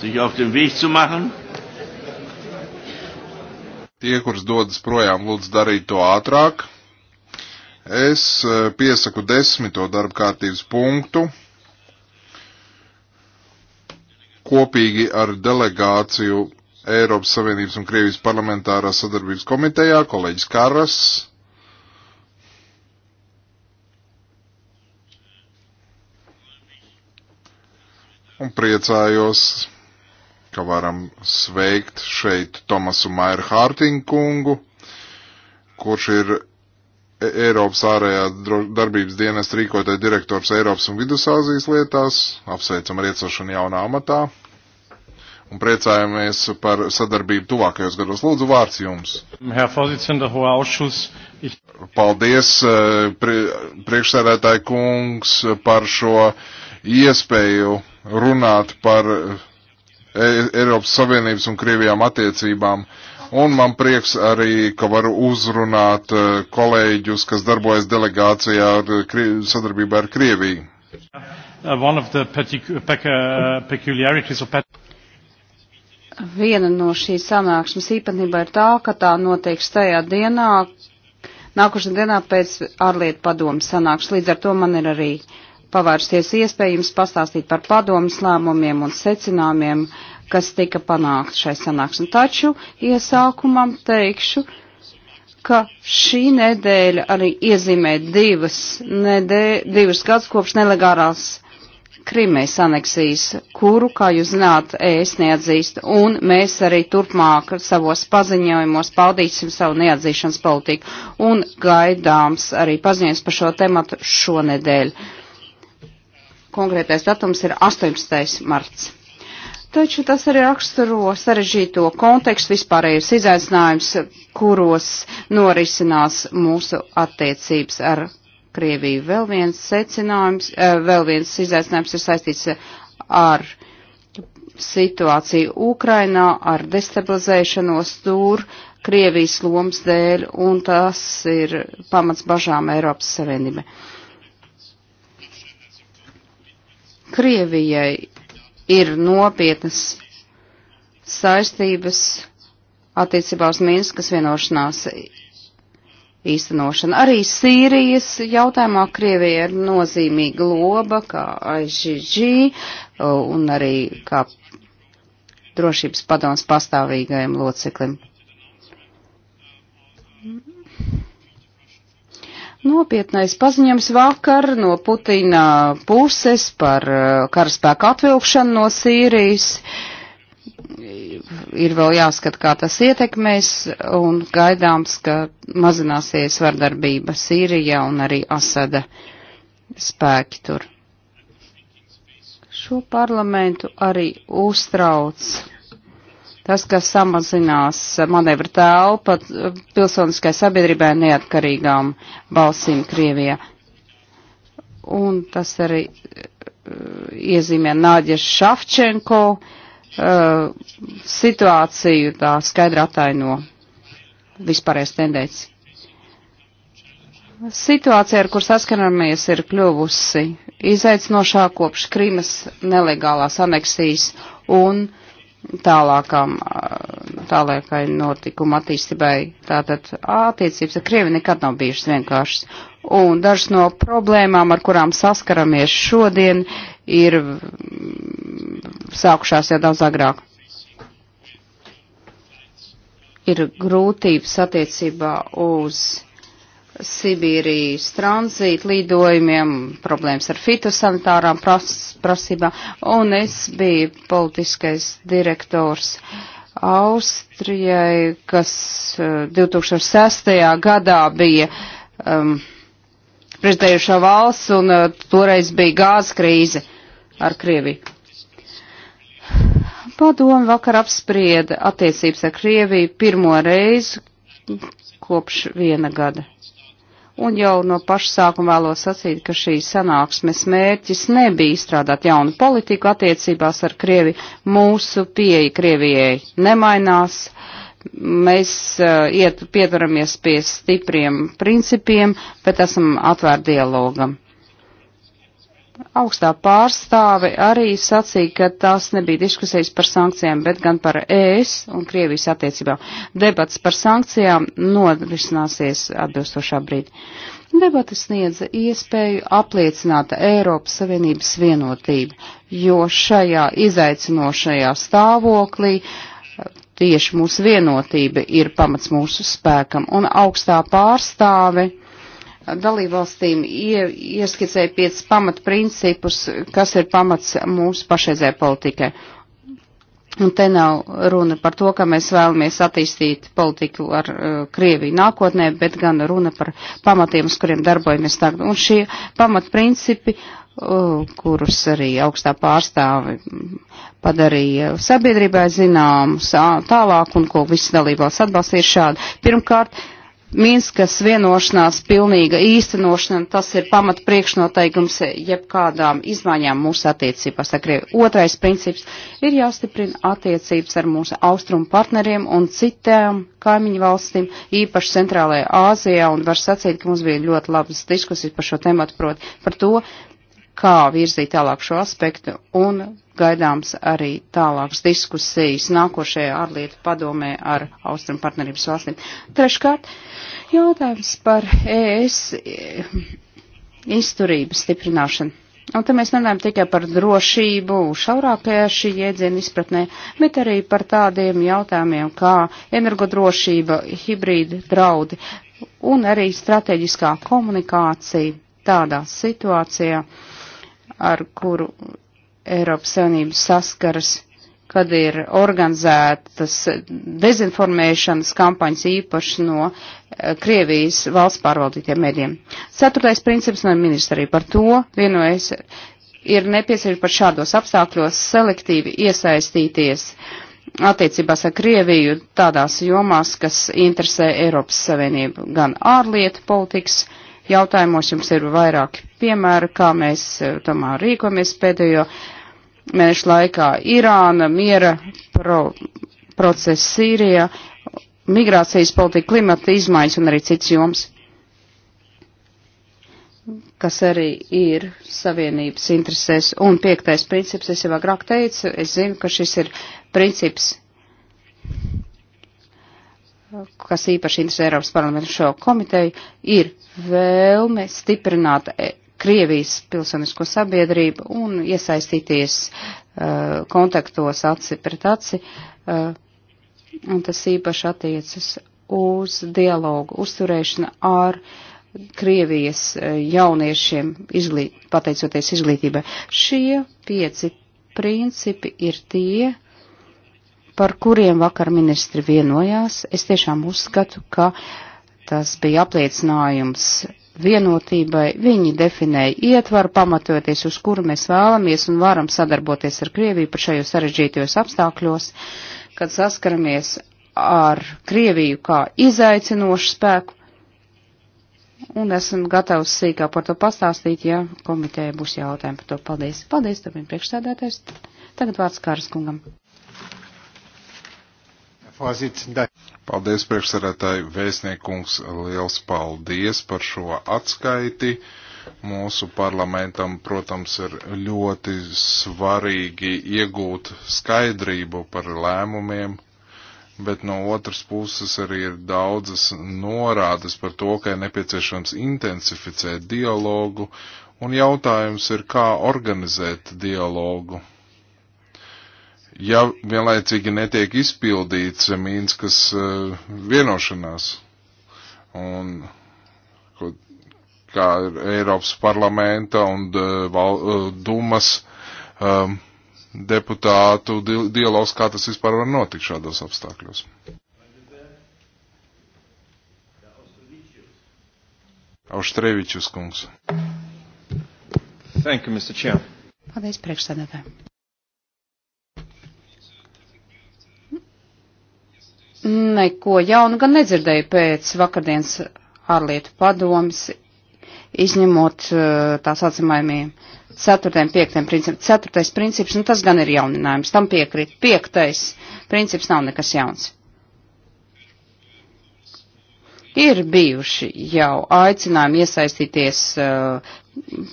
A: sich auf den Weg zu machen. Tie, kurus dodas projām, lūdzu darīt to ātrāk. Es eh, piesaku desmito darba kārtības punktu kopīgi ar delegāciju Eiropas Savienības un Krievijas parlamentārā sadarbības komitejā, kolēģis Karas, un priecājos, ka varam sveikt šeit Tomasu Mairu Hārtiņu kungu, kurš ir e- Eiropas ārējā darbības dienas rīkotai direktors Eiropas un Vidusāzijas lietās. Apsveicam ar iecelšanu jaunā amatā un priecājamies par sadarbību tuvākajos gados. Lūdzu, vārds jums. Paldies, e, priekšsēdētāji kungs, par šo iespēju runāt par eh, Eiropas Savienības un Krievijām attiecībām. Un man prieks arī, ka varu uzrunāt eh, kolēģus, kas darbojas delegācijā ar, sadarbībā ar Krieviju.
B: Uh,
C: Viena no šīs sanāksmes īpatnība ir tā, ka tā notiek tajā dienā, nākošajā dienā pēc ārlietu padomu sanāks. Līdz ar to man ir arī uh, pavērsties iespējams pastāstīt par padomas lēmumiem un secinājumiem, kas tika panākt šai sanāksmē. Taču iesākumam teikšu, ka šī nedēļa arī iezīmē divas, nedē, divas gadus kopš nelegālās Krimēs aneksijas, kuru, kā jūs zināt, es neatzīstu, un mēs arī turpmāk savos paziņojumos paudīsim savu neatzīšanas politiku, un gaidāms arī paziņojums par šo tematu šonedēļ konkrētais datums ir 18. marts. Taču tas arī raksturo sarežģīto kontekstu vispārējais izaicinājums, kuros norisinās mūsu attiecības ar Krieviju. Vēl viens secinājums, eh, vēl viens izaicinājums ir saistīts ar situāciju Ukrainā, ar destabilizēšanos tur, Krievijas lomas dēļ, un tas ir pamats bažām Eiropas Savienībai. Krievijai ir nopietnas saistības attiecībā uz Minskas vienošanās īstenošanu. Arī Sīrijas jautājumā Krievija ir nozīmīga loba, kā IGG un arī kā drošības padoms pastāvīgajam loceklim. Nopietnais paziņojums vakar no Putina puses par uh, karaspēku atvilkšanu no Sīrijas. Ir vēl jāskat, kā tas ietekmēs, un gaidāms, ka mazināsies vardarbība Sīrijā un arī Asada spēki tur. Šo parlamentu arī uztrauc tas, ka samazinās manevra telpa pilsoniskai sabiedrībai neatkarīgām balsīm Krievijā. Un tas arī eh, iezīmē Nāģa Šafčenko uh, situāciju, tā skaidri ataino vispārējais tendenci. Situācija, ar kur saskaramies, ir kļuvusi izaicinošā kopš Krīmas nelegālās aneksijas un uh, tālākām, tālākai notikuma attīstībai. Tātad attiecības ar Krievi nekad nav bijušas vienkāršas. Un dažas no problēmām, ar kurām saskaramies šodien, ir mm, sākušās jau daudz agrāk. Ir grūtības attiecībā uz Sibīrijas tranzīta lidojumiem, problēmas ar fitosanitārām pras, prasībām, un es biju politiskais direktors Austrijai, kas 2006. Eh, gadā bija um, prezidējušā valsts, un uh, toreiz bija gāzes krīze ar Krieviju. Padomu vakar apsprieda attiecības ar Krieviju pirmo reizi kopš viena gada Un jau no paša sākuma vēlos sacīt, ka šī sanāksmes mērķis nebija izstrādāt jaunu politiku attiecībās ar Krievi. Mūsu pieeja Krievijai nemainās. Mēs uh, iet, pieturamies pie stipriem principiem, bet esam atvērti dialogam augstā pārstāve arī sacīja, ka tās nebija diskusijas par sankcijām, bet gan par ES un Krievijas attiecībām. Debats par sankcijām norisināsies atbilstošā brīdī. Debates sniedza iespēju apliecināt Eiropas Savienības vienotību, jo šajā izaicinošajā stāvoklī eh, tieši mūsu vienotība ir pamats mūsu spēkam un augstā pārstāve dalībvalstīm ieskicēja piec pamatprincipus, kas ir pamats mūsu pašreizē politikai. Un te nav runa par to, ka mēs vēlamies attīstīt politiku ar uh, Krieviju nākotnē, bet gan runa par pamatiem, uz kuriem darbojamies tagad. Un šie pamatprincipi, uh, kurus arī augstā pārstāvi padarīja sabiedrībai zināmus tālāk un ko visas dalībās atbalstīja šādi. Pirmkārt, uh, Minskas vienošanās pilnīga īstenošana, tas ir pamat priekšnoteikums jebkādām izmaiņām mūsu attiecībās ar Krieviju. Otrais princips ir jāstiprina attiecības ar mūsu austrumu partneriem un citām kaimiņu valstīm, īpaši Centrālajā Āzijā, un var sacīt, ka mums bija ļoti labas diskusijas par šo tematu, proti par to, kā virzīt tālāk šo aspektu un gaidāms arī tālākas diskusijas nākošajā ārlietu padomē ar austrumu partnerības valstīm. Treškārt, uh, Jautājums par ES e, izturības stiprināšanu. Un te mēs nerunājam tikai par drošību šaurākajā šī jēdziena izpratnē, bet arī par tādiem jautājumiem kā energodrošība, hibrīda draudi un arī strateģiskā komunikācija tādā situācijā, ar kuru Eiropas Savienība saskaras kad ir organizētas dezinformēšanas kampaņas īpaši no eh, Krievijas valsts pārvaldītiem medijiem. Ceturtais princips no ministrija par to vienojas ir nepieciešams par šādos apstākļos selektīvi iesaistīties attiecībās ar Krieviju tādās jomās, kas interesē Eiropas Savienību gan ārlietu politikas jautājumos. Jums ir vairāki piemēri, kā mēs eh, tomēr rīkojamies pēdējo uh, mēnešu laikā. Irāna, miera pro, process Sīrijā, migrācijas politika, klimata izmaiņas un arī cits joms, kas arī ir savienības interesēs. Un piektais princips, es jau agrāk teicu, es zinu, ka šis ir princips, kas īpaši interesē Eiropas parlamentu šo komiteju, ir vēlme stiprināt Krievijas pilsonisko sabiedrību un iesaistīties uh, kontaktos aci pret aci. Uh, un tas īpaši attiecas uz dialogu uzturēšanu ar Krievijas uh, jauniešiem, izglīt, pateicoties izglītībai. Šie pieci principi ir tie, par kuriem vakar ministri vienojās. Es tiešām uzskatu, ka tas bija apliecinājums vienotībai. Viņi definēja ietvaru, pamatoties uz kuru mēs vēlamies un varam sadarboties ar Krieviju par šajos sarežģītajos apstākļos, kad saskaramies ar Krieviju kā izaicinošu spēku. Un esam gatavs sīkā par to pastāstīt, ja komiteja būs jautājumi par to. Paldies. Paldies, topiem priekšsēdētājs. Tagad vārds Kāras kungam.
A: Paldies, priekšsarētāji vēstniekums, liels paldies par šo atskaiti. Mūsu parlamentam, protams, ir ļoti svarīgi iegūt skaidrību par lēmumiem, bet no otras puses arī ir daudzas norādes par to, ka ir nepieciešams intensificēt dialogu, un jautājums ir, kā organizēt dialogu ja vienlaicīgi netiek izpildīts Mīnskas eh, vienošanās. Un kā ir Eiropas parlamenta un eh, eh, Dumas deputātu dialogs, kā tas vispār var notikt šādos apstākļos. Auštrevičus kungs. Thank you, Mr. Chair.
C: Paldies, priekšsēdētāji. Neko jaunu gan nedzirdēju pēc vakardienas ārlietu padomas, izņemot eh, tā saucamajiem ceturtajam, piektajam principam. Ceturtais princips, nu tas gan ir jauninājums, tam piekrīt. Piektais princips nav nekas jauns. Ir bijuši jau aicinājumi iesaistīties uh,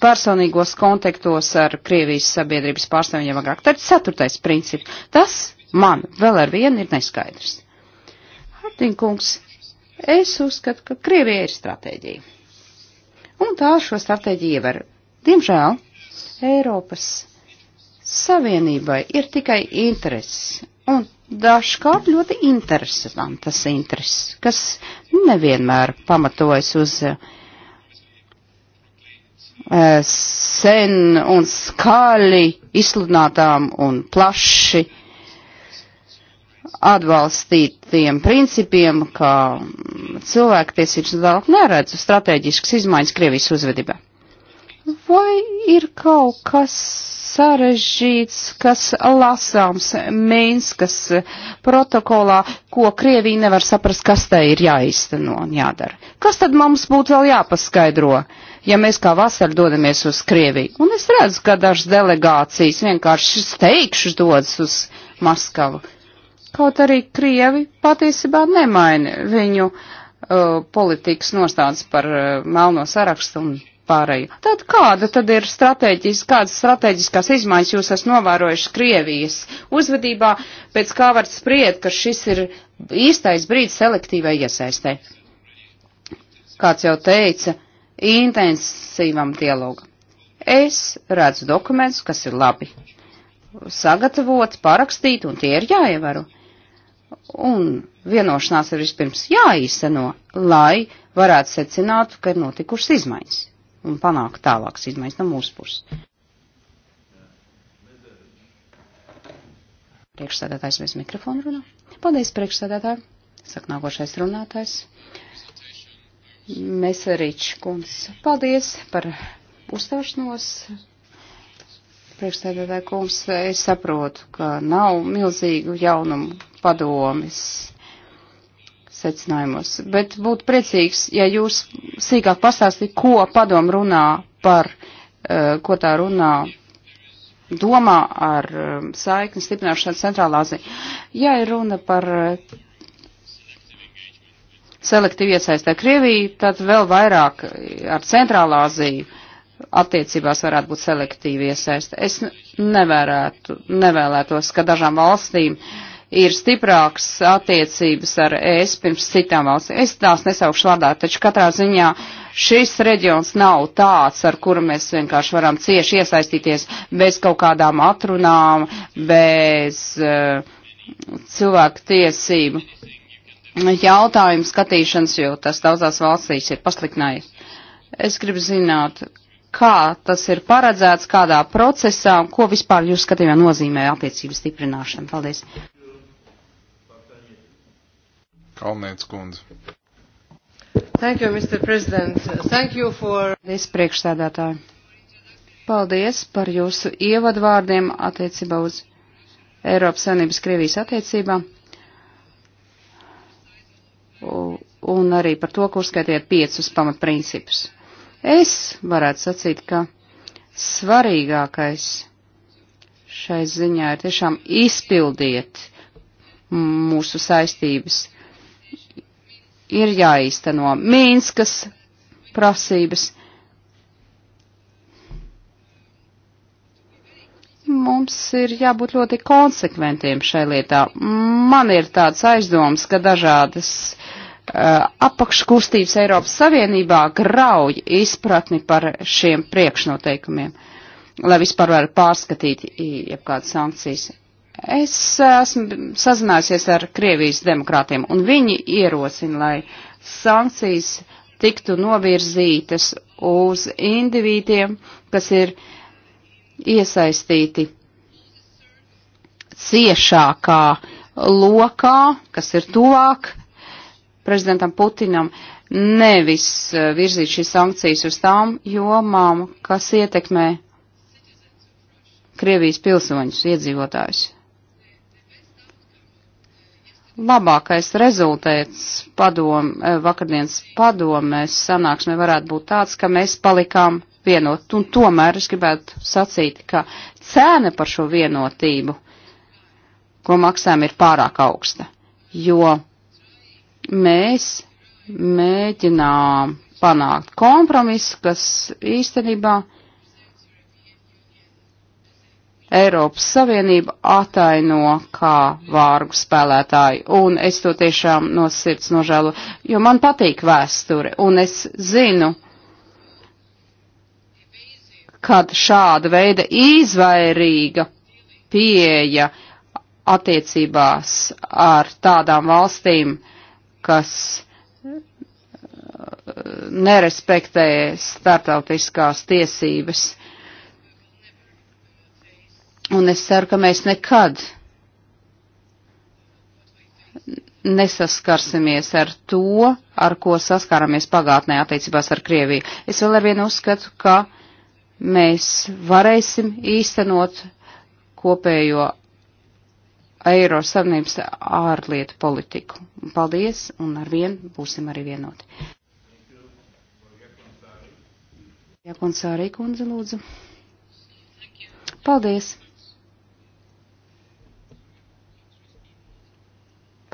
C: personīgos kontaktos ar Krievijas sabiedrības pārstāvjiem agrāk. Taču ceturtais princips, tas man vēl ar vienu ir neskaidrs. Hartinkungs, es uzskatu, ka Krievija ir stratēģija. Un tā šo stratēģiju ievar. Diemžēl Eiropas Savienībai ir tikai intereses, un dažkārt ļoti interesantas intereses, kas nevienmēr pamatojas uz uh, sen un skaļi izsludinātām un plaši uh, atbalstītiem principiem, kā cilvēktiesības tālāk neredzu strateģiskas izmaiņas Krievijas uzvedībā. Vai ir kaut kas sarežģīts, kas lasāms Minskas protokolā, ko Krievija nevar saprast, kas tai ir jāizteno un jādara? Kas tad mums būtu vēl jāpaskaidro, ja mēs kā vasar dodamies uz Krieviju? Un es redzu, ka dažas delegācijas vienkārši steigšus dodas uz Maskavu. Kaut arī Krievi patiesībā nemaina viņu uh, politikas nostādes par uh, melno sarakstu un pārēju. Tad kāda tad ir strateģiska, kādas strateģiskās izmaiņas jūs esat novērojuši Krievijas uzvedībā, pēc kā var spriet, ka šis ir īstais brīdis selektīvai iesaistē? Kāds jau teica, intensīvam dialogam. Es redzu dokumentus, kas ir labi sagatavot, parakstīt, un tie ir jāievaro. Un vienošanās ir vispirms jāīsteno, lai varētu secināt, ka ir notikušas izmaiņas un panākt tālākas izmaiņas no mūsu puses. Priekšsēdētājs bez mikrofona runā. Paldies, priekšsēdētāji. Saka nākošais runātājs. Meserič kungs. Paldies par uzstāšanos. Priekšsēdētāji kungs, es saprotu, ka nav milzīgu jaunumu padomis secinājumos, bet būtu priecīgs, ja jūs sīkāk pastāstītu, ko padom runā par, eh, ko tā runā domā ar eh, saikni stiprināšanu Centrālā Azija. Ja ir runa par eh, selektīvi iesaistē Krieviju, tad vēl vairāk ar Centrālā Aziju attiecībās varētu būt selektīvi iesaiste. Es nevērētu, nevēlētos, ka dažām valstīm uh, ir stiprāks attiecības ar ES pirms citām valstīm. Es tās nesaukšu vārdā, taču katrā ziņā šis reģions nav tāds, ar kuru mēs vienkārši varam cieši iesaistīties bez kaut kādām atrunām, bez uh, cilvēku tiesību jautājumu skatīšanas, jo tas daudzās valstīs ir pasliknājis. Es gribu zināt, kā tas ir paredzēts, kādā procesā un ko vispār jūs skatījumā nozīmē attiecības stiprināšana. Paldies!
A: Kalniec kundze.
C: Thank you, Mr. President. Thank you for... Paldies, priekšsēdētāji. Paldies par jūsu ievadvārdiem attiecībā uz Eiropas Savienības Krievijas attiecībām. Un arī par to, kur skaitiet piecus pamatprincipus. Es varētu sacīt, ka svarīgākais šai ziņā ir tiešām izpildiet mūsu saistības ir jāīsteno Mīnskas prasības. Mums ir jābūt ļoti konsekventiem šai lietā. Man ir tāds aizdoms, ka dažādas uh, apakškustības Eiropas Savienībā grauj izpratni par šiem priekšnoteikumiem, lai vispār varētu pārskatīt jebkādas sankcijas. Es esmu sazinājusies ar Krievijas demokrātiem, un viņi ierosina, lai sankcijas tiktu novirzītas uz individiem, kas ir iesaistīti ciešākā lokā, kas ir tuvāk prezidentam Putinam, nevis eh, virzīt šīs sankcijas uz tām jomām, kas ietekmē Krievijas pilsoņus, iedzīvotājus labākais rezultēts padom, eh, vakardienas padomēs sanāksmē varētu būt tāds, ka mēs palikām vienot. Un tomēr es gribētu sacīt, ka cēna par šo vienotību, ko maksājam, ir pārāk augsta. Jo mēs mēģinām panākt kompromisu, kas īstenībā Eiropas Savienība ataino kā vārgu spēlētāju, un es to tiešām no sirds nožēlu, jo man patīk vēsture, un es zinu, kad šāda veida izvairīga pieeja attiecībās ar tādām valstīm, kas uh, nerespektē startautiskās tiesības, Un es ceru, ka mēs nekad nesaskarsimies ar to, ar ko saskāramies pagātnē attiecībās ar Krieviju. Es vēl arvien uzskatu, ka mēs varēsim īstenot kopējo Eiro Savienības ārlietu politiku. Paldies, un arvien būsim arī vienoti. Jā, kundze, arī kundze, lūdzu. Paldies!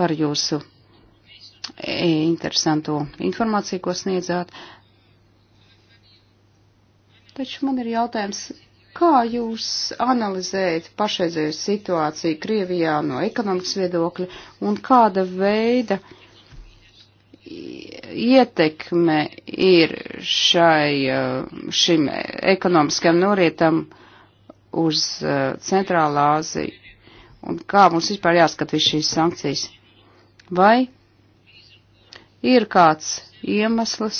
C: par jūsu interesanto informāciju, ko sniedzāt. Taču man ir jautājums, kā jūs analizējat pašreizēju situāciju Krievijā no ekonomikas viedokļa un kāda veida ietekme ir šai, eh, šim ekonomiskam norietam uz eh, Centrālā Āziju un kā mums vispār jāskat visu šīs sankcijas? Vai ir kāds iemesls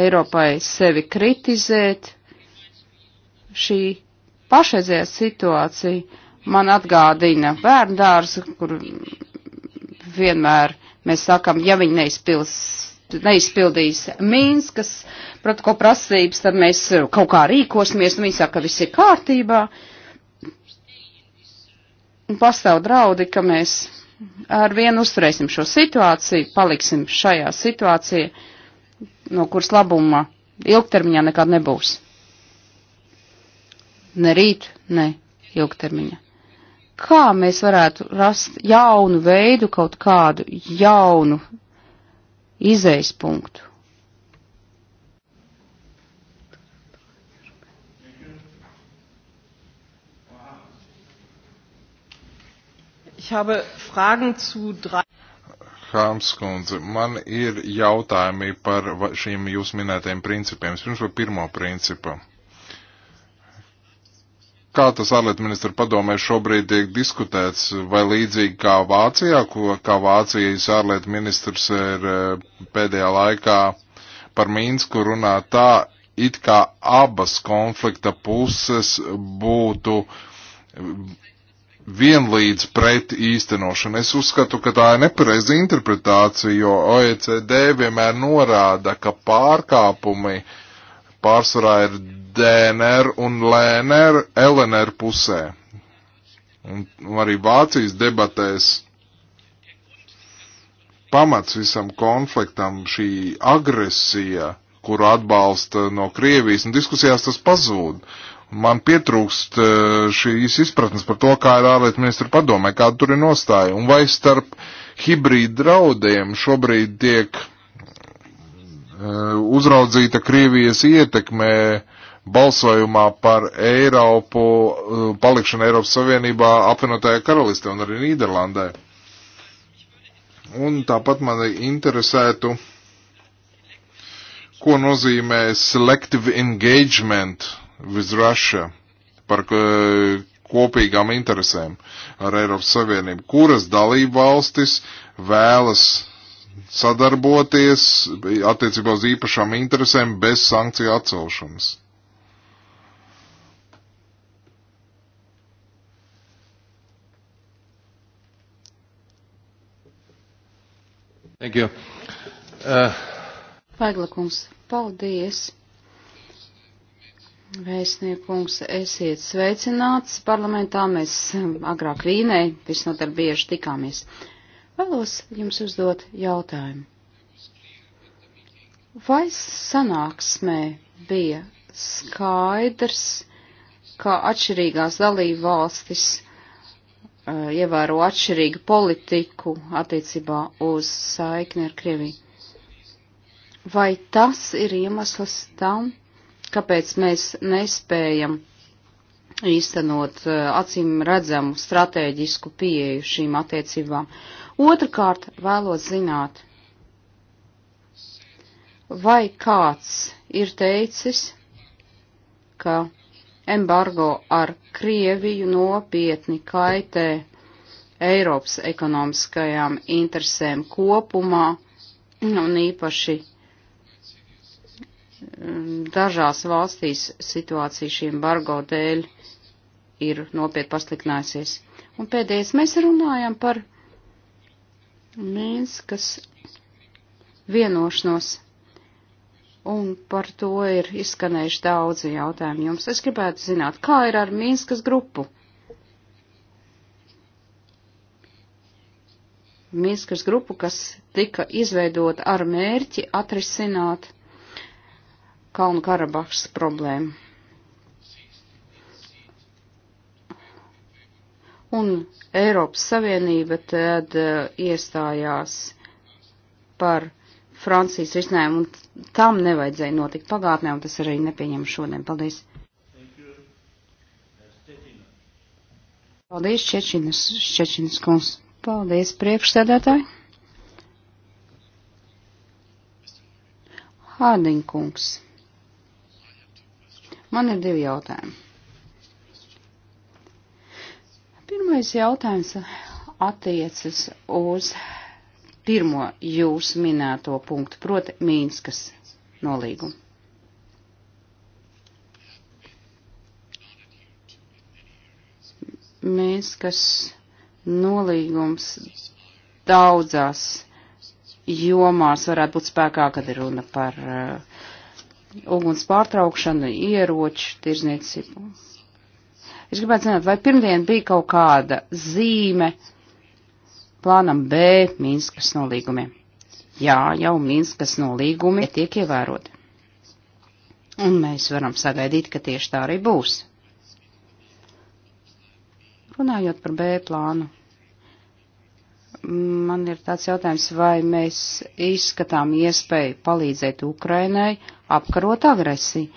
C: Eiropai sevi kritizēt? Šī pašreizējā situācija man atgādina bērndārzu, kur vienmēr mēs sakam, ja viņi neizpils, neizpildīs Mīnskas protokolu prasības, tad mēs kaut kā rīkosimies, un viņi saka, ka viss ir kārtībā. Uh, pastāv draudi, ka mēs ar vienu uzturēsim šo situāciju, paliksim šajā situācijā, no kuras labuma ilgtermiņā nekad nebūs. Ne rīt, ne ilgtermiņa. Kā mēs varētu rast jaunu veidu, kaut kādu jaunu izējas punktu?
B: Ich habe Fragen zu drei.
A: Hāmskundze, man ir jautājumi par šīm jūs minētajiem principiem. Es pirms par pirmo principu. Kā tas ārlietu ministra padomē šobrīd tiek diskutēts, vai līdzīgi kā Vācijā, ko, kā Vācijas ārlietu ministrs ir e, pēdējā laikā par Mīnsku runā tā, it kā abas konflikta puses būtu vienlīdz pret īstenošanu. Es uzskatu, ka tā ir nepareiza interpretācija, jo OECD vienmēr norāda, ka pārkāpumi pārsvarā ir DNR un LNR, LNR pusē. Un arī Vācijas debatēs pamats visam konfliktam šī agresija, kuru atbalsta no Krievijas, un diskusijās tas pazūd man pietrūkst e, šīs izpratnes par to, kā ir ārlietu ministra padomē, kāda tur ir nostāja, un vai starp hibrīd draudiem šobrīd tiek e, uzraudzīta Krievijas ietekme balsojumā par Eiropu, e, palikšanu Eiropas Savienībā, apvienotajā karalistē un arī Nīderlandē. Un tāpat mani interesētu, ko nozīmē selective engagement, uh, with Russia par kopīgām interesēm ar Eiropas Savienību, kuras dalību valstis vēlas sadarboties attiecībā uz īpašām interesēm bez sankciju atcelšanas.
B: Thank you. Uh...
C: Paigla kungs, paldies! Vēstniekungs, esiet sveicināts parlamentā. Mēs um, agrāk Vīnē visnotaļ bieži tikāmies. Vēlos jums uzdot jautājumu. Vai sanāksmē bija skaidrs, ka atšķirīgās dalību valstis uh, ievēro atšķirīgu politiku attiecībā uz saikni ar Krieviju? Vai tas ir iemesls tam, kāpēc mēs nespējam īstenot eh, acīm redzamu stratēģisku pieeju šīm attiecībām. Otrakārt, vēlos zināt, vai kāds ir teicis, ka embargo ar Krieviju nopietni kaitē Eiropas ekonomiskajām interesēm kopumā un īpaši Dažās valstīs situācija šī embargo dēļ ir nopietni pasliknājusies. Un pēdējais mēs runājam par Mīnskas vienošanos. Un par to ir izskanējuši daudzi jautājumi jums. Es gribētu zināt, kā ir ar Mīnskas grupu? Mīnskas grupu, kas tika izveidota ar mērķi atrisināt Kalnu Karabahas problēmu. Un Eiropas Savienība tad eh, iestājās par Francijas risinājumu, un tam nevajadzēja notikt pagātnē, un tas arī nepieņem šodien. Paldies! Paldies, Čečinas, Čečinas kungs! Paldies, priekšsēdētāji! Hādiņkungs! Man ir divi jautājumi. Pirmais jautājums attiecas uz pirmo jūs minēto punktu, proti Mīnskas nolīgumu. Mīnskas nolīgums daudzās jomās varētu būt spēkā, kad ir runa par uh, uguns pārtraukšanu, ieroču tirzniecību. Es gribētu zināt, vai pirmdien bija kaut kāda zīme plānam B Minskas nolīgumiem. Jā, jau Minskas nolīgumi tiek ievēroti. Un mēs varam sagaidīt, ka tieši tā arī būs. Runājot par B plānu. Man ir tāds jautājums, vai mēs izskatām iespēju palīdzēt Ukrainai apkarot agresiju.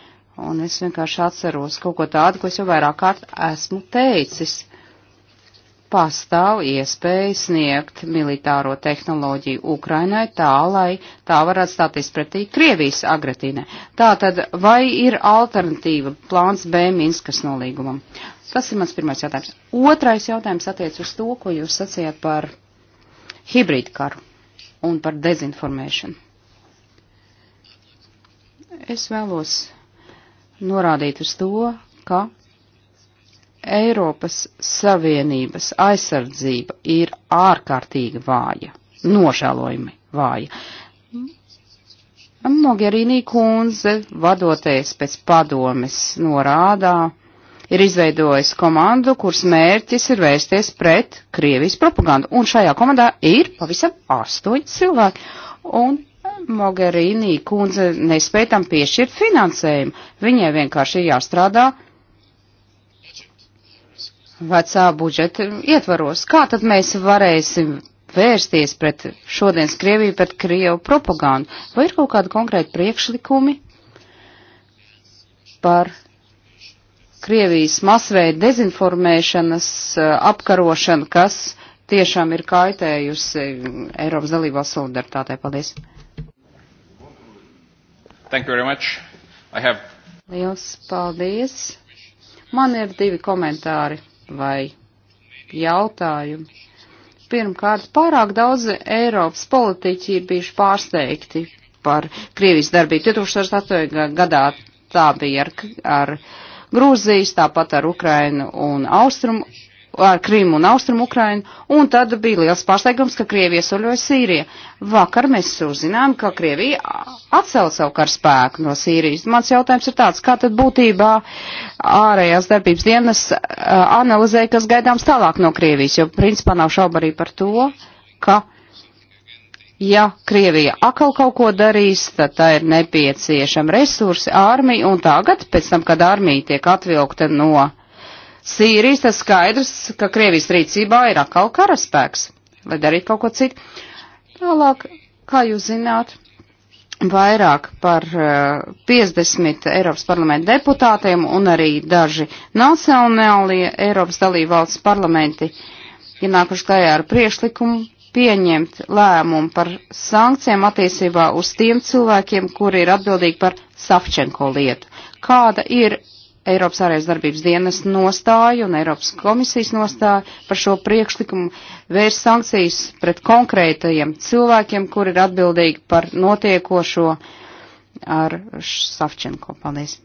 C: Un es vienkārši atceros kaut ko tādu, ko es jau vairāk kārt esmu teicis. Pastāv iespēja sniegt militāro tehnoloģiju Ukrainai tā, lai tā varētu stāties pretī Krievijas agretīnē. Tātad, vai ir alternatīva plāns B Minskas nolīgumam? Tas ir mans pirmais jautājums. Otrais jautājums attiec uz to, ko jūs sacījāt par hibrīdu karu un par dezinformēšanu. Es vēlos norādīt uz to, ka Eiropas Savienības aizsardzība ir ārkārtīgi vāja, nožēlojami vāja. Mogherini kundze, vadoties pēc padomes norādā, ir izveidojis komandu, kuras mērķis ir vērsties pret Krievijas propagandu. Un šajā komandā ir pavisam astoņi cilvēki. Un Mogherīnī kundze nespēja tam piešķirt finansējumu. Viņai vienkārši jāstrādā vecā budžeta ietvaros. Kā tad mēs varēsim vērsties pret šodienas Krieviju, pret Krievu propagandu? Vai ir kaut kādi konkrēti priekšlikumi par Krievijas masveida dezinformēšanas eh, apkarošana, kas tiešām ir kaitējusi mm, Eiropas dalībās solidaritātei. Paldies!
A: Thank you very much. I have...
C: Liels paldies! Man ir divi komentāri vai jautājumi. Pirmkārt, pārāk daudz Eiropas politiķi ir bijuši pārsteigti par Krievijas darbību. 2008. gadā tā bija ar, ar Grūzijas, tāpat ar Ukrainu un Austrumu, ar Krimu un Austrumu Ukrainu, un tad bija liels pārsteigums, ka Krievija soļoja Sīrija. Vakar mēs uzzinām, ka Krievija atcēla savu karspēku no Sīrijas. Mans jautājums ir tāds, kā tad būtībā ārējās darbības dienas analizēja, kas gaidāms tālāk no Krievijas, jo principā nav šauba arī par to, ka ja Krievija atkal kaut ko darīs, tad tā ir nepieciešama resursi, armija, un tagad, pēc tam, kad armija tiek atvilkta no Sīrijas, tas skaidrs, ka Krievijas rīcībā ir atkal karaspēks, lai darītu kaut ko citu. Tālāk, kā jūs zināt, vairāk par 50 eh, Eiropas parlamenta deputātiem un arī daži nacionālie Eiropas dalībvalsts parlamenti ir nākuši klajā ar priešlikumu pieņemt lēmumu par sankcijām attiecībā uz tiem cilvēkiem, kuri ir atbildīgi par Savčenko lietu. Kāda ir Eiropas ārējas darbības dienas nostāja un Eiropas komisijas nostāja par šo priekšlikumu vērst sankcijas pret konkrētajiem cilvēkiem, kuri ir atbildīgi par notiekošo ar Savčenko. Paldies.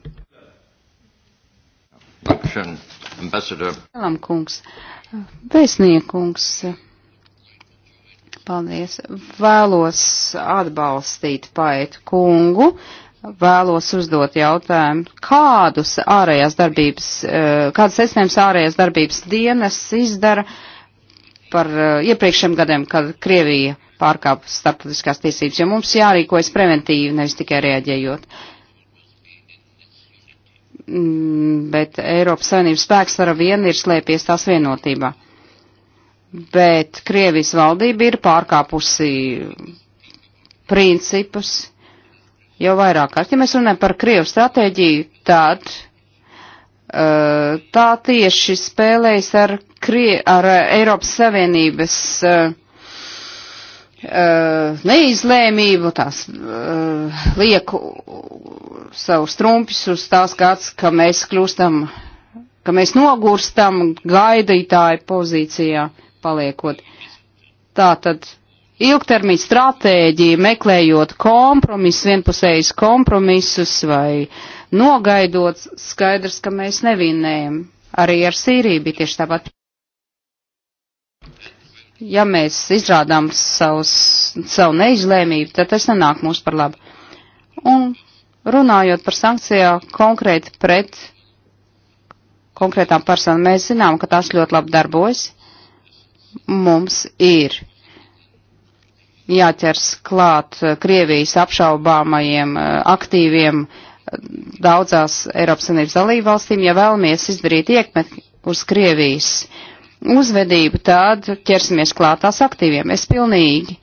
C: Labšan, ambasador. Vēstniekungs. Paldies. Vēlos atbalstīt paētu kungu. Vēlos uzdot jautājumu, kādus ārējās darbības, eh, kādas esmēmas ārējās darbības dienas izdara par eh, iepriekšējiem gadiem, kad Krievija pārkāpa starptautiskās tiesības, jo mums jārīkojas preventīvi, nevis tikai rēģējot mm, bet Eiropas Savienības spēks ar vienu ir slēpies tās vienotībā bet Krievijas valdība ir pārkāpusi principus jau vairāk kārt. Ja mēs runājam par Krievu stratēģiju, tad uh, tā tieši spēlējas ar, Krie ar Eiropas Savienības uh, uh, neizlēmību, tās lieku savus trumpus uz tās kāds, ka mēs kļūstam, ka mēs nogurstam gaidītāju pozīcijā paliekot. Tātad ilgtermiņa stratēģija, meklējot kompromisus, vienpusējus kompromisus vai nogaidot, skaidrs, ka mēs nevinējam. Arī ar Sīriju bija tieši tāpat. Ja mēs izrādām savus, savu neizlēmību, tad tas nenāk mūs par labu. Un runājot par sankcijām konkrēti pret konkrētām personām, mēs zinām, ka tās ļoti labi darbojas mums ir jāķers klāt eh, Krievijas apšaubāmajiem eh, aktīviem eh, daudzās Eiropas Savienības dalībvalstīm, ja vēlamies izdarīt iekmeti uz Krievijas uzvedību, tad ķersimies klāt tās aktīviem. Es pilnīgi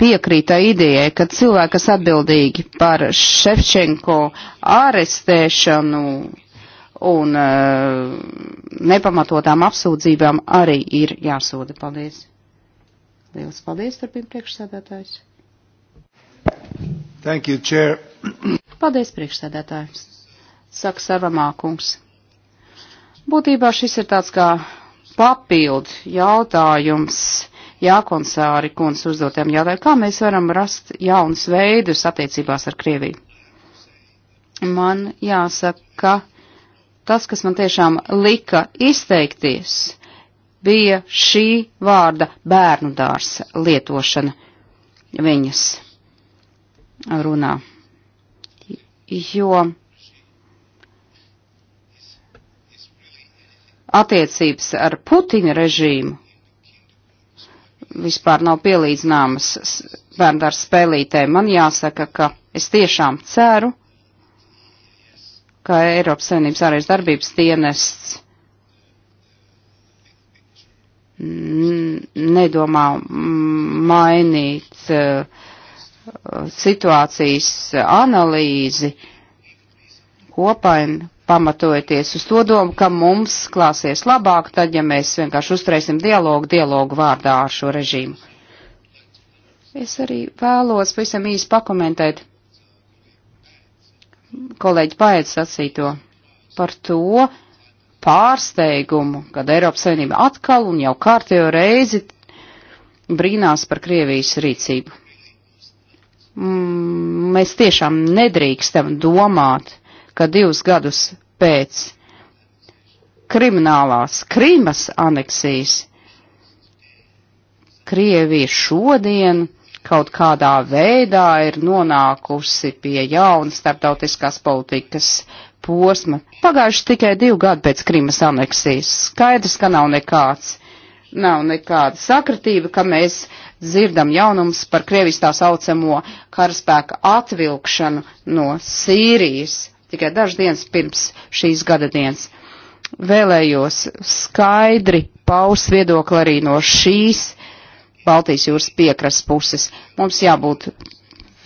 C: piekrīta idejai, ka cilvēki, kas atbildīgi par Ševčenko ārestēšanu, un uh, nepamatotām apsūdzībām arī ir jāsoda. Paldies! Lielas paldies, turpina priekšsēdētājs.
B: Thank you, chair.
C: Paldies, priekšsēdētājs. Saka Sarvamā kungs. Būtībā šis ir tāds kā papildu jautājums Jākonsāri kungs uzdotiem jautājumiem, kā mēs varam rast jaunus veidus attiecībās ar Krieviju. Man jāsaka, ka tas, kas man tiešām lika izteikties, bija šī vārda bērnu dārs lietošana viņas runā. Jo attiecības ar Putina režīmu vispār nav pielīdzināmas bērndārs spēlītē. Man jāsaka, ka es tiešām ceru, ka Eiropas Savienības ārējas darbības dienests nedomā mainīt eh, situācijas analīzi kopaini, pamatojoties uz to domu, ka mums klāsies labāk, tad, ja mēs vienkārši uzturēsim dialogu, dialogu vārdā ar šo režīmu. Es arī vēlos pavisam īsi pakomentēt kolēģi Paēdz sacīto par to pārsteigumu, kad Eiropas Savienība atkal un jau kārtējo reizi brīnās par Krievijas rīcību. M mm, mēs tiešām nedrīkstam domāt, ka divus gadus pēc kriminālās Krimas aneksijas Krievija šodien kaut kādā veidā ir nonākusi pie jaunas starptautiskās politikas posma. Pagājuši tikai divi gadi pēc Krimas aneksijas. Skaidrs, ka nav nekāds, nav nekāda sakritība, ka mēs dzirdam jaunums par Krievijas tā saucamo karaspēka atvilkšanu no Sīrijas tikai dažas dienas pirms šīs gada dienas. Vēlējos skaidri paust viedokli arī no šīs Baltijas jūras piekras puses. Mums jābūt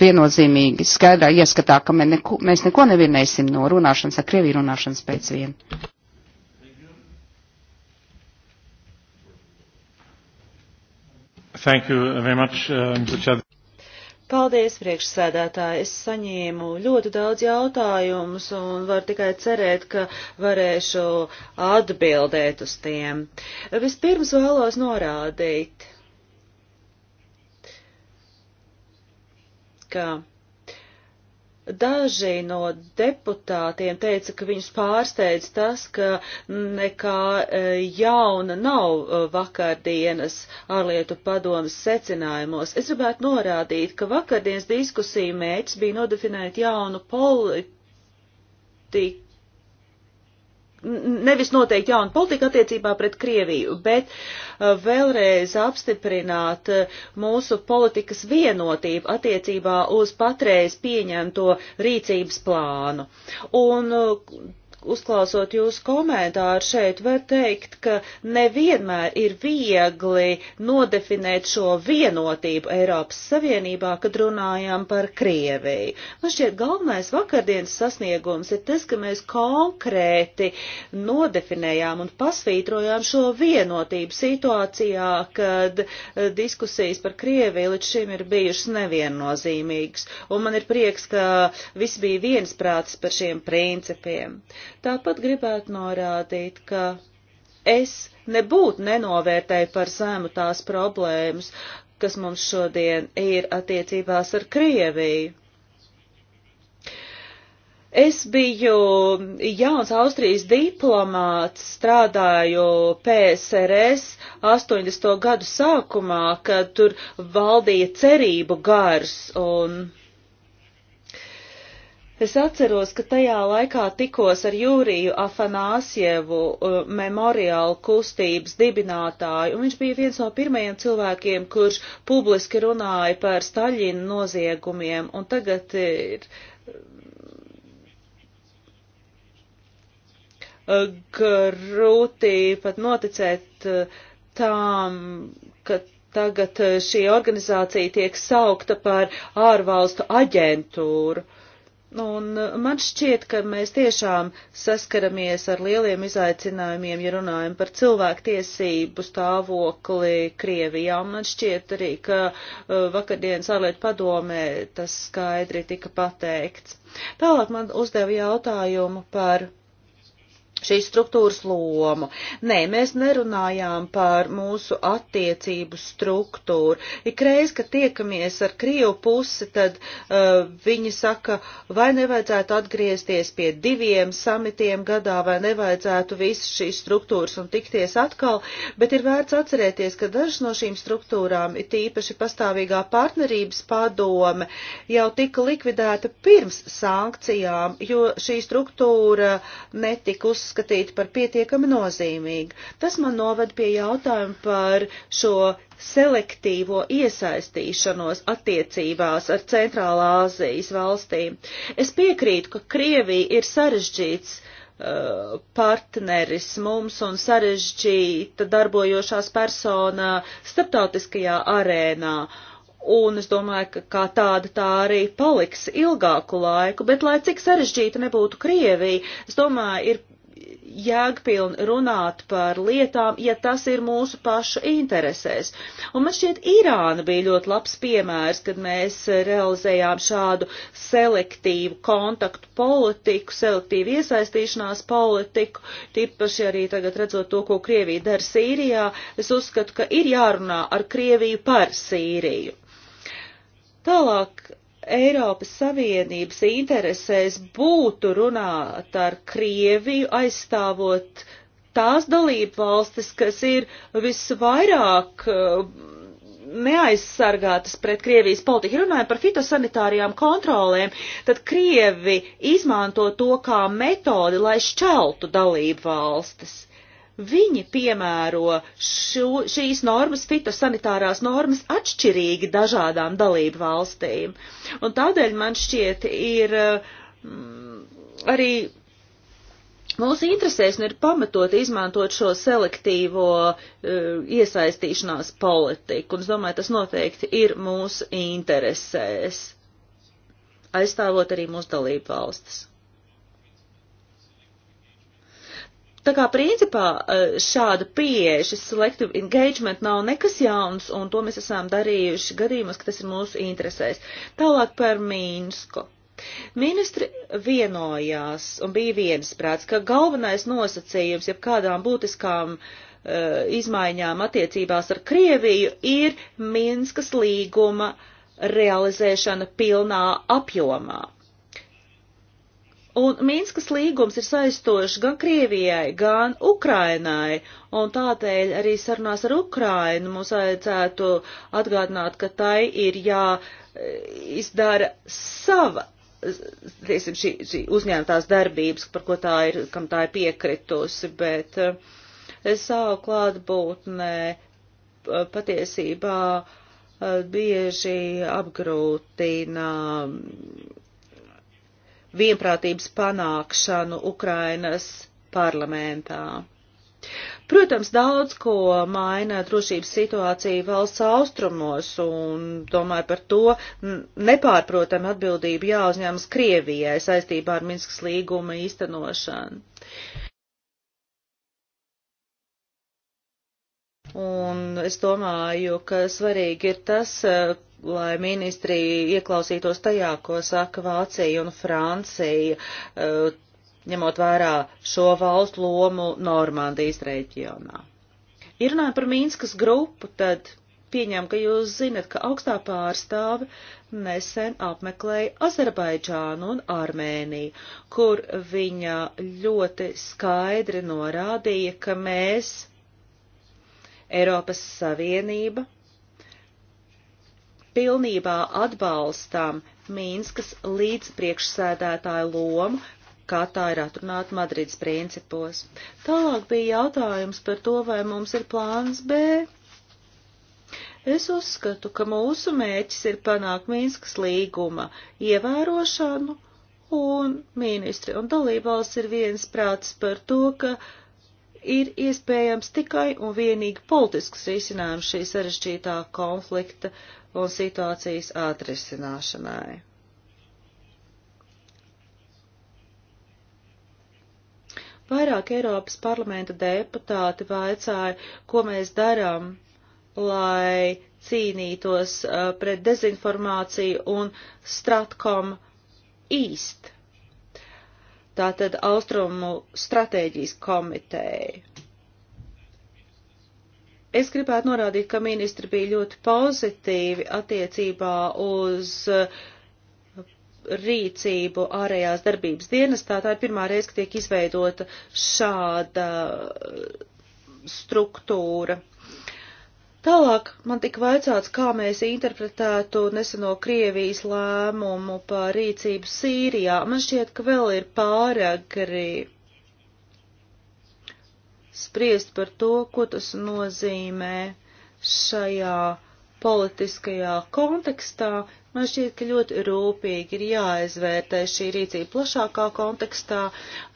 C: viennozīmīgi skaidrā ieskatā, ka mēs neko, mēs neko nevinēsim no runāšanas ar Krieviju runāšanas pēc vien.
B: Thank you very much, uh, Mr. Chad.
D: Paldies, priekšsēdētāji. Es saņēmu ļoti daudz jautājumus un varu tikai cerēt, ka varēšu atbildēt uz tiem. Vispirms vēlos norādīt, ka daži no deputātiem teica, ka viņus pārsteidz tas, ka nekā e, jauna nav e, vakardienas ārlietu padomas secinājumos. Es gribētu norādīt, ka vakardienas diskusija mēģis bija nodefinēt jaunu politiku nevis noteikti jauna politika attiecībā pret Krieviju, bet uh, vēlreiz apstiprināt uh, mūsu politikas vienotību attiecībā uz patreiz pieņemto rīcības plānu. Un uh, uzklausot jūsu komentāru šeit, var teikt, ka nevienmēr ir viegli nodefinēt šo vienotību Eiropas Savienībā, kad runājam par Krieviju. Man šķiet, galvenais vakardienas sasniegums ir tas, ka mēs konkrēti nodefinējām un pasvītrojām šo vienotību situācijā, kad eh, diskusijas par Krieviju līdz šim ir bijušas neviennozīmīgas. Un man ir prieks, ka visi bija viensprāts par šiem principiem. Tāpat gribētu norādīt, ka es nebūtu nenovērtēju par zemu tās problēmas, kas mums šodien ir attiecībās ar Krieviju. Es biju jauns Austrijas diplomāts, strādāju PSRS 80. gadu sākumā, kad tur valdīja cerību gars un Es atceros, ka tajā laikā tikos ar Jūriju Afanāsievu, uh, memoriāla kustības dibinātāju, un viņš bija viens no pirmajiem cilvēkiem, kurš publiski runāja par Staļina noziegumiem, un tagad ir uh, grūti pat noticēt uh, tām, ka tagad šī organizācija tiek saukta par ārvalstu aģentūru. Un eh, man šķiet, ka mēs tiešām saskaramies ar lieliem izaicinājumiem, ja runājam par cilvēktiesību stāvokli Krievijā. Un man šķiet arī, ka eh, vakardienas ārlietu padomē tas skaidri tika pateikts. Tālāk man uzdeva jautājumu par šīs struktūras lomu. Nē, mēs nerunājām par mūsu attiecību struktūru. Ikreiz, kad tiekamies ar Krievu pusi, tad uh, viņi saka, vai nevajadzētu atgriezties pie diviem samitiem gadā, vai nevajadzētu visas šīs struktūras un tikties atkal, bet ir vērts atcerēties, ka dažas no šīm struktūrām, it īpaši pastāvīgā partnerības padome, jau tika likvidēta pirms sankcijām, jo šī struktūra netika uz uzskatīti par pietiekami nozīmīgi. Tas man noved pie jautājuma par šo selektīvo iesaistīšanos attiecībās ar Centrālā Āzijas valstīm. Es piekrītu, ka Krievija ir sarežģīts uh, partneris mums un sarežģīta darbojošās persona starptautiskajā arēnā un es domāju, ka kā tāda tā arī paliks ilgāku laiku, bet lai cik sarežģīta nebūtu Krievija, es domāju, ir jēgpilni runāt par lietām, ja tas ir mūsu pašu interesēs. Un man šķiet, Irāna bija ļoti labs piemērs, kad mēs realizējām šādu selektīvu kontaktu politiku, selektīvu iesaistīšanās politiku, tīpaši arī tagad redzot to, ko Krievija dara Sīrijā, es uzskatu, ka ir jārunā ar Krieviju par Sīriju. Tālāk Eiropas Savienības interesēs būtu runāt ar Krieviju, aizstāvot tās dalību valstis, kas ir visvairāk eh, neaizsargātas pret Krievijas politiku. Runājot par fitosanitārijām kontrolēm, tad Krievi izmanto to kā metodi, lai šķeltu dalību valstis. Viņi piemēro šo, šīs normas, fitosanitārās normas, atšķirīgi dažādām dalību valstīm. Un tādēļ man šķiet ir mm, arī mūsu interesēs un ir pamatot izmantot šo selektīvo uh, iesaistīšanās politiku. Un es domāju, tas noteikti ir mūsu interesēs, aizstāvot arī mūsu dalību valstis. Tā kā principā eh, šāda pieeja, šis selective engagement nav nekas jauns, un to mēs esam darījuši gadījumos, ka tas ir mūsu interesēs. Tālāk par Mīnsku. Ministri vienojās un bija viensprāts, ka galvenais nosacījums, ja kādām būtiskām uh, izmaiņām attiecībās ar Krieviju, ir Minskas līguma realizēšana pilnā apjomā. Un Minskas līgums ir saistošs gan Krievijai, gan Ukrainai, un tādēļ arī sarunās ar Ukrainu mums vajadzētu atgādināt, ka tai ir jāizdara eh, sava, tiesim, šī, šī uzņēmtās darbības, par ko tā ir, kam tā ir piekritusi, bet eh, es savu klātbūtnē eh, patiesībā bieži apgrūtina vienprātības panākšanu Ukrainas parlamentā. Protams, daudz ko maina drošības situācija valsts austrumos, un domāju par to nepārprotam atbildību jāuzņemas Krievijai saistībā ar Minskas līguma īstenošanu. Un es domāju, ka svarīgi ir tas, lai ministrija ieklausītos tajā, ko saka Vācija un Francija, eh, ņemot vērā šo valstu lomu Normandijas reģionā. Ja runājam par Mīnskas grupu, tad pieņem, ka jūs zinat, ka augstā pārstāve nesen apmeklēja Azerbaidžānu un Armēniju, kur viņa ļoti skaidri norādīja, ka mēs, Eiropas Savienība, pilnībā atbalstām Mīnskas līdzpriekšsēdētāju lomu, kā tā ir atrunāta Madrids principos. Tālāk bija jautājums par to, vai mums ir plāns B. Es uzskatu, ka mūsu mēķis ir panākt Mīnskas līguma ievērošanu, un ministri un dalībvalsts ir viens prāts par to, ka ir iespējams tikai un vienīgi politisks risinājums šī sarežģītā konflikta uh, un situācijas atrisināšanai. Vairāk Eiropas parlamenta deputāti vaicāja, ko mēs darām, lai cīnītos uh, pret dezinformāciju un Stratkom īst. Tātad Austrumu stratēģijas komiteju. Es gribētu norādīt, ka ministri bija ļoti pozitīvi attiecībā uz uh, rīcību ārējās darbības dienestā. Tā ir pirmā reize, ka tiek izveidota šāda uh, struktūra. Tālāk man tika vaicāts, kā mēs interpretētu neseno Krievijas lēmumu par rīcību Sīrijā. Man šķiet, ka vēl ir pāragri spriest par to, ko tas nozīmē šajā politiskajā kontekstā, man šķiet, ka ļoti rūpīgi ir jāizvērtē šī rīcība plašākā kontekstā.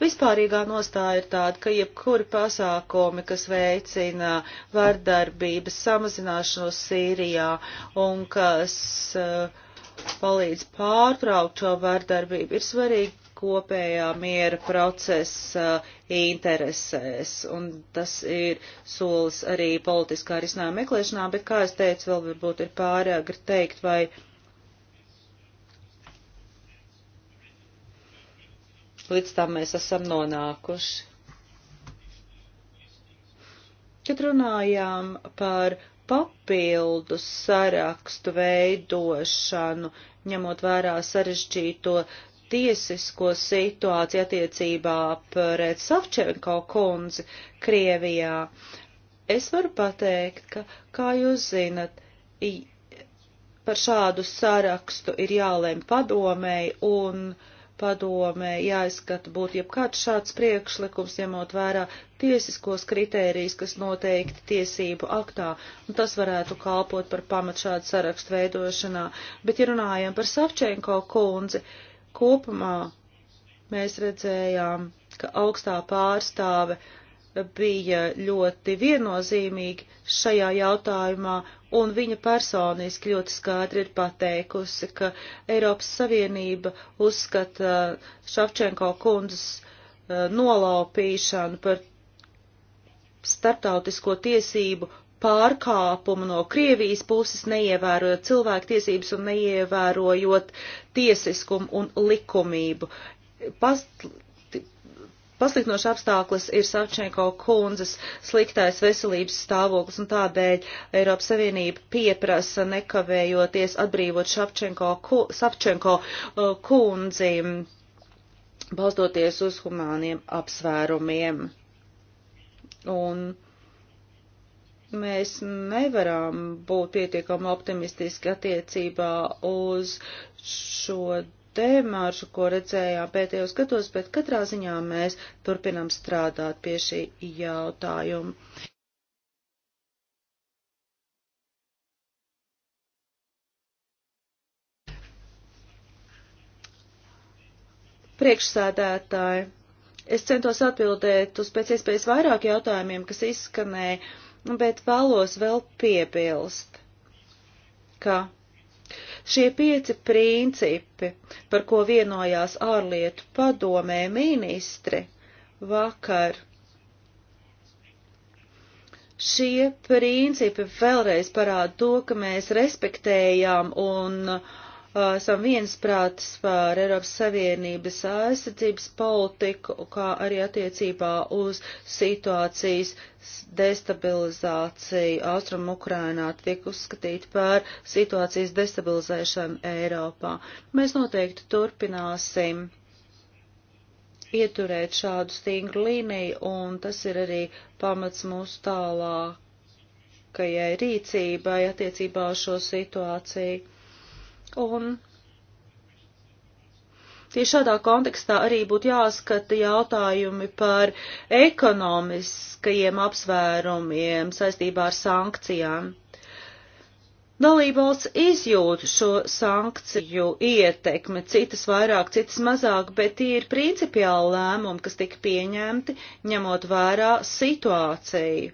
D: Vispārīgā nostāja ir tāda, ka jebkuri pasākumi, kas veicina vardarbības samazināšanos Sīrijā un kas uh, palīdz pārtraukt šo vardarbību, ir svarīgi kopējā miera procesa interesēs, un tas ir solis arī politiskā risinājuma meklēšanā, bet, kā es teicu, vēl varbūt ir pārāk teikt, vai līdz tam mēs esam nonākuši. Kad runājām par papildu sarakstu veidošanu, ņemot vērā sarežģīto tiesisko situāciju attiecībā pret Savčevenko kundzi Krievijā, es varu pateikt, ka, kā jūs zinat, par šādu sarakstu ir jālēm padomēji un padomē jāizskata būtu jebkāds šāds priekšlikums, ņemot vērā tiesiskos kritērijus, kas noteikti tiesību aktā, un tas varētu kalpot par pamat šādu sarakstu veidošanā. Bet, ja runājam par Savčenko kundzi, uh, Kopumā mēs redzējām, ka augstā pārstāve bija ļoti viennozīmīgi šajā jautājumā, un viņa personiski ļoti skaidri ir pateikusi, ka Eiropas Savienība uzskata Šafčenko kundzes eh, nolaupīšanu par starptautisko tiesību pārkāpumu no Krievijas puses, neievērojot cilvēktiesības un neievērojot tiesiskumu un likumību. Past, Pasliknošs apstākļus ir Savčenko kundzes sliktais veselības stāvoklis, un tādēļ Eiropas Savienība pieprasa nekavējoties atbrīvot Savčenko, ku, Savčenko uh, kundzi, balstoties uz humāniem apsvērumiem. Un mēs nevaram būt pietiekami optimistiski attiecībā uz šo tēmāršu, ko redzējām pēdējos gados, bet katrā ziņā mēs turpinam strādāt pie šī jautājuma. Priekšsēdētāji, es centos atbildēt uz pēc iespējas vairāk jautājumiem, kas izskanēja Nu, bet vēlos vēl piebilst, ka šie pieci principi, par ko vienojās ārlietu padomē ministri vakar, šie principi vēlreiz parāda to, ka mēs respektējām un uh, Uh, esam viensprātis par Eiropas Savienības aizsardzības politiku, kā arī attiecībā uz situācijas destabilizāciju Austrum Ukrainā tiek uzskatīta par situācijas destabilizēšanu Eiropā. Mēs noteikti turpināsim ieturēt šādu stingru līniju, un tas ir arī pamats mūsu tālākajai rīcībai attiecībā uz šo situāciju. Un Tieši šādā kontekstā arī būtu jāskata jautājumi par ekonomiskajiem apsvērumiem saistībā ar sankcijām. Dalībvalsts izjūt šo sankciju ietekmi, citas vairāk, citas mazāk, bet tie ir principiāli lēmumi, kas tika pieņemti, ņemot vērā situāciju.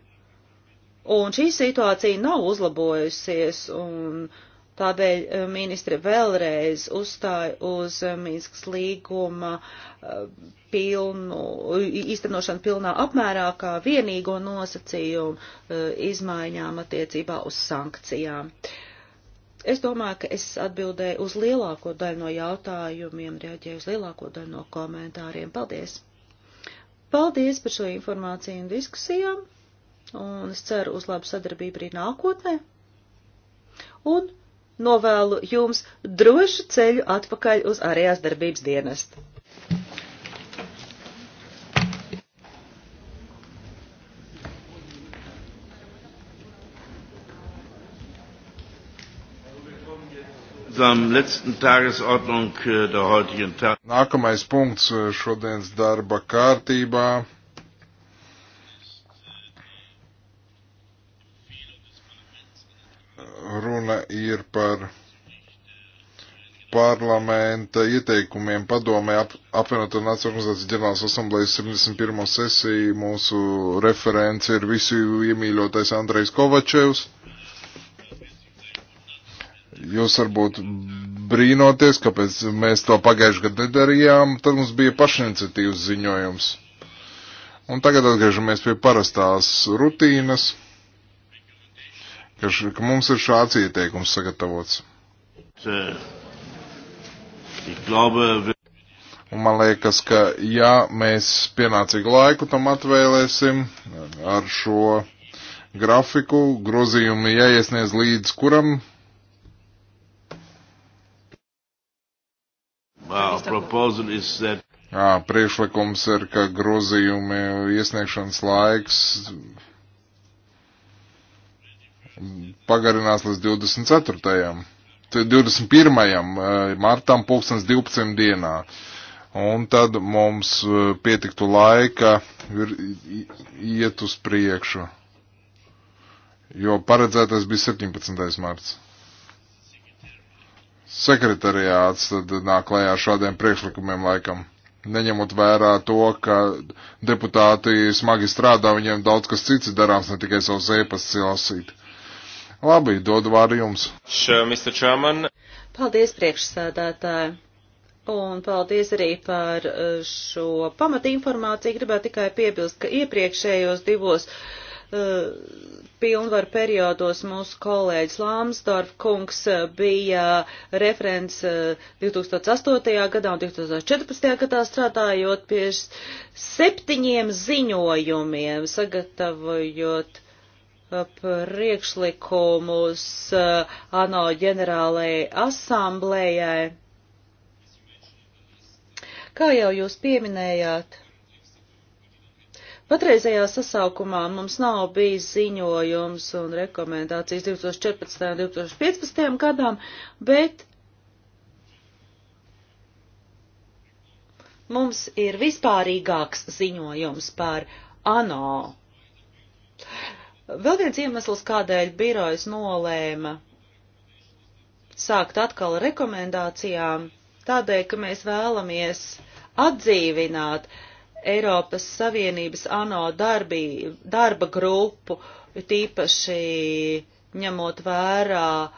D: Un šī situācija nav uzlabojusies, un uh, Tādēļ eh, ministre vēlreiz uzstāja uz eh, Mīnskas līguma eh, pilnu, īstenošanu pilnā apmērā kā vienīgo nosacījumu izmaiņām attiecībā uz sankcijām. Es domāju, ka es atbildēju uz lielāko daļu no jautājumiem, reaģēju uz lielāko daļu no komentāriem. Paldies! Paldies par šo informāciju un diskusijām, un es ceru uz labu sadarbību arī nākotnē. Un novēlu jums drošu ceļu atpakaļ uz ārējās darbības dienestu.
A: Äh, Nākamais punkts äh, šodienas darba kārtībā Runa ir par parlamenta ieteikumiem padomē ap, apvienoto nāciju organizācijas ģenerālas asamblejas 71. sesiju. Mūsu referents ir visu iemīļotais Andrejs Kovačevs. Jūs varbūt brīnoties, kāpēc mēs to pagājušajā gadā nedarījām, tad mums bija pašiniciatīvas ziņojums. Un tagad atgriežamies pie parastās rutīnas ka, š, ka mums ir šāds ieteikums sagatavots. Un man liekas, ka ja mēs pienācīgu laiku tam atvēlēsim ar šo grafiku, grozījumi jāiesniedz līdz kuram Jā, priekšlikums ir, ka grozījumi iesniegšanas laiks pagarinās līdz 24. 21. Eh, martam 2012. dienā. Un tad mums eh, pietiktu laika iet uz priekšu, jo paredzētais bija 17. marts sekretariāts tad nāk lējā šādiem priekšlikumiem laikam. Neņemot vērā to, ka deputāti smagi strādā, viņiem daudz kas cits darāms, ne tikai savus ēpas cilasīt. Labi, dodu vārdu jums.
D: Paldies, priekšsēdētāji. Un paldies arī par uh, šo pamatinformāciju. Gribētu tikai piebilst, ka iepriekšējos divos uh, pilnvaru periodos mūsu kolēģis Lāmsdorf kungs uh, bija referents 2008. Uh, gadā un 2014. gadā strādājot pie septiņiem ziņojumiem, sagatavojot priekšlikumus eh, ANO ģenerālajai asamblējai. Kā jau jūs pieminējāt, patreizējā sasaukumā mums nav bijis ziņojums un rekomendācijas 2014. un 2015. gadām, bet mums ir vispārīgāks ziņojums par ANO. Vēl viens iemesls, kādēļ birojas nolēma sākt atkal ar rekomendācijām, tādēļ, ka mēs vēlamies atdzīvināt Eiropas Savienības ANO darbī, darba grupu, tīpaši ņemot vērā uh,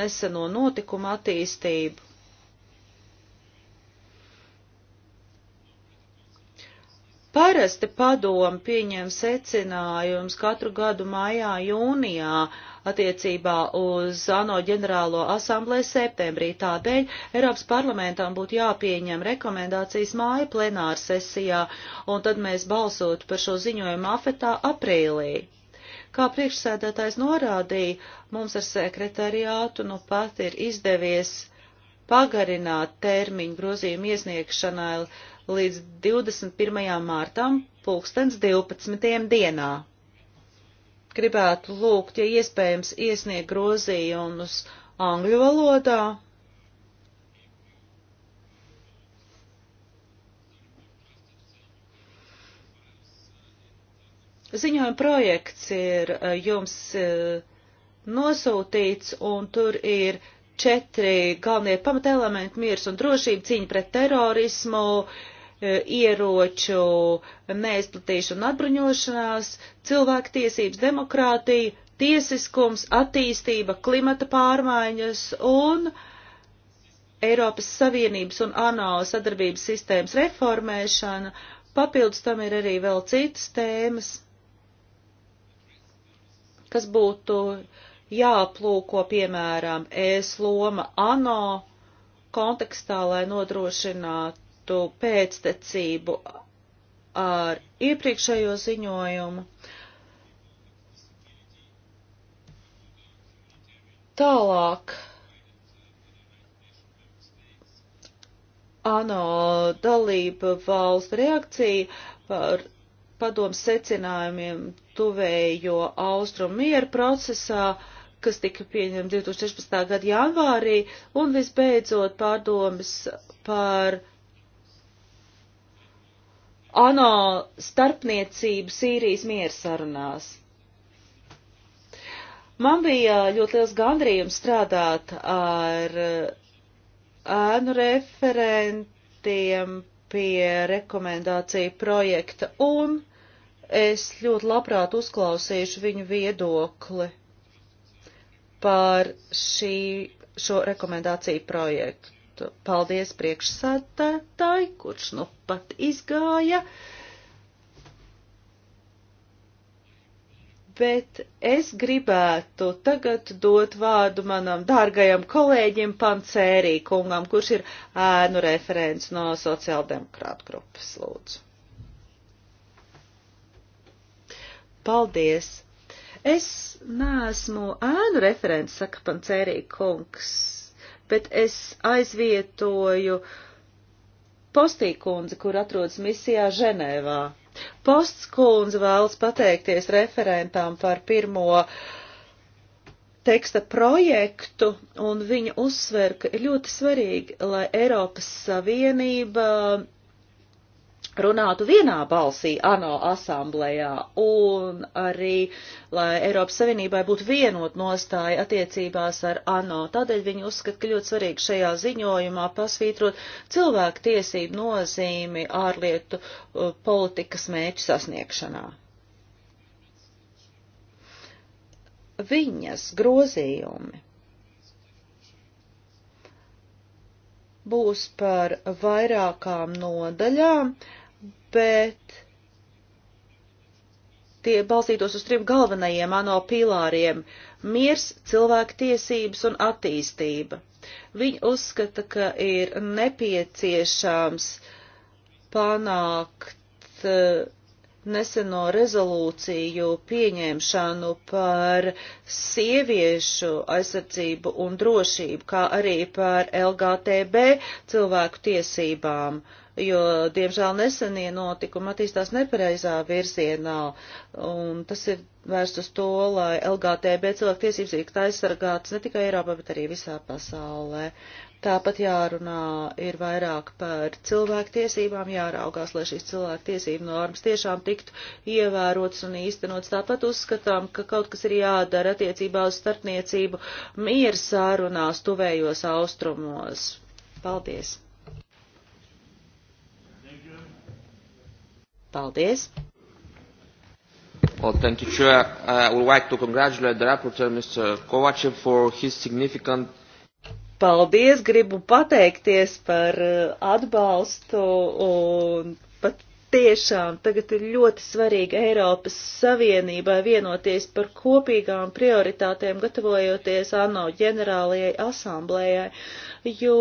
D: neseno notikumu attīstību. Parasti padomu pieņem secinājums katru gadu maijā, jūnijā attiecībā uz ANO ģenerālo asamblēju septembrī. Tādēļ Eiropas parlamentam būtu jāpieņem rekomendācijas māja plenāra sesijā, un tad mēs balsotu par šo ziņojumu afetā aprīlī. Kā priekšsēdētājs norādīja, mums ar sekretariātu nu pat ir izdevies pagarināt termiņu grozījumu iesniegšanai līdz 21. mārtam pulkstens 12. dienā. Gribētu lūgt, ja iespējams, iesniegt grozījumus angļu valodā. Ziņojuma projekts ir eh, jums eh, nosūtīts, un tur ir četri galvenie pamatelementi - miers un drošība, cīņa pret terorismu, E, ieroču neizplatīšanu un atbruņošanās, cilvēktiesības, demokrātija, tiesiskums, attīstība, klimata pārmaiņas un Eiropas Savienības un ANO sadarbības sistēmas reformēšana. Papildus tam ir arī vēl citas tēmas, kas būtu jāaplūko, piemēram, ēsloma ANO kontekstā, lai nodrošinātu panāktu pēctecību ar iepriekšējo ziņojumu. Tālāk ANO dalība valstu reakcija par padomu secinājumiem tuvējo austrumu mieru procesā, kas tika pieņemta 2016. gada janvārī, un visbeidzot pārdomas par ANO starpniecību Sīrijas mieru sarunās. Man bija ļoti liels gandrījums strādāt ar ēnu referentiem pie rekomendāciju projekta, un es ļoti labprāt uzklausīšu viņu viedokli par šī, šo rekomendāciju projektu paldies priekšsētētāji, kurš nu pat izgāja. Bet es gribētu tagad dot vārdu manam dārgajam kolēģim Pancērī kungam, kurš ir ēnu referents no sociāldemokrāta grupas. Lūdzu. Paldies! Es neesmu ēnu referents, saka Pancērī kungs bet es aizvietoju postīkundzi, kur atrodas misijā Ženēvā. Postkundze vēlas pateikties referentām par pirmo teksta projektu, un viņa uzsver, ka ir ļoti svarīgi, lai Eiropas Savienība runātu vienā balsī ANO asamblējā un arī, lai Eiropas Savienībai būtu vienot nostāja attiecībās ar ANO. Tādēļ viņi uzskata, ka ļoti svarīgi šajā ziņojumā pasvītrot cilvēku tiesību nozīmi ārlietu uh, politikas mēķu sasniegšanā. Viņas grozījumi būs par vairākām nodaļām, uh, bet tie balstītos uz trim galvenajiem ANO pīlāriem - miers, cilvēktiesības un attīstība. Viņi uzskata, ka ir nepieciešams panākt eh, neseno rezolūciju pieņemšanu par sieviešu aizsardzību un drošību, kā arī par LGTB cilvēku tiesībām. Uh, jo, diemžēl, nesenie notikumi attīstās nepareizā virzienā, un tas ir vērsts uz to, lai LGTB cilvēku tiesības tiktu aizsargātas ne tikai Eiropā, bet arī visā pasaulē. Tāpat jārunā ir vairāk par cilvēktiesībām, jāraugās, lai šīs cilvēktiesību normas tiešām tiktu ievērotas un īstenotas. Tāpat uzskatām, ka kaut kas ir jādara attiecībā uz starpniecību mieru sārunās tuvējos austrumos. Paldies! Paldies!
C: Well, thank you, Chair. Uh, I would like to congratulate the rapporteur, Mr. Kovachev, for his significant
D: paldies, gribu pateikties par uh, atbalstu un pat tiešām tagad ir ļoti svarīgi Eiropas Savienībai vienoties par kopīgām prioritātēm, gatavojoties ANO ģenerālajai asamblējai, jo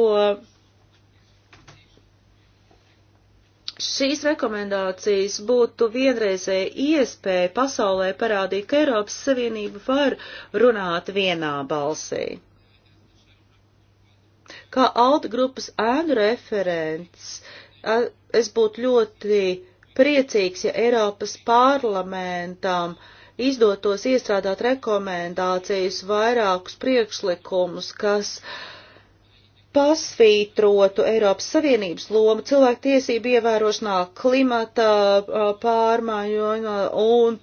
D: šīs rekomendācijas būtu vienreizēja iespēja pasaulē parādīt, ka Eiropas Savienība var runāt vienā balsī. Kā Alta grupas ēnu referents, es būtu ļoti priecīgs, ja Eiropas parlamentam izdotos iestrādāt rekomendācijas vairākus priekšlikumus, kas uh, pasvītrotu Eiropas Savienības lomu cilvēktiesību ievērošanā, klimata pārmaiņā un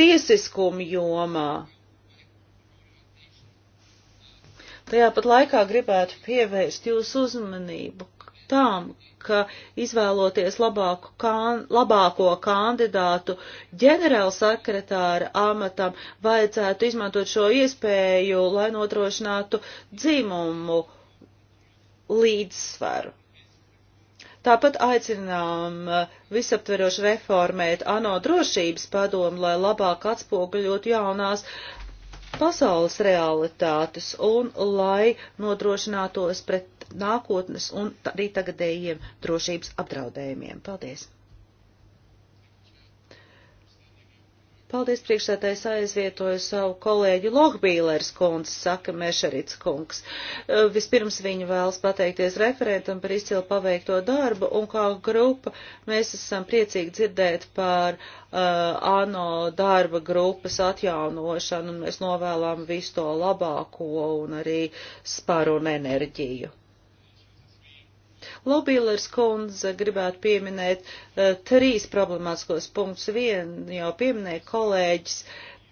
D: tiesiskumu jomā. Tajā pat laikā gribētu pievērst jūsu uzmanību tām, ka izvēloties labāku kan, labāko kandidātu ģenerālsekretāra amatam, vajadzētu izmantot šo iespēju, lai notrošinātu dzimumu līdzsvaru. Tāpat aicinām uh, visaptveroši reformēt ANO drošības padomu, lai labāk atspoguļot jaunās pasaules realitātes un lai nodrošinātos pret nākotnes un arī tagadējiem drošības apdraudējumiem. Paldies! Paldies priekšsētājs aizvietoju savu kolēģi Lohbīlers kundz, saka Mešerits kungs. E, vispirms viņu vēlas pateikties referentam par izcilu paveikto darbu, un kā grupa mēs esam priecīgi dzirdēt par uh, ANO darba grupas atjaunošanu, un mēs novēlām visu to labāko un arī sparu un enerģiju. Lobīlers kundze gribētu pieminēt uh, trīs problemātiskos punktus. Vienu jau pieminēja kolēģis.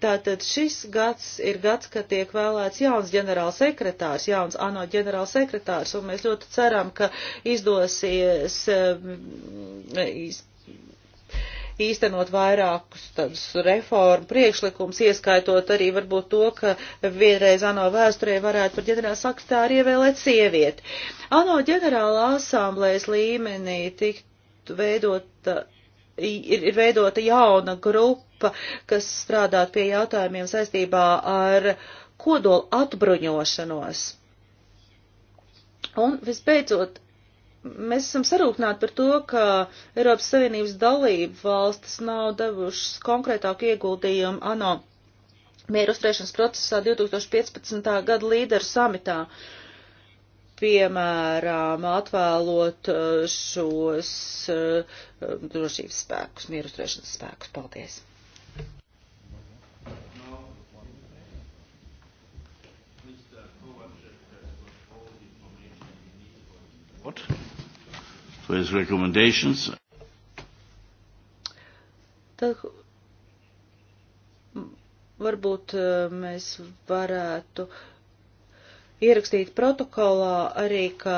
D: Tātad šis gads ir gads, kad tiek vēlēts jauns ģenerālsekretārs, jauns ANO ģenerālsekretārs, un mēs ļoti ceram, ka izdosies uh, iz, īstenot vairākus tādus reformu priekšlikumus, ieskaitot arī varbūt to, ka vienreiz ANO vēsturē varētu par ģenerāla sekretāru ievēlēt sievieti. ANO ģenerāla asamblējas līmenī tiktu veidota, ir, ir veidota jauna grupa, kas strādāt pie jautājumiem saistībā ar kodolu atbruņošanos. Un visbeidzot, mēs esam sarūknāti par to, ka Eiropas Savienības dalību valstis nav devušas konkrētāku ieguldījumu ANO mieru uzturēšanas procesā 2015. gada līderu samitā. Piemēram, atvēlot uh, šos uh, drošības spēkus, mieru uzturēšanas spēkus. Paldies!
B: What? for his recommendations.
D: Tad varbūt eh, mēs varētu ierakstīt protokolā arī, ka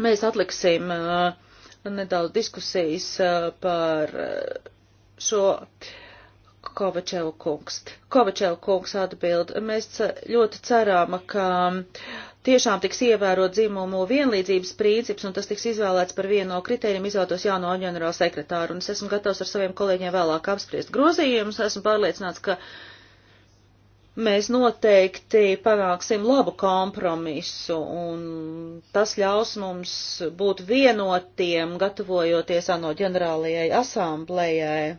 D: mēs atliksim eh, nedaudz diskusijas eh, par šo uh, Kovačev kungs. Kovačev kungs atbild, mēs ļoti cerām, ka tiešām tiks ievērot dzimumu vienlīdzības princips un tas tiks izvēlēts par vienu no kritērijiem izvēlētos jauno ģenerāla sekretāru. Un es esmu gatavs ar saviem kolēģiem vēlāk apspriest grozījumus. Esmu pārliecināts, ka mēs noteikti panāksim labu kompromisu un tas ļaus mums būt vienotiem, gatavojoties ANO ģenerālajai asamblējai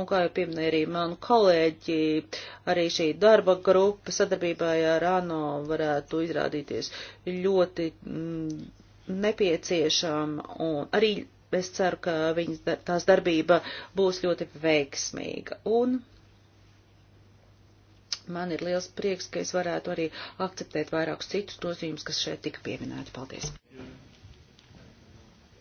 D: un, kā jau pieminēja arī manu kolēģi, arī šī darba grupa sadarbībā ar ANO varētu izrādīties ļoti mm, nepieciešama un arī es ceru, ka viņas, tās darbība būs ļoti veiksmīga. Un man ir liels prieks, ka es varētu arī akceptēt vairākus citus grozījumus, kas šeit tika pieminēti. Paldies!
B: Jā.